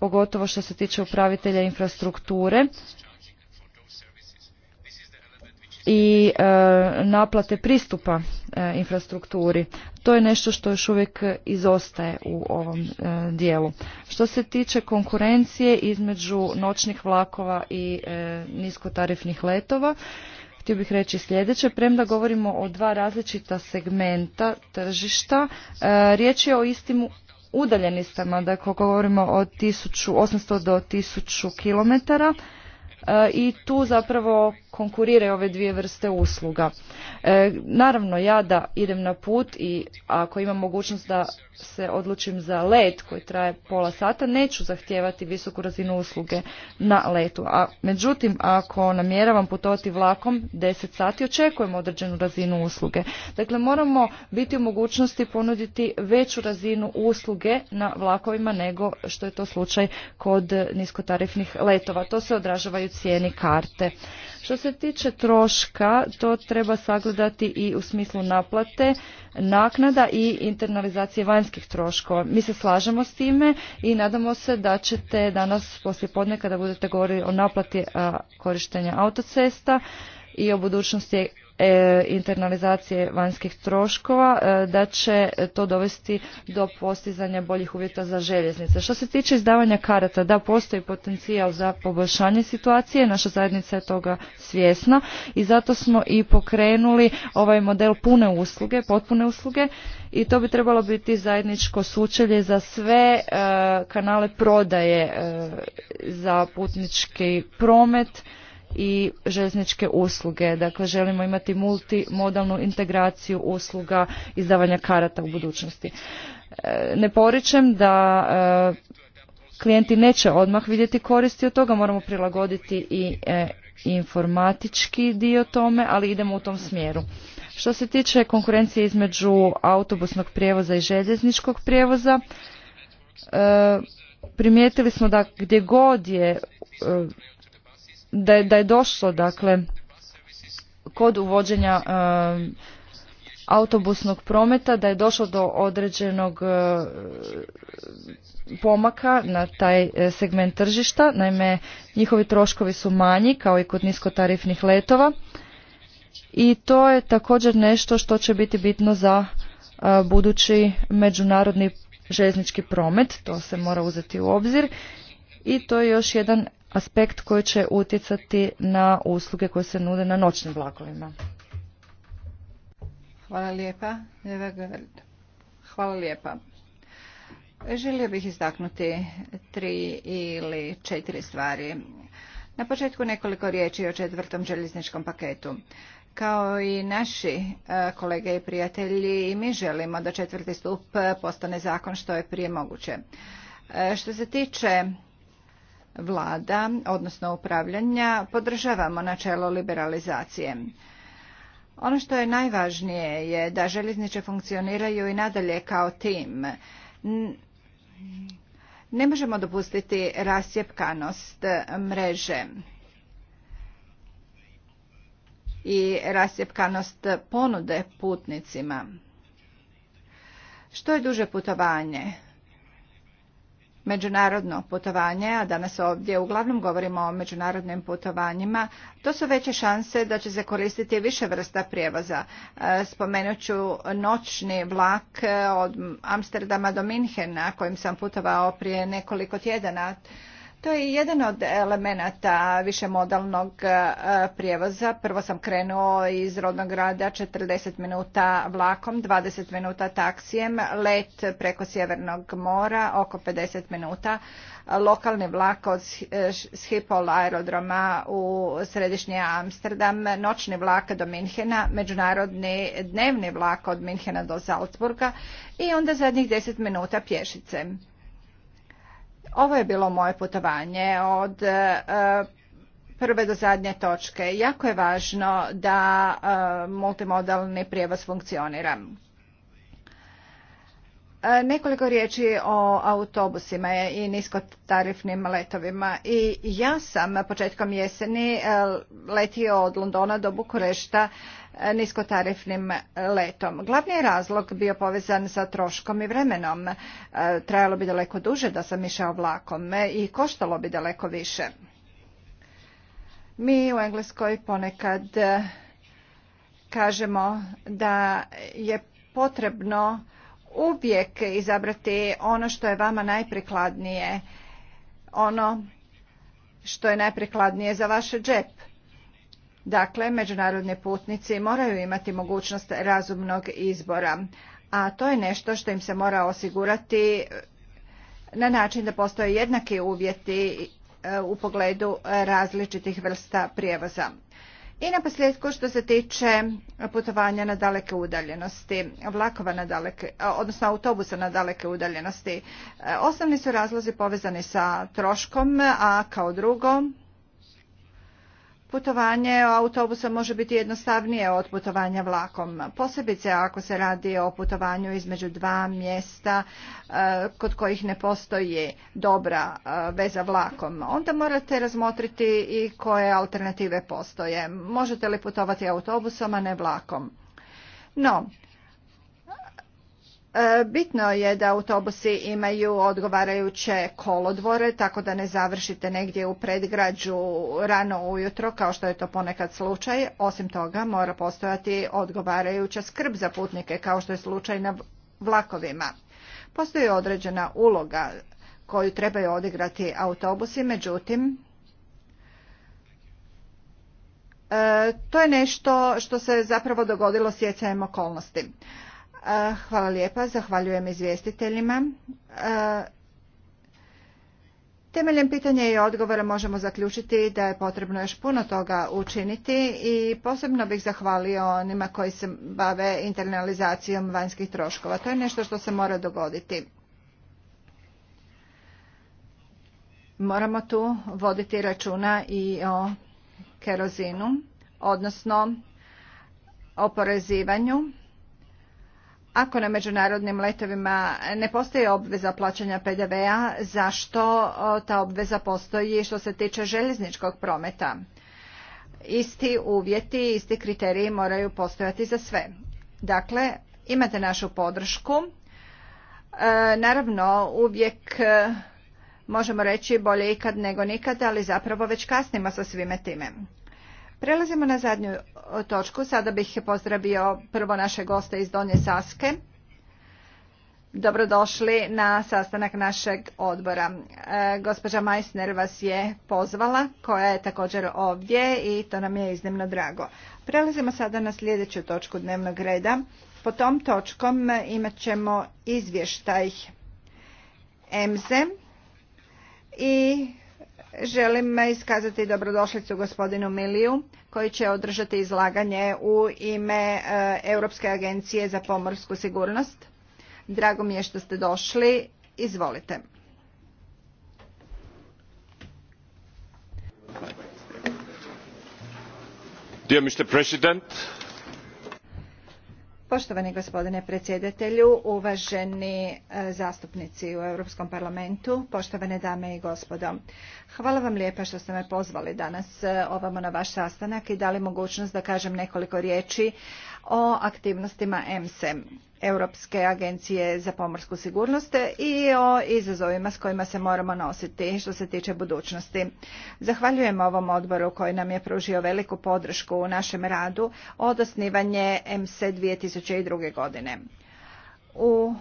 pogotovo što se tiče upravitelja infrastrukture i e, naplate pristupa e, infrastrukturi. To je nešto što još uvijek izostaje u ovom e, dijelu. Što se tiče konkurencije između noćnih vlakova i niskotarifnih letova, htio bih reći sljedeće. Premda govorimo o dva različita segmenta tržišta, e, riječ je o istim udaljenistama, dakle govorimo o 1800 do 1000 km e, i tu zapravo konkuriraju ove dvije vrste usluga. E, naravno, ja da idem na put i ako imam mogućnost da se odlučim za let koji traje pola sata, neću zahtijevati visoku razinu usluge na letu. A međutim, ako namjeravam putovati vlakom 10 sati, očekujem određenu razinu usluge. Dakle, moramo biti u mogućnosti ponuditi veću razinu usluge na vlakovima nego što je to slučaj kod niskotarifnih letova. To se odražavaju cijeni karte. Što se tiče troška, to treba sagledati i u smislu naplate, naknada i internalizacije vanjskih troškova. Mi se slažemo s time i nadamo se da ćete danas poslije podne kada budete govorili o naplati korištenja autocesta i o budućnosti E, internalizacije vanjskih troškova e, da će to dovesti do postizanja boljih uvjeta za željeznice. Što se tiče izdavanja karata, da postoji potencijal za poboljšanje situacije, naša zajednica je toga svjesna i zato smo i pokrenuli ovaj model pune usluge, potpune usluge i to bi trebalo biti zajedničko sučelje za sve e, kanale prodaje za putnički promet i željezničke usluge. Dakle, želimo imati multimodalnu integraciju usluga izdavanja karata u budućnosti. E, ne poričem da e, klijenti neće odmah vidjeti koristi od toga, moramo prilagoditi i e, informatički dio tome, ali idemo u tom smjeru. Što se tiče konkurencije između autobusnog prijevoza i željezničkog prijevoza, primijetili smo da gdje god je da je, da je došlo dakle kod uvođenja e, autobusnog prometa da je došlo do određenog e, pomaka na taj e, segment tržišta naime njihovi troškovi su manji kao i kod niskotarifnih letova i to je također nešto što će biti bitno za budući međunarodni željeznički promet to se mora uzeti u obzir i to je još jedan aspekt koji će utjecati na usluge koje se nude na noćnim vlakovima. Hvala lijepa. Hvala lijepa. Želio bih istaknuti tri ili četiri stvari. Na početku nekoliko riječi o četvrtom željezničkom paketu. Kao i naši e, kolege i prijatelji, mi želimo da četvrti stup postane zakon što je prije moguće. E, što se tiče vlada, odnosno upravljanja, podržavamo načelo liberalizacije. Ono što je najvažnije je da željeznice funkcioniraju i nadalje kao tim. Ne možemo dopustiti rasjepkanost mreže i rasjepkanost ponude putnicima. Što je duže putovanje, međunarodno putovanje, a danas ovdje uglavnom govorimo o međunarodnim putovanjima, to su veće šanse da će se koristiti više vrsta prijevoza. E, spomenut ću noćni vlak e, od Amsterdama do Minhena kojim sam putovao prije nekoliko tjedana. To je jedan od elemenata višemodalnog e, prijevoza. Prvo sam krenuo iz rodnog grada 40 minuta vlakom, 20 minuta taksijem, let preko Sjevernog mora oko 50 minuta, lokalni vlak od e, Schiphol aerodroma u središnji Amsterdam, noćni vlak do Minhena, međunarodni dnevni vlak od Minhena do Salzburga i onda zadnjih 10 minuta pješice. Ovo je bilo moje putovanje od e, prve do zadnje točke. Jako je važno da e, multimodalni prijevoz funkcionira. E, nekoliko riječi o autobusima i niskotarifnim letovima. I ja sam početkom jeseni e, letio od Londona do Bukurešta e, niskotarifnim letom. Glavni je razlog bio povezan sa troškom i vremenom. Trajalo bi daleko duže da sam išao vlakom i koštalo bi daleko više. Mi u Engleskoj ponekad kažemo da je potrebno uvijek izabrati ono što je vama najprikladnije, ono što je najprikladnije za vaš džep. Dakle, međunarodni putnici moraju imati mogućnost razumnog izbora, a to je nešto što im se mora osigurati na način da postoje jednaki uvjeti e, u pogledu različitih vrsta prijevoza. I na posljedku što se tiče putovanja na daleke udaljenosti, vlakova na daleke, odnosno autobusa na daleke udaljenosti, e, osnovni su razlozi povezani sa troškom, a kao drugo Putovanje autobusom može biti jednostavnije od putovanja vlakom, posebice ako se radi o putovanju između dva mjesta e, kod kojih ne postoji dobra e, veza vlakom. Onda morate razmotriti i koje alternative postoje. Možete li putovati autobusom, a ne vlakom? No, E, bitno je da autobusi imaju odgovarajuće kolodvore, tako da ne završite negdje u predgrađu rano ujutro, kao što je to ponekad slučaj. Osim toga, mora postojati odgovarajuća skrb za putnike, kao što je slučaj na vlakovima. Postoji određena uloga koju trebaju odigrati autobusi, međutim, e, to je nešto što se zapravo dogodilo sjecajem okolnosti. Hvala lijepa, zahvaljujem izvjestiteljima. Temeljem pitanja i odgovora možemo zaključiti da je potrebno još puno toga učiniti i posebno bih zahvalio onima koji se bave internalizacijom vanjskih troškova. To je nešto što se mora dogoditi. Moramo tu voditi računa i o kerozinu, odnosno oporezivanju ako na međunarodnim letovima ne postoji obveza plaćanja PDV-a, zašto ta obveza postoji što se tiče željezničkog prometa? Isti uvjeti, isti kriteriji moraju postojati za sve. Dakle, imate našu podršku. E, naravno, uvijek e, možemo reći bolje ikad nego nikad, ali zapravo već kasnimo sa svime time. Prelazimo na zadnju e, točku. Sada bih pozdravio prvo naše goste iz Donje Saske. Dobrodošli na sastanak našeg odbora. E, gospođa Majsner vas je pozvala, koja je također ovdje i to nam je iznimno drago. Prelazimo sada na sljedeću točku dnevnog reda. Po tom točkom e, imat ćemo izvještaj EMZE i Želim iskazati dobrodošlicu gospodinu Miliju koji će održati izlaganje u ime e, Europske agencije za pomorsku sigurnost. Drago mi je što ste došli. Izvolite. Dear Mr. President, Poštovani gospodine predsjedatelju, uvaženi e, zastupnici u Europskom parlamentu, poštovane dame i gospodo. Hvala vam lijepa što ste me pozvali danas e, ovamo na vaš sastanak i dali mogućnost da kažem nekoliko riječi o aktivnostima EMSE. Europske agencije za pomorsku sigurnost i o izazovima s kojima se moramo nositi što se tiče budućnosti. Zahvaljujem ovom odboru koji nam je pružio veliku podršku u našem radu od osnivanje MC 2002. E godine. U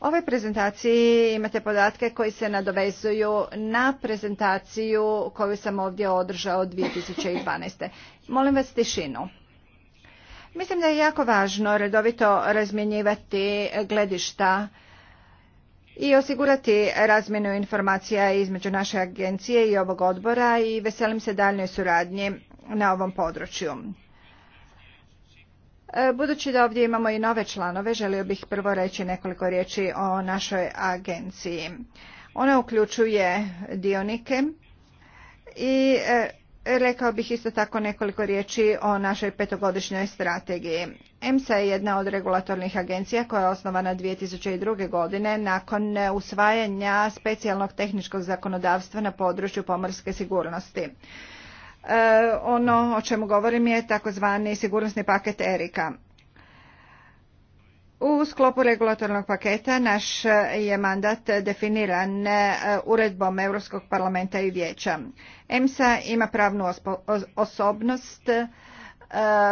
ovoj prezentaciji imate podatke koji se nadovezuju na prezentaciju koju sam ovdje održao 2012. Molim vas tišinu. Mislim da je jako važno redovito razmjenjivati gledišta i osigurati razmjenu informacija između naše agencije i ovog odbora i veselim se daljnoj suradnji na ovom području. E, budući da ovdje imamo i nove članove, želio bih prvo reći nekoliko riječi o našoj agenciji. Ona uključuje dionike i e, rekao bih isto tako nekoliko riječi o našoj petogodišnjoj strategiji. EMSA je jedna od regulatornih agencija koja je osnovana 2002. godine nakon usvajanja specijalnog tehničkog zakonodavstva na području pomorske sigurnosti. E, ono o čemu govorim je takozvani sigurnosni paket Erika. U sklopu regulatornog paketa naš je mandat definiran e, uredbom Europskog parlamenta i vijeća. EMSA ima pravnu osobnost, e,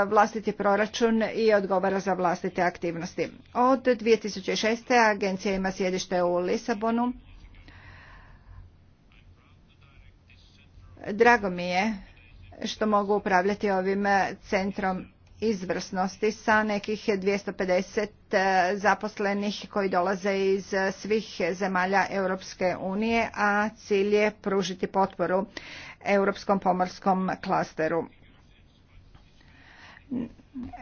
vlastiti proračun i odgovara za vlastite aktivnosti. Od 2006. agencija ima sjedište u Lisabonu. Drago mi je što mogu upravljati ovim centrom izvrsnosti sa nekih 250 e, zaposlenih koji dolaze iz svih zemalja Europske unije, a cilj je pružiti potporu Europskom pomorskom klasteru.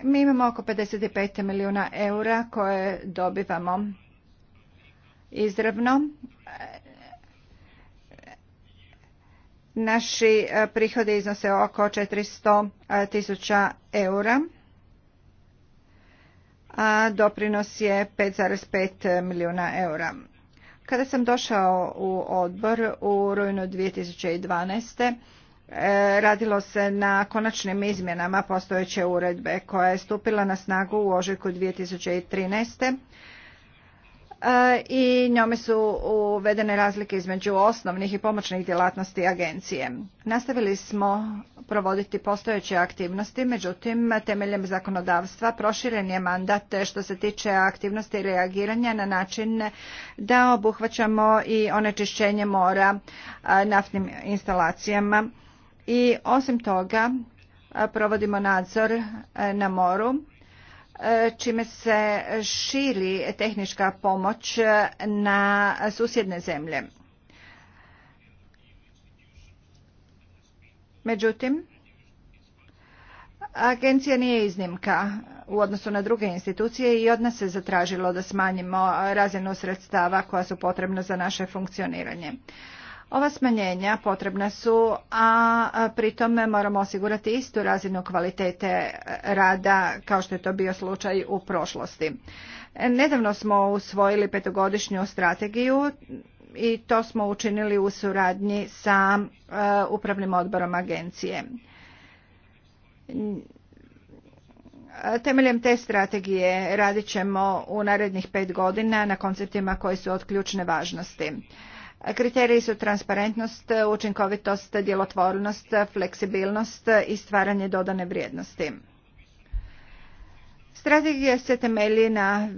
Mi imamo oko 55 milijuna eura koje dobivamo izravno Naši e, prihodi iznose oko 400 tisuća eura, a doprinos je 5,5 milijuna eura. Kada sam došao u odbor u rujnu 2012. E, radilo se na konačnim izmjenama postojeće uredbe koja je stupila na snagu u ožujku 2013. E, i njome su uvedene razlike između osnovnih i pomoćnih djelatnosti agencije. Nastavili smo provoditi postojeće aktivnosti, međutim temeljem zakonodavstva proširen je mandat što se tiče aktivnosti reagiranja na način da obuhvaćamo i onečišćenje mora e, naftnim instalacijama i osim toga e, provodimo nadzor na moru E, čime se širi tehnička pomoć e, na susjedne zemlje. Međutim, agencija nije iznimka u odnosu na druge institucije i od nas se zatražilo da smanjimo razinu sredstava koja su potrebna za naše funkcioniranje. Ova smanjenja potrebna su, a pritom moramo osigurati istu razinu kvalitete rada kao što je to bio slučaj u prošlosti. Nedavno smo usvojili petogodišnju strategiju i to smo učinili u suradnji sa e, upravnim odborom agencije. Temeljem te strategije radit ćemo u narednih pet godina na konceptima koji su od ključne važnosti. Kriteriji su transparentnost, učinkovitost, djelotvornost, fleksibilnost i stvaranje dodane vrijednosti. Strategija se temelji na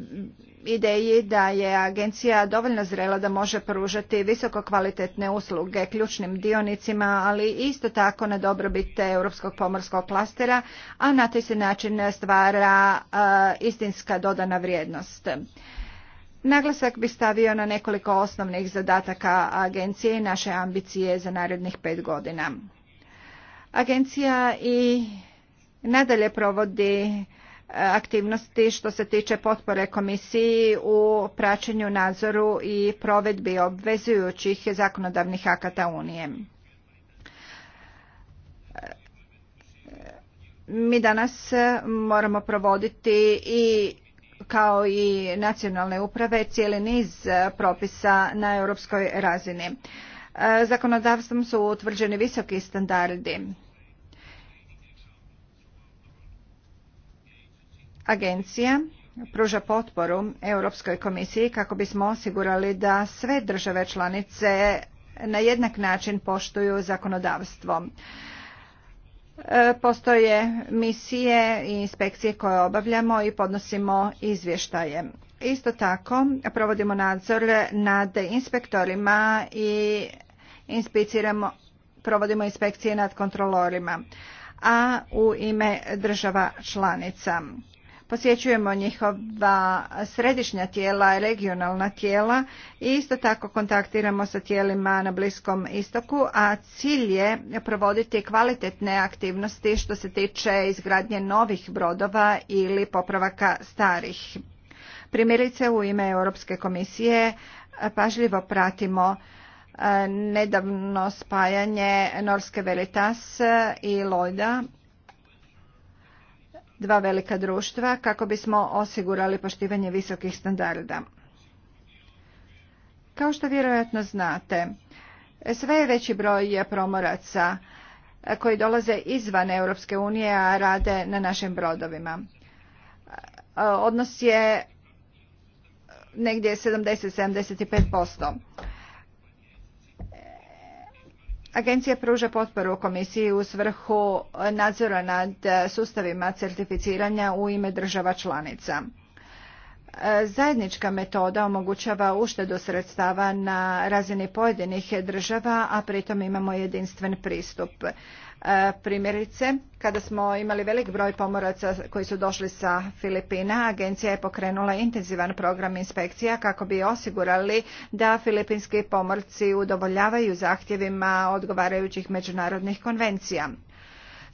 ideji da je agencija dovoljno zrela da može pružati visoko kvalitetne usluge ključnim dionicima, ali isto tako na dobrobit europskog pomorskog klastera, a na taj se način stvara istinska dodana vrijednost. Naglasak bi stavio na nekoliko osnovnih zadataka agencije i naše ambicije za narednih pet godina. Agencija i nadalje provodi e, aktivnosti što se tiče potpore komisiji u praćenju, nadzoru i provedbi obvezujućih zakonodavnih akata Unije. E, mi danas moramo provoditi i kao i nacionalne uprave cijeli niz e, propisa na europskoj razini. E, zakonodavstvom su utvrđeni visoki standardi. Agencija pruža potporu Europskoj komisiji kako bismo osigurali da sve države članice na jednak način poštuju zakonodavstvo. E, postoje misije i inspekcije koje obavljamo i podnosimo izvještaje. Isto tako provodimo nadzor nad inspektorima i provodimo inspekcije nad kontrolorima, a u ime država članica posjećujemo njihova središnja tijela i regionalna tijela i isto tako kontaktiramo sa tijelima na Bliskom istoku, a cilj je provoditi kvalitetne aktivnosti što se tiče izgradnje novih brodova ili popravaka starih. Primjerice u ime Europske komisije pažljivo pratimo e, nedavno spajanje Norske Veritas i Lojda dva velika društva kako bismo osigurali poštivanje visokih standarda. Kao što vjerojatno znate, sve je veći broj je koji dolaze izvan Europske unije, a rade na našim brodovima. Odnos je negdje 70-75%. Agencija pruža potporu komisiji u svrhu nadzora nad sustavima certificiranja u ime država članica. E, zajednička metoda omogućava uštedu sredstava na razini pojedinih država, a pritom imamo jedinstven pristup. E, primjerice, kada smo imali velik broj pomoraca koji su došli sa Filipina, agencija je pokrenula intenzivan program inspekcija kako bi osigurali da filipinski pomorci udovoljavaju zahtjevima odgovarajućih međunarodnih konvencija.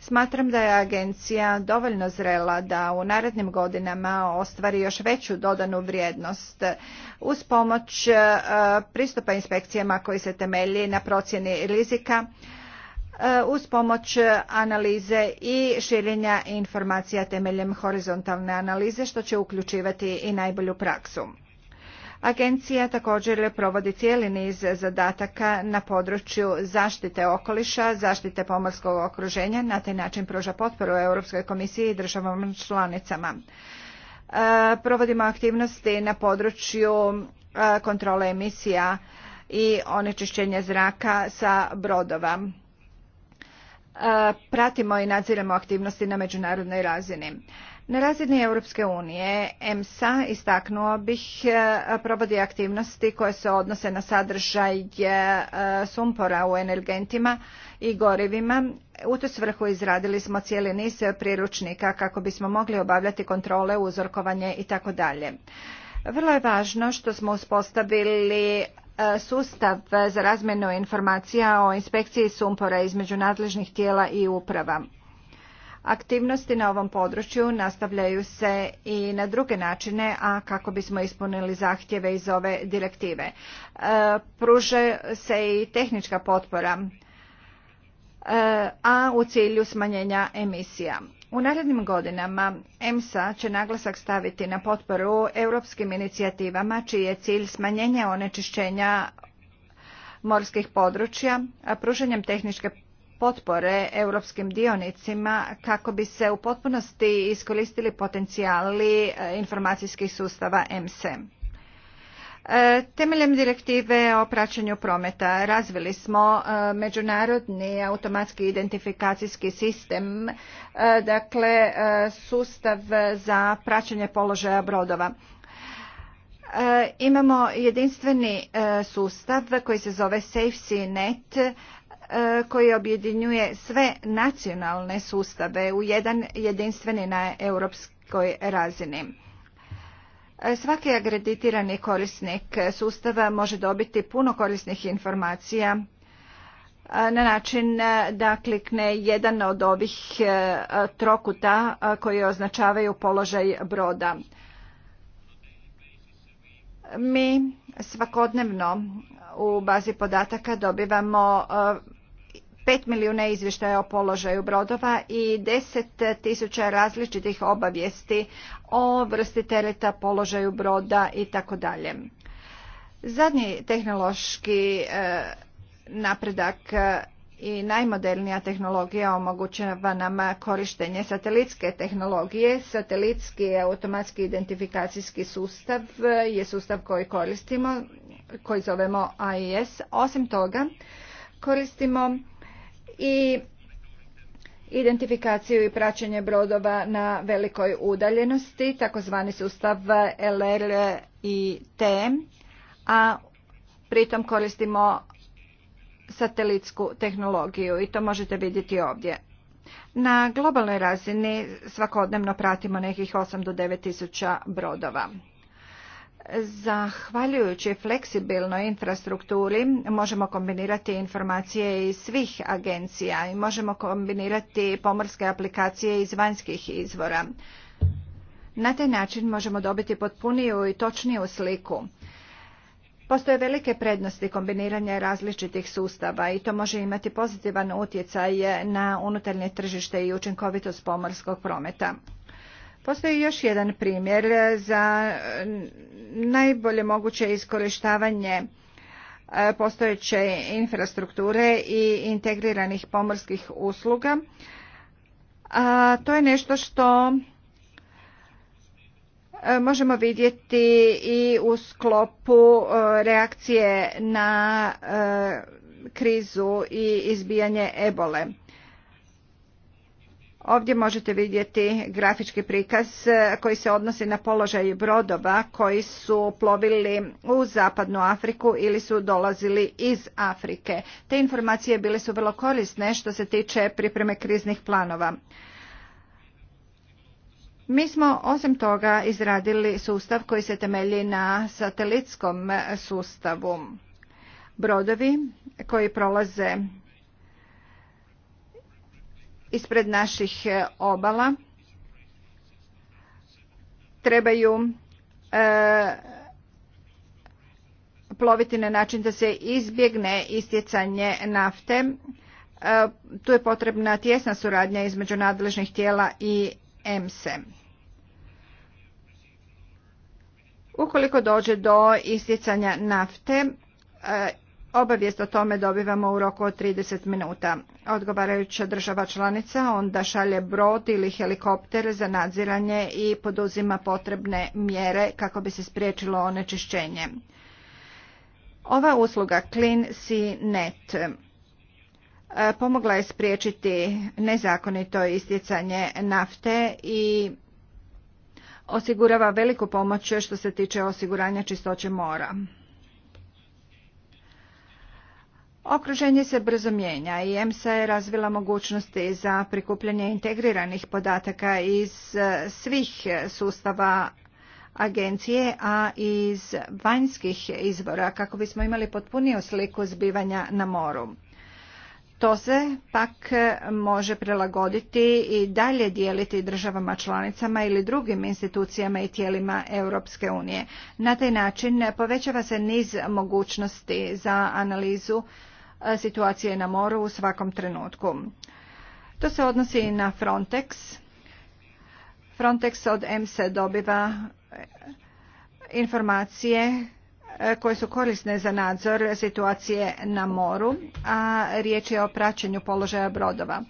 Smatram da je agencija dovoljno zrela da u narednim godinama ostvari još veću dodanu vrijednost uz pomoć e, pristupa inspekcijama koji se temelji na procjeni rizika, E, uz pomoć analize i širenja informacija temeljem horizontalne analize što će uključivati i najbolju praksu. Agencija također provodi cijeli niz zadataka na području zaštite okoliša, zaštite pomorskog okruženja, na taj način pruža potporu Europskoj komisiji i državama članicama. E, provodimo aktivnosti na području e, kontrole emisija i onečišćenja zraka sa brodova pratimo i nadziramo aktivnosti na međunarodnoj razini. Na razini Europske unije EMSA istaknuo bih e, provodi aktivnosti koje se odnose na sadržaj e, sumpora u energentima i gorivima. U tu svrhu izradili smo cijeli niz priručnika kako bismo mogli obavljati kontrole, uzorkovanje i tako dalje. Vrlo je važno što smo uspostavili sustav za razmjenu informacija o inspekciji sumpora između nadležnih tijela i uprava. Aktivnosti na ovom području nastavljaju se i na druge načine, a kako bismo ispunili zahtjeve iz ove direktive. E, Pruže se i tehnička potpora, e, a u cilju smanjenja emisija. U narednim godinama EMSA će naglasak staviti na potporu europskim inicijativama čiji je cilj smanjenje onečišćenja morskih područja, a pruženjem tehničke potpore europskim dionicima kako bi se u potpunosti iskoristili potencijali e, informacijskih sustava Emsa. E, temeljem direktive o praćenju prometa razvili smo e, međunarodni automatski identifikacijski sistem, e, dakle sustav za praćenje položaja brodova. Imamo jedinstveni sustav koji se zove SafeSeaNet koji objedinjuje sve nacionalne sustave u jedan jedinstveni na europskoj razini. Svaki akreditirani korisnik sustava može dobiti puno korisnih informacija na način da klikne jedan od ovih e, trokuta koji označavaju položaj broda. Mi svakodnevno u bazi podataka dobivamo 5 milijuna izvještaja o položaju brodova i 10 tisuća različitih obavijesti o vrsti tereta, položaju broda i tako dalje. Zadnji tehnološki e, napredak e, i najmodernija tehnologija omogućava nam korištenje satelitske tehnologije. Satelitski automatski identifikacijski sustav je sustav koji koristimo, koji zovemo AIS. Osim toga, koristimo i identifikaciju i praćenje brodova na velikoj udaljenosti, takozvani sustav LRIT, i T, a pritom koristimo satelitsku tehnologiju i to možete vidjeti ovdje. Na globalnoj razini svakodnevno pratimo nekih 8 do 9 tisuća brodova. Zahvaljujući fleksibilnoj infrastrukturi možemo kombinirati informacije iz svih agencija i možemo kombinirati pomorske aplikacije iz vanjskih izvora. Na taj način možemo dobiti potpuniju i točniju sliku. Postoje velike prednosti kombiniranja različitih sustava i to može imati pozitivan utjecaj na unutarnje tržište i učinkovitost pomorskog prometa. Postoji još jedan primjer za eh, najbolje moguće iskorištavanje eh, postojeće infrastrukture i integriranih pomorskih usluga. A to je nešto što eh, možemo vidjeti i u sklopu reakcije na krizu i izbijanje ebole. Ovdje možete vidjeti grafički prikaz e, koji se odnosi na položaj brodova koji su plovili u zapadnu Afriku ili su dolazili iz Afrike. Te informacije bile su vrlo korisne što se tiče pripreme kriznih planova. Mi smo osim toga izradili sustav koji se temelji na satelitskom sustavu. Brodovi koji prolaze ispred naših e, obala trebaju e, ploviti na način da se izbjegne istjecanje nafte. E, tu je potrebna tjesna suradnja između nadležnih tijela i EMSE. Ukoliko dođe do istjecanja nafte, Obavijest o tome dobivamo u roku od 30 minuta. Odgovarajuća država članica onda šalje brod ili helikopter za nadziranje i poduzima potrebne mjere kako bi se spriječilo onečišćenje. Ova usluga Clean Sea Net e, pomogla je spriječiti nezakonito istjecanje nafte i osigurava veliku pomoć što se tiče osiguranja čistoće mora. Okruženje se brzo mijenja i EMSA je razvila mogućnosti za prikupljanje integriranih podataka iz e, svih sustava agencije, a iz vanjskih izvora kako bismo imali potpuniju sliku zbivanja na moru. To se pak e, može prilagoditi i dalje dijeliti državama članicama ili drugim institucijama i tijelima Europske unije. Na taj način povećava se niz mogućnosti za analizu situacije na moru u svakom trenutku. To se odnosi i na Frontex. Frontex od MS dobiva eh, informacije eh, koje su korisne za nadzor situacije na moru, a riječ je o praćenju položaja brodova.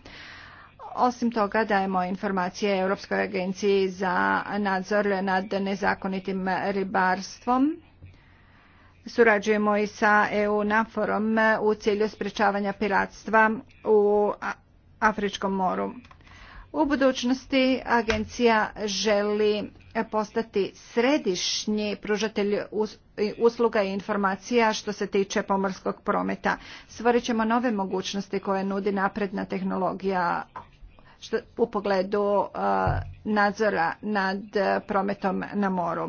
Osim toga dajemo informacije Europskoj agenciji za nadzor nad nezakonitim ribarstvom Surađujemo i sa EU naforom u cilju sprečavanja piratstva u Afričkom moru. U budućnosti agencija želi postati središnji pružatelj usluga i informacija što se tiče pomorskog prometa. Stvorit ćemo nove mogućnosti koje nudi napredna tehnologija u pogledu nadzora nad prometom na moru.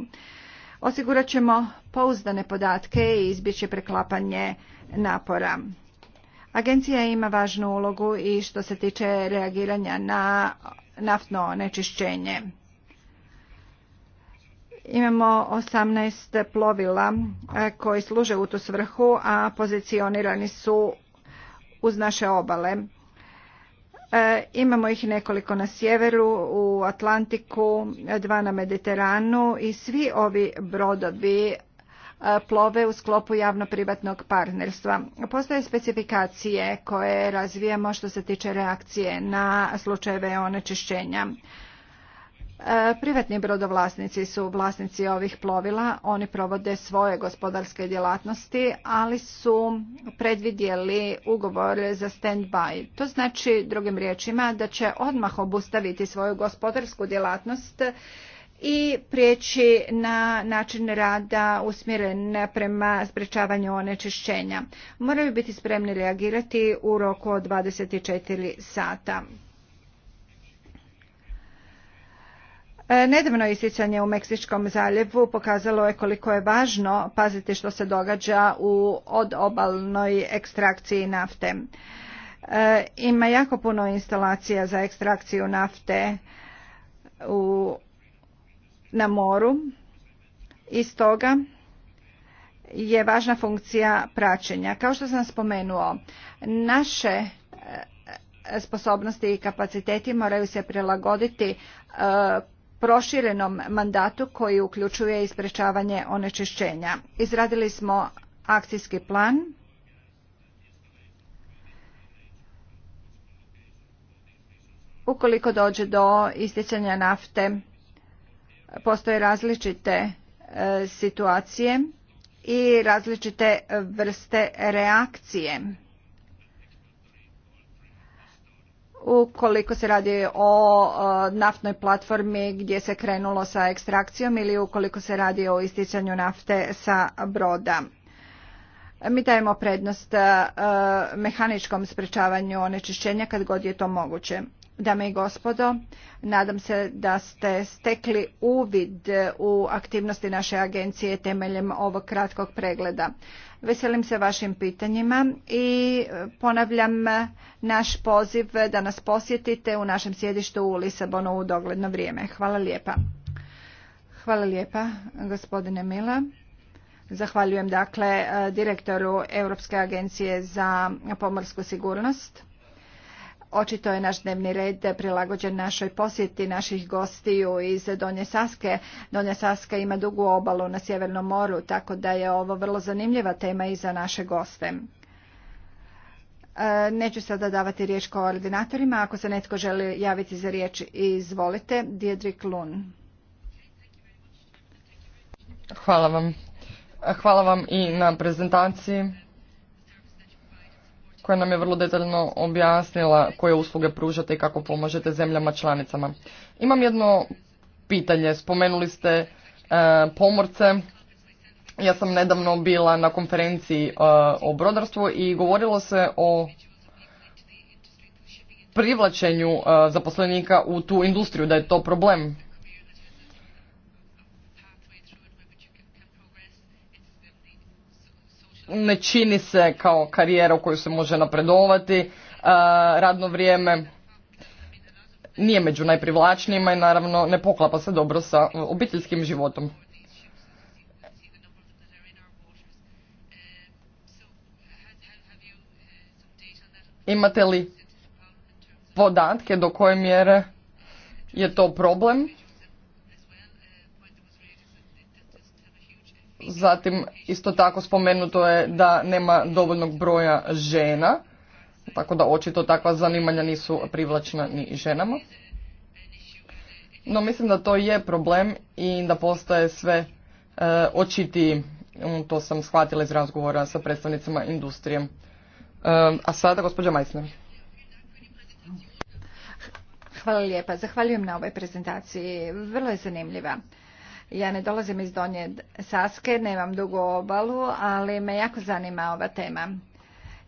Osigurat ćemo pouzdane podatke i izbjeći preklapanje napora. Agencija ima važnu ulogu i što se tiče reagiranja na naftno nečišćenje. Imamo 18 plovila e, koji služe u tu svrhu, a pozicionirani su uz naše obale E, imamo ih nekoliko na sjeveru, u Atlantiku, dva na Mediteranu i svi ovi brodovi e, plove u sklopu javno-privatnog partnerstva. Postoje specifikacije koje razvijamo što se tiče reakcije na slučajeve onečišćenja. E, privatni brodovlasnici su vlasnici ovih plovila, oni provode svoje gospodarske djelatnosti, ali su predvidjeli ugovor za stand-by. To znači, drugim riječima, da će odmah obustaviti svoju gospodarsku djelatnost i prijeći na način rada usmjeren prema sprečavanju onečišćenja. Moraju biti spremni reagirati u roku od 24 sata. E, nedavno isticanje u Meksičkom zaljevu pokazalo je koliko je važno paziti što se događa u odobalnoj ekstrakciji nafte. E, ima jako puno instalacija za ekstrakciju nafte u, na moru i stoga je važna funkcija praćenja. Kao što sam spomenuo, naše e, sposobnosti i kapaciteti moraju se prilagoditi proširenom mandatu koji uključuje isprečavanje onečišćenja. Izradili smo akcijski plan Ukoliko dođe do istjecanja nafte, postoje različite e, situacije i različite vrste reakcije ukoliko se radi o naftnoj platformi gdje se krenulo sa ekstrakcijom ili ukoliko se radi o isticanju nafte sa broda. Mi dajemo prednost e, mehaničkom sprečavanju onečišćenja kad god je to moguće. Dame i gospodo, nadam se da ste stekli uvid u aktivnosti naše agencije temeljem ovog kratkog pregleda. Veselim se vašim pitanjima i ponavljam naš poziv da nas posjetite u našem sjedištu u Lisabonu u dogledno vrijeme. Hvala lijepa. Hvala lijepa, gospodine Mila. Zahvaljujem dakle direktoru Europske agencije za pomorsku sigurnost. Očito je naš dnevni red prilagođen našoj posjeti naših gostiju iz Donje Saske. Donja Saska ima dugu obalu na Sjevernom moru, tako da je ovo vrlo zanimljiva tema i za naše goste. E, neću sada davati riječ koordinatorima. Ako se netko želi javiti za riječ, izvolite. Diedrik Lun. Hvala vam. Hvala vam i na prezentaciji koja nam je vrlo detaljno objasnila koje usluge pružate i kako pomažete zemljama članicama. Imam jedno pitanje. Spomenuli ste e, pomorce. Ja sam nedavno bila na konferenciji e, o brodarstvu i govorilo se o privlačenju e, zaposlenika u tu industriju, da je to problem. ne čini se kao karijera u koju se može napredovati, e, radno vrijeme nije među najprivlačnijima i naravno ne poklapa se dobro sa obiteljskim životom. Imate li podatke do koje mjere je to problem? Zatim, isto tako spomenuto je da nema dovoljnog broja žena, tako da očito takva zanimanja nisu privlačna ni ženama. No, mislim da to je problem i da postaje sve e, očitiji. Mm, to sam shvatila iz razgovora sa predstavnicima industrije. E, a sada, gospođa Majsner. Hvala lijepa. Zahvaljujem na ovoj prezentaciji. Vrlo je zanimljiva. Ja ne dolazim iz Donje Saske, nemam dugu obalu, ali me jako zanima ova tema.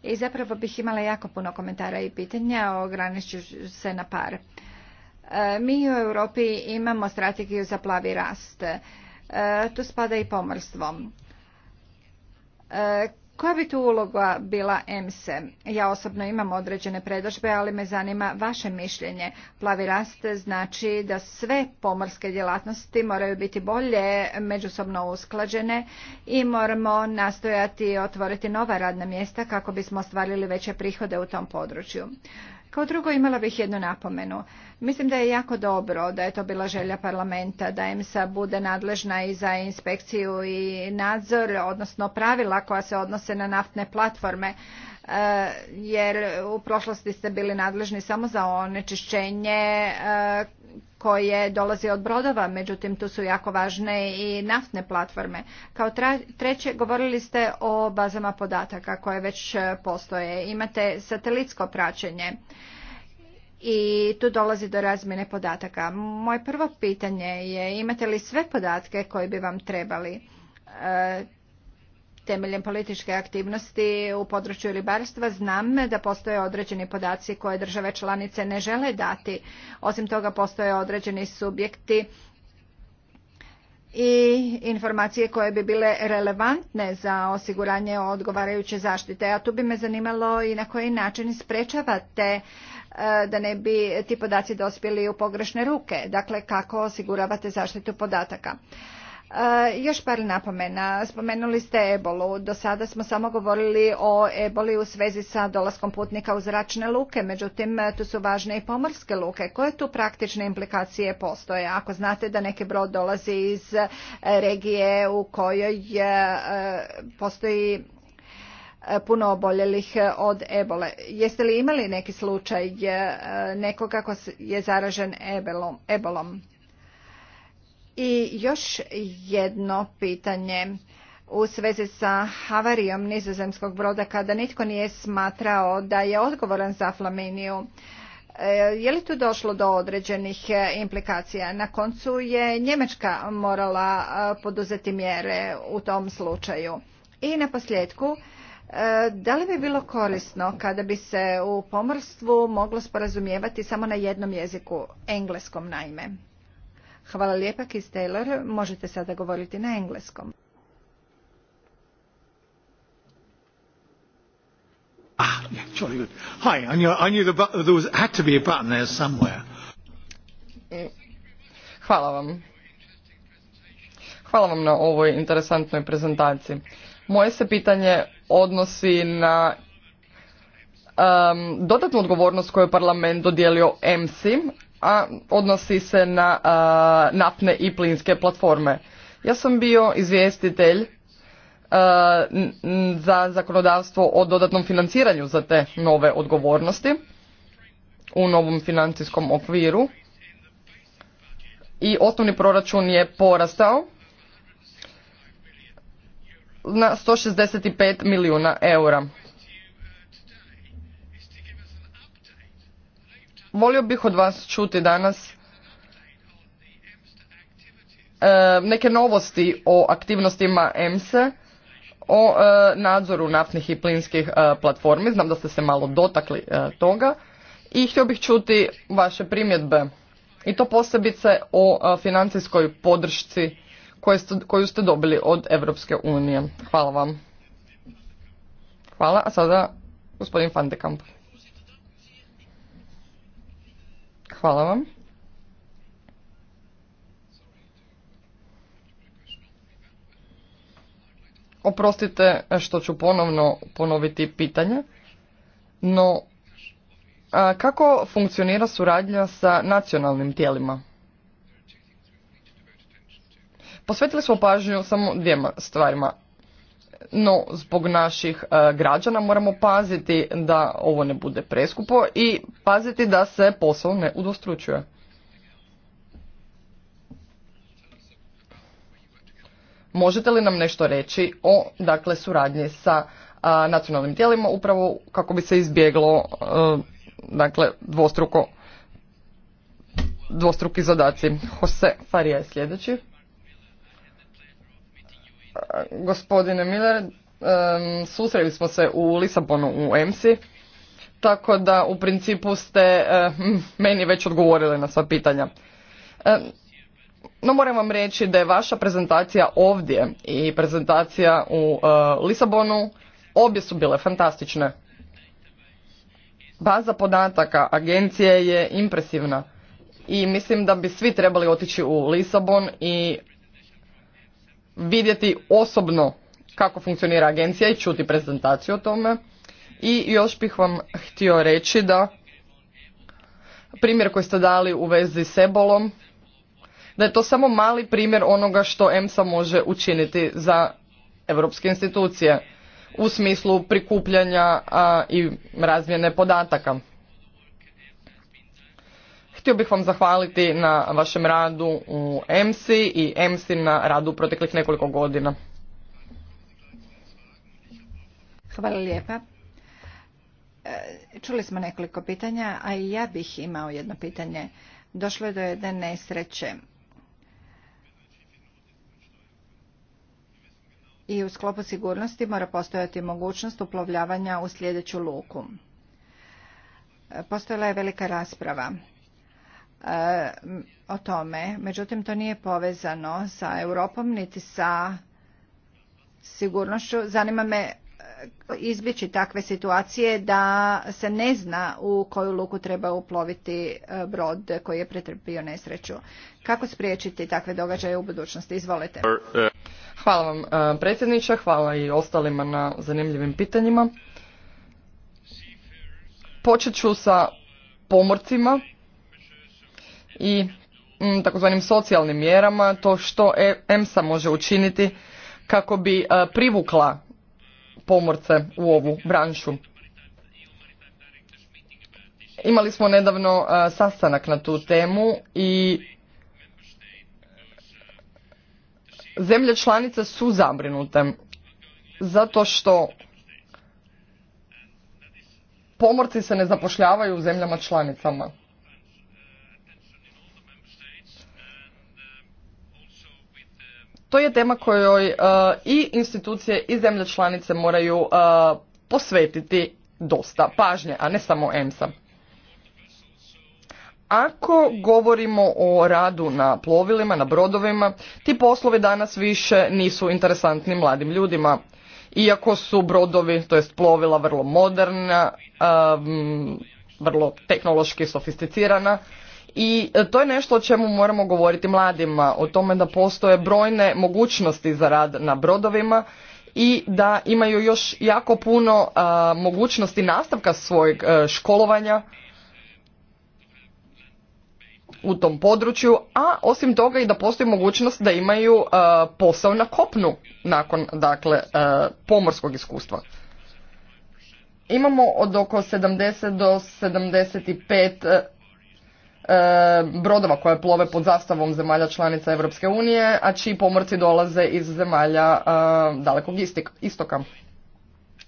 I zapravo bih imala jako puno komentara i pitanja, ograničit se na par. E, mi u Europi imamo strategiju za plavi rast. E, tu spada i pomorstvo e, koja bi tu uloga bila EMSE? Ja osobno imam određene predožbe, ali me zanima vaše mišljenje. Plavi rast znači da sve pomorske djelatnosti moraju biti bolje međusobno usklađene i moramo nastojati otvoriti nova radna mjesta kako bismo ostvarili veće prihode u tom području. Kao drugo imala bih jednu napomenu. Mislim da je jako dobro da je to bila želja parlamenta da EMSA bude nadležna i za inspekciju i nadzor, odnosno pravila koja se odnose na naftne platforme e, jer u prošlosti ste bili nadležni samo za onečišćenje e, koje dolazi od brodova, međutim tu su jako važne i naftne platforme. Kao treće, govorili ste o bazama podataka koje već postoje. Imate satelitsko praćenje i tu dolazi do razmjene podataka. Moje prvo pitanje je imate li sve podatke koje bi vam trebali? E, temeljem političke aktivnosti u području ribarstva znam da postoje određeni podaci koje države članice ne žele dati. Osim toga postoje određeni subjekti i informacije koje bi bile relevantne za osiguranje odgovarajuće zaštite. A tu bi me zanimalo i na koji način sprečavate e, da ne bi ti podaci dospjeli u pogrešne ruke. Dakle, kako osiguravate zaštitu podataka. E, još par napomena. Spomenuli ste ebolu. Do sada smo samo govorili o eboli u svezi sa dolaskom putnika u zračne luke, međutim tu su važne i pomorske luke. Koje tu praktične implikacije postoje? Ako znate da neki brod dolazi iz e, regije u kojoj e, postoji puno oboljelih od ebole. Jeste li imali neki slučaj nekoga ko je zaražen ebolom? I još jedno pitanje u svezi sa havarijom nizozemskog broda kada nitko nije smatrao da je odgovoran za Flaminiju. E, je li tu došlo do određenih e, implikacija? Na koncu je Njemačka morala e, poduzeti mjere u tom slučaju. I na posljedku, da li bi bilo korisno kada bi se u pomorstvu moglo sporazumijevati samo na jednom jeziku, engleskom naime? Hvala lijepa, Kis Taylor. Možete sada govoriti na engleskom. Hvala vam. Hvala vam na ovoj interesantnoj prezentaciji. Moje se pitanje odnosi na dodatnu odgovornost koju je parlament dodijelio MC a odnosi se na napne naftne i plinske platforme. Ja sam bio izvjestitelj za zakonodavstvo o dodatnom financiranju za te nove odgovornosti u novom financijskom okviru i osnovni proračun je porastao na 165 milijuna eura. Volio bih od vas čuti danas e, neke novosti o aktivnostima EMSE, o e, nadzoru naftnih i plinskih e, platformi. Znam da ste se malo dotakli toga i htio bih čuti vaše primjedbe i to posebice o financijskoj podršci koju ste dobili od Europske unije. Hvala vam. Hvala, a sada gospodin Van de Kamp. Hvala vam. Oprostite što ću ponovno ponoviti pitanje, no kako funkcionira suradnja sa nacionalnim tijelima? Posvetili smo pažnju samo dvijema stvarima no zbog naših e, građana moramo paziti da ovo ne bude preskupo i paziti da se posao ne udostručuje. Možete li nam nešto reći o dakle suradnji sa nacionalnim tijelima upravo kako bi se izbjeglo e, dakle dvostruko dvostruki zadaci. Jose Farija je sljedeći gospodine Miller, susreli smo se u Lisabonu u MC, tako da u principu ste meni već odgovorili na sva pitanja. No moram vam reći da je vaša prezentacija ovdje i prezentacija u e, Lisabonu obje su bile fantastične. Baza podataka agencije je impresivna i mislim da bi svi trebali otići u Lisabon i vidjeti osobno kako funkcionira agencija i čuti prezentaciju o tome. I još bih vam htio reći da primjer koji ste dali u vezi s ebolom, da je to samo mali primjer onoga što EMSA može učiniti za europske institucije u smislu prikupljanja i razmjene podataka. Htio bih vam zahvaliti na vašem radu u MC i EMSI na radu u proteklih nekoliko godina. Hvala lijepa. E, čuli smo nekoliko pitanja, a i ja bih imao jedno pitanje. Došlo je do jedne nesreće. I u sklopu sigurnosti mora postojati mogućnost uplovljavanja u sljedeću luku. E, postojala je velika rasprava E, o tome. Međutim, to nije povezano sa Europom niti sa sigurnošću. Zanima me e, izbjeći takve situacije da se ne zna u koju luku treba uploviti e, brod koji je pretrpio nesreću. Kako spriječiti takve događaje u budućnosti? Izvolite. Hvala vam predsjedniče, hvala i ostalima na zanimljivim pitanjima. Počet ću sa pomorcima i mm, takozvanim socijalnim mjerama, to što e- EMSA može učiniti kako bi e, privukla pomorce u ovu branšu. Imali smo nedavno e, sastanak na tu temu i zemlje članice su zabrinute zato što pomorci se ne zapošljavaju u zemljama članicama. To je tema kojoj e, i institucije i zemlje članice moraju e, posvetiti dosta pažnje, a ne samo EMSA. Ako govorimo o radu na plovilima, na brodovima, ti poslovi danas više nisu interesantni mladim ljudima. Iako su brodovi, to jest plovila, vrlo moderna, e, vrlo tehnološki sofisticirana, i e, to je nešto o čemu moramo govoriti mladima, o tome da postoje brojne mogućnosti za rad na brodovima i da imaju još jako puno e, mogućnosti nastavka svojeg e, školovanja u tom području, a osim toga i da postoji mogućnost da imaju posao na kopnu nakon dakle pomorskog iskustva. Imamo od oko 70 do 75 E, brodova koje plove pod zastavom zemalja članica Europske unije, a čiji pomorci dolaze iz zemalja e, dalekog istoka. E,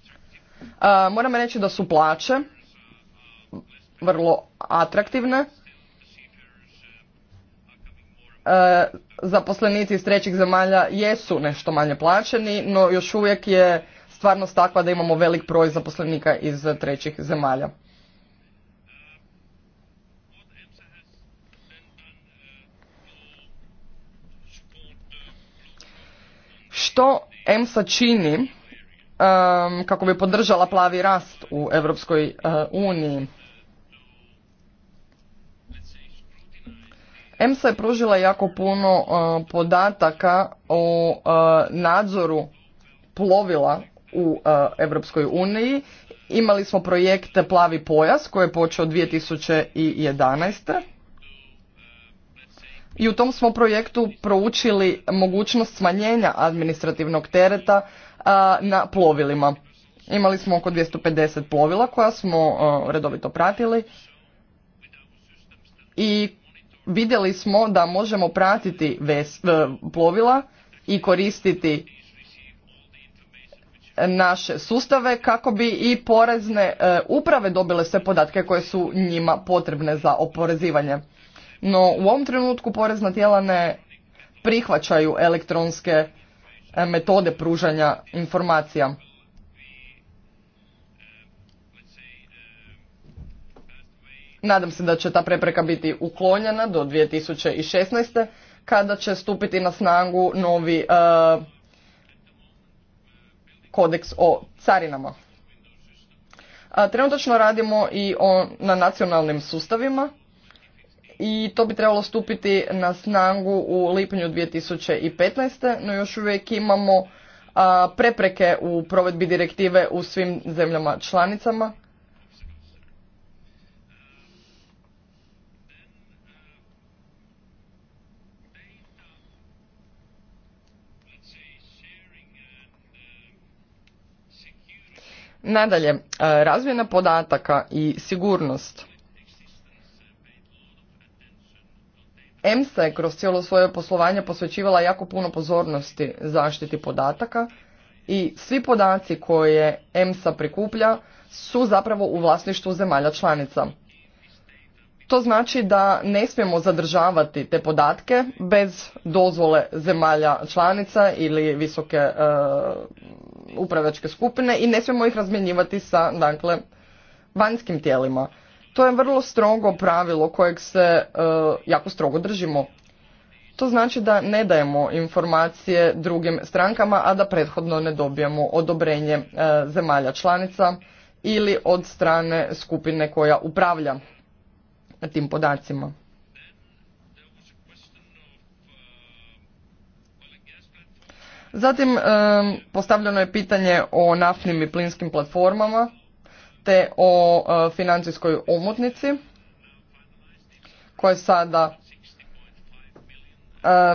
moram reći da su plaće vrlo atraktivne. Zaposlenici iz trećih zemalja jesu nešto manje plaćeni, no još uvijek je stvarnost takva da imamo velik broj zaposlenika iz trećih zemalja. što EMSA čini um, kako bi podržala plavi rast u Europskoj uh, uniji. EMSA je pružila jako puno uh, podataka o uh, nadzoru plovila u Europskoj uniji. Imali smo projekte Plavi pojas koji je počeo 2011 i u tom smo projektu proučili mogućnost smanjenja administrativnog tereta na plovilima. Imali smo oko 250 plovila koja smo redovito pratili i vidjeli smo da možemo pratiti e, plovila i koristiti naše sustave kako bi i porezne e, uprave dobile sve podatke koje su njima potrebne za oporezivanje. No u ovom trenutku porezna tijela ne prihvaćaju elektronske e, metode pružanja informacija. Nadam se da će ta prepreka biti uklonjena do 2016. kada će stupiti na snagu novi e, kodeks o carinama. Uh, Trenutačno radimo i na nacionalnim sustavima i to bi trebalo stupiti na snagu u lipnju 2015. no još uvijek imamo prepreke u provedbi direktive u svim zemljama članicama. Nadalje, razvijena podataka i sigurnost. EMSA je kroz cijelo svoje poslovanje posvećivala jako puno pozornosti zaštiti podataka i svi podaci koje EMSA prikuplja su zapravo u vlasništvu zemalja članica. To znači da ne smijemo zadržavati te podatke bez dozvole zemalja članica ili visoke e, skupine i ne smijemo ih razmjenjivati sa dakle vanjskim tijelima. To je vrlo strogo pravilo kojeg se e, jako strogo držimo. To znači da ne dajemo informacije drugim strankama, a da prethodno ne dobijemo odobrenje e, zemalja članica ili od strane skupine koja upravlja tim podacima. Zatim e, postavljeno je pitanje o naftnim i plinskim platformama te o e, financijskoj omotnici koja je sada e,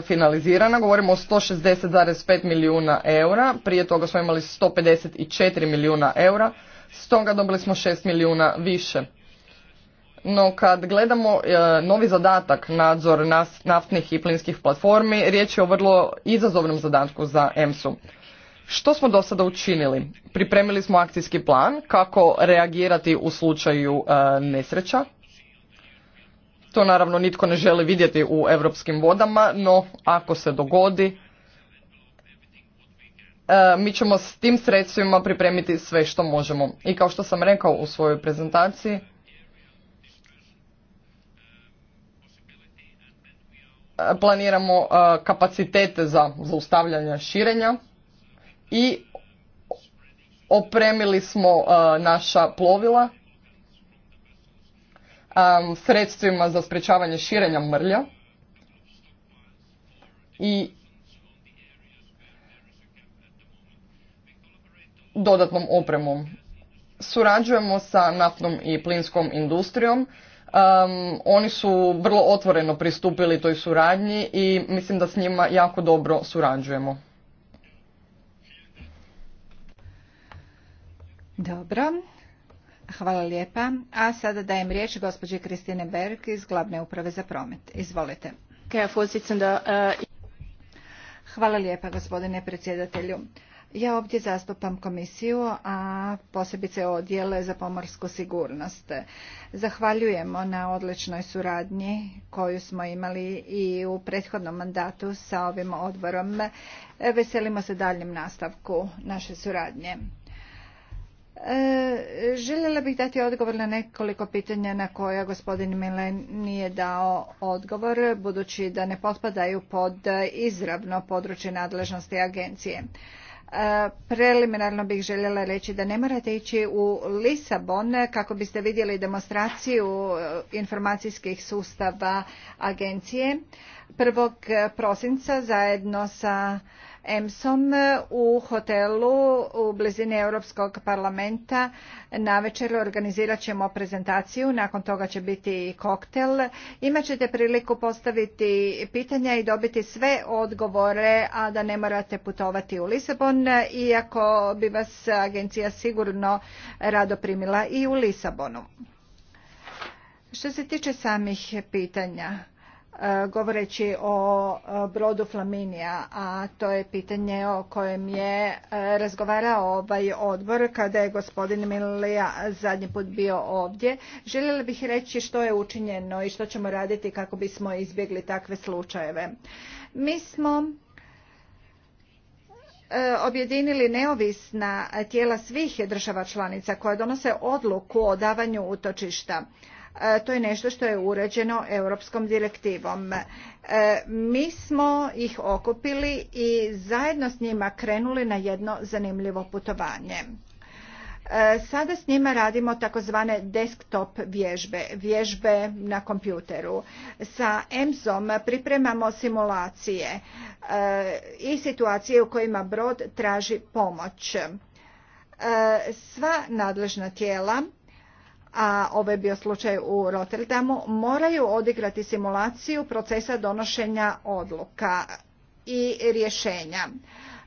finalizirana. Govorimo o 160,5 milijuna eura. Prije toga smo imali 154 milijuna eura. toga dobili smo 6 milijuna više. No kad gledamo e, novi zadatak nadzor naftnih i plinskih platformi, riječ je o vrlo izazovnom zadatku za EMSU. Što smo do sada učinili? Pripremili smo akcijski plan kako reagirati u slučaju e, nesreća. To naravno nitko ne želi vidjeti u europskim vodama, no ako se dogodi, e, mi ćemo s tim sredstvima pripremiti sve što možemo. I kao što sam rekao u svojoj prezentaciji, planiramo e, kapacitete za zaustavljanje širenja i opremili smo uh, naša plovila um, sredstvima za sprečavanje širenja mrlja i dodatnom opremom. Surađujemo sa naftnom i plinskom industrijom. Um, oni su vrlo otvoreno pristupili toj suradnji i mislim da s njima jako dobro surađujemo. Dobro. Hvala lijepa. A sada dajem riječ gospođi Kristine Berg iz Glavne uprave za promet. Izvolite. Äh, Hvala lijepa gospodine predsjedatelju. Ja ovdje zastupam komisiju, a posebice odjele za pomorsku sigurnost. Zahvaljujemo na odličnoj suradnji koju smo imali i u prethodnom mandatu sa ovim odborom. Veselimo se daljem nastavku naše suradnje. E, željela bih dati odgovor na nekoliko pitanja na koja gospodin Milen nije dao odgovor, budući da ne potpadaju pod izravno područje nadležnosti agencije. E, preliminarno bih željela reći da ne morate ići u Lisabon kako biste vidjeli demonstraciju informacijskih sustava agencije Prvog prosinca zajedno sa Emson eh, u hotelu u blizini Europskog parlamenta. Navečer organizirat ćemo prezentaciju, nakon toga će biti koktel. Imaćete priliku postaviti pitanja i dobiti sve odgovore, a da ne morate putovati u Lisabon, iako bi vas agencija sigurno rado primila i u Lisabonu. Što se tiče samih pitanja, govoreći o brodu Flaminija, a to je pitanje o kojem je e, razgovarao ovaj odbor kada je gospodin Milija zadnji put bio ovdje. Željela bih reći što je učinjeno i što ćemo raditi kako bismo izbjegli takve slučajeve. Mi smo e, objedinili neovisna tijela svih država članica koja donose odluku o davanju utočišta E, to je nešto što je uređeno europskom direktivom. E, mi smo ih okupili i zajedno s njima krenuli na jedno zanimljivo putovanje. E, sada s njima radimo takozvane desktop vježbe, vježbe na kompjuteru. Sa EMS-om pripremamo simulacije i situacije u kojima brod traži pomoć. Sva nadležna tijela a ovo je bio slučaj u Rotterdamu, moraju odigrati simulaciju procesa donošenja odluka i rješenja.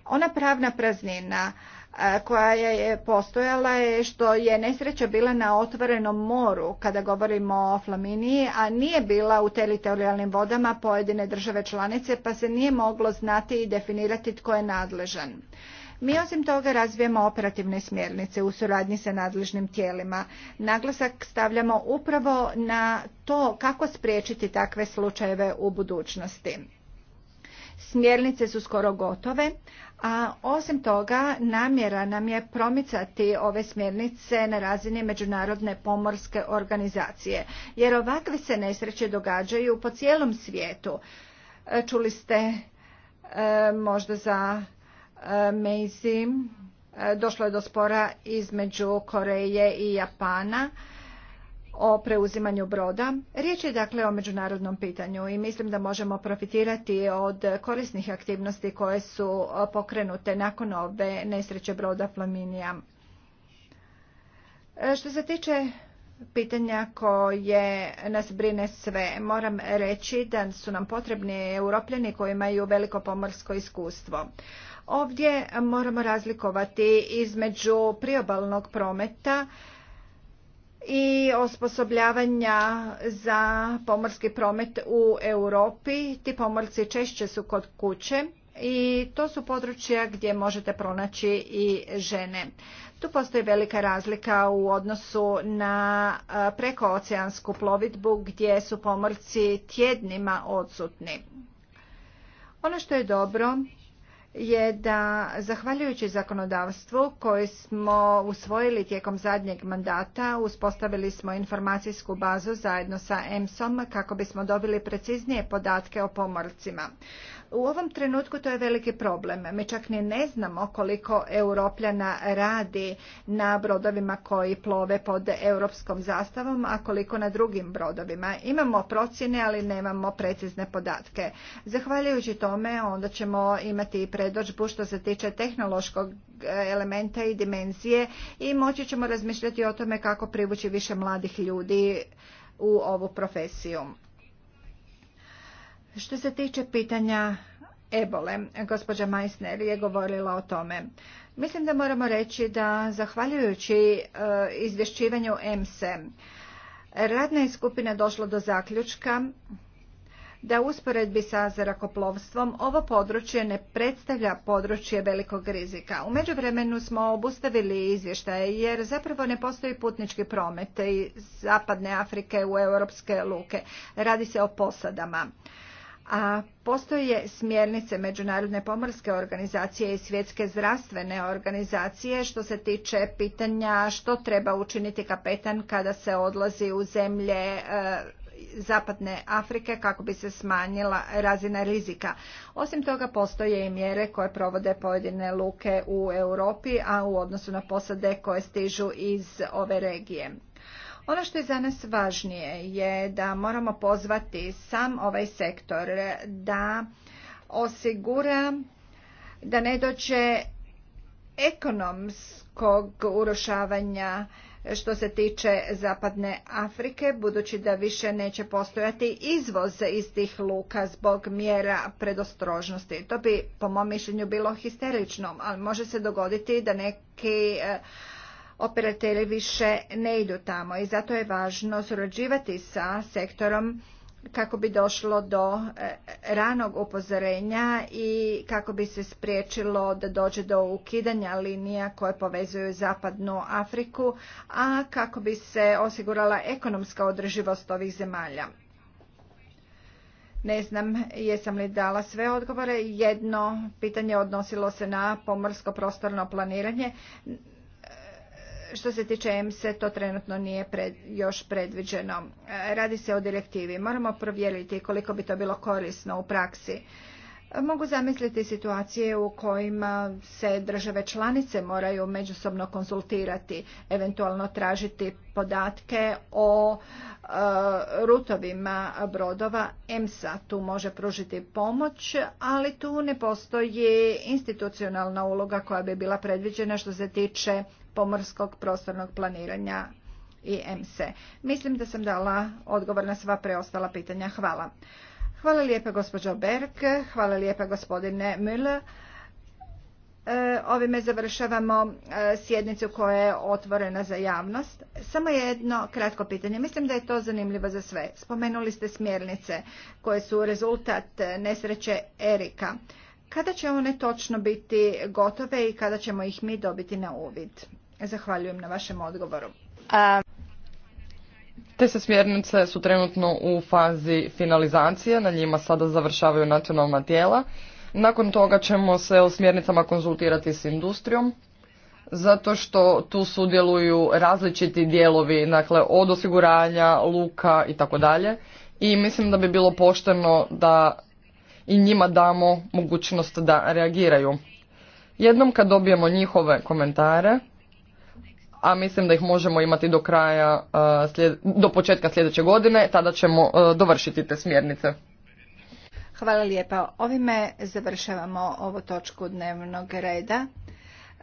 Ona pravna praznina e, koja je postojala je što je nesreća bila na otvorenom moru kada govorimo o Flaminiji, a nije bila u teritorijalnim vodama pojedine države članice pa se nije moglo znati i definirati tko je nadležan. Mi osim toga razvijemo operativne smjernice u suradnji sa nadležnim tijelima. Naglasak stavljamo upravo na to kako spriječiti takve slučajeve u budućnosti. Smjernice su skoro gotove, a osim toga namjera nam je promicati ove smjernice na razini Međunarodne pomorske organizacije, jer ovakve se nesreće događaju po cijelom svijetu. E, čuli ste e, možda za Meizi e, došlo je do spora između Koreje i Japana o preuzimanju broda. Riječ je dakle o međunarodnom pitanju i mislim da možemo profitirati od korisnih aktivnosti koje su pokrenute nakon ove nesreće broda Flaminija. E, što se tiče pitanja koje nas brine sve, moram reći da su nam potrebni europljeni koji imaju veliko pomorsko iskustvo. Ovdje moramo razlikovati između priobalnog prometa i osposobljavanja za pomorski promet u Europi. Ti pomorci češće su kod kuće i to su područja gdje možete pronaći i žene. Tu postoji velika razlika u odnosu na prekooceansku plovidbu gdje su pomorci tjednima odsutni. Ono što je dobro je da zahvaljujući zakonodavstvu koje smo usvojili tijekom zadnjeg mandata uspostavili smo informacijsku bazu zajedno sa EMSom kako bismo dobili preciznije podatke o pomorcima. U ovom trenutku to je veliki problem. Mi čak ni ne znamo koliko europljana radi na brodovima koji plove pod europskom zastavom, a koliko na drugim brodovima. Imamo procjene, ali nemamo precizne podatke. Zahvaljujući tome, onda ćemo imati i predođbu što se tiče tehnološkog e, elementa i dimenzije i moći ćemo razmišljati o tome kako privući više mladih ljudi u ovu profesiju. Što se tiče pitanja ebole, gospođa Meissner je govorila o tome. Mislim da moramo reći da zahvaljujući e, izvješćivanju EMSE, radna je skupina došla do zaključka da usporedbi sa zrakoplovstvom ovo područje ne predstavlja područje velikog rizika. U međuvremenu smo obustavili izvještaje jer zapravo ne postoji putnički promet iz Zapadne Afrike u europske luke. Radi se o posadama a postoje smjernice Međunarodne pomorske organizacije i svjetske zdravstvene organizacije što se tiče pitanja što treba učiniti kapetan kada se odlazi u zemlje e, zapadne Afrike kako bi se smanjila razina rizika. Osim toga postoje i mjere koje provode pojedine luke u Europi, a u odnosu na posade koje stižu iz ove regije. Ono što je za nas važnije je da moramo pozvati sam ovaj sektor da osigura da ne dođe ekonomskog urušavanja što se tiče zapadne Afrike, budući da više neće postojati izvoz iz tih luka zbog mjera predostrožnosti. To bi, po mom mišljenju, bilo histerično, ali može se dogoditi da neki eh, operateri više ne idu tamo i zato je važno surađivati sa sektorom kako bi došlo do e, ranog upozorenja i kako bi se spriječilo da dođe do ukidanja linija koje povezuju zapadnu Afriku, a kako bi se osigurala ekonomska održivost ovih zemalja. Ne znam jesam li dala sve odgovore. Jedno pitanje odnosilo se na pomorsko prostorno planiranje. Što se tiče EMSE, to trenutno nije još predviđeno. E, radi se o direktivi. Moramo provjeriti koliko bi to bilo korisno u praksi. Mogu zamisliti situacije u kojima se države članice moraju međusobno konsultirati, eventualno tražiti podatke o e, rutovima brodova. EMSA tu može pružiti pomoć, ali tu ne postoji institucionalna uloga koja bi bila predviđena što se tiče pomorskog prostornog planiranja i EMSE. Mislim da sam dala odgovor na sva preostala pitanja. Hvala. Hvala lijepa gospođo Berg, hvala lijepa gospodine Müller. E, ovime završavamo e, sjednicu koja je otvorena za javnost. Samo jedno kratko pitanje. Mislim da je to zanimljivo za sve. Spomenuli ste smjernice koje su rezultat nesreće Erika. Kada će one točno biti gotove i kada ćemo ih mi dobiti na uvid? Zahvaljujem na vašem odgovoru. Te se smjernice su trenutno u fazi finalizacije, na njima sada završavaju nacionalna tijela. Nakon toga ćemo se o smjernicama konzultirati s industrijom, zato što tu sudjeluju različiti dijelovi, dakle od osiguranja, luka i tako dalje. I mislim da bi bilo pošteno da i njima damo mogućnost da reagiraju. Jednom kad dobijemo njihove komentare, a mislim da ih možemo imati do kraja, do početka sljedeće godine, tada ćemo dovršiti te smjernice. Hvala lijepa. Ovime završavamo ovu točku dnevnog reda.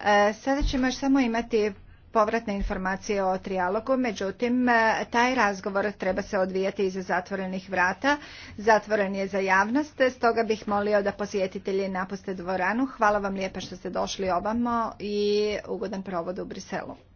E, sada ćemo još samo imati povratne informacije o trijalogu, međutim e, taj razgovor treba se odvijati iza zatvorenih vrata. Zatvoren je za javnost, stoga bih molio da posjetitelji napuste dvoranu. Hvala vam lijepa što ste došli obamo i ugodan provod u Briselu.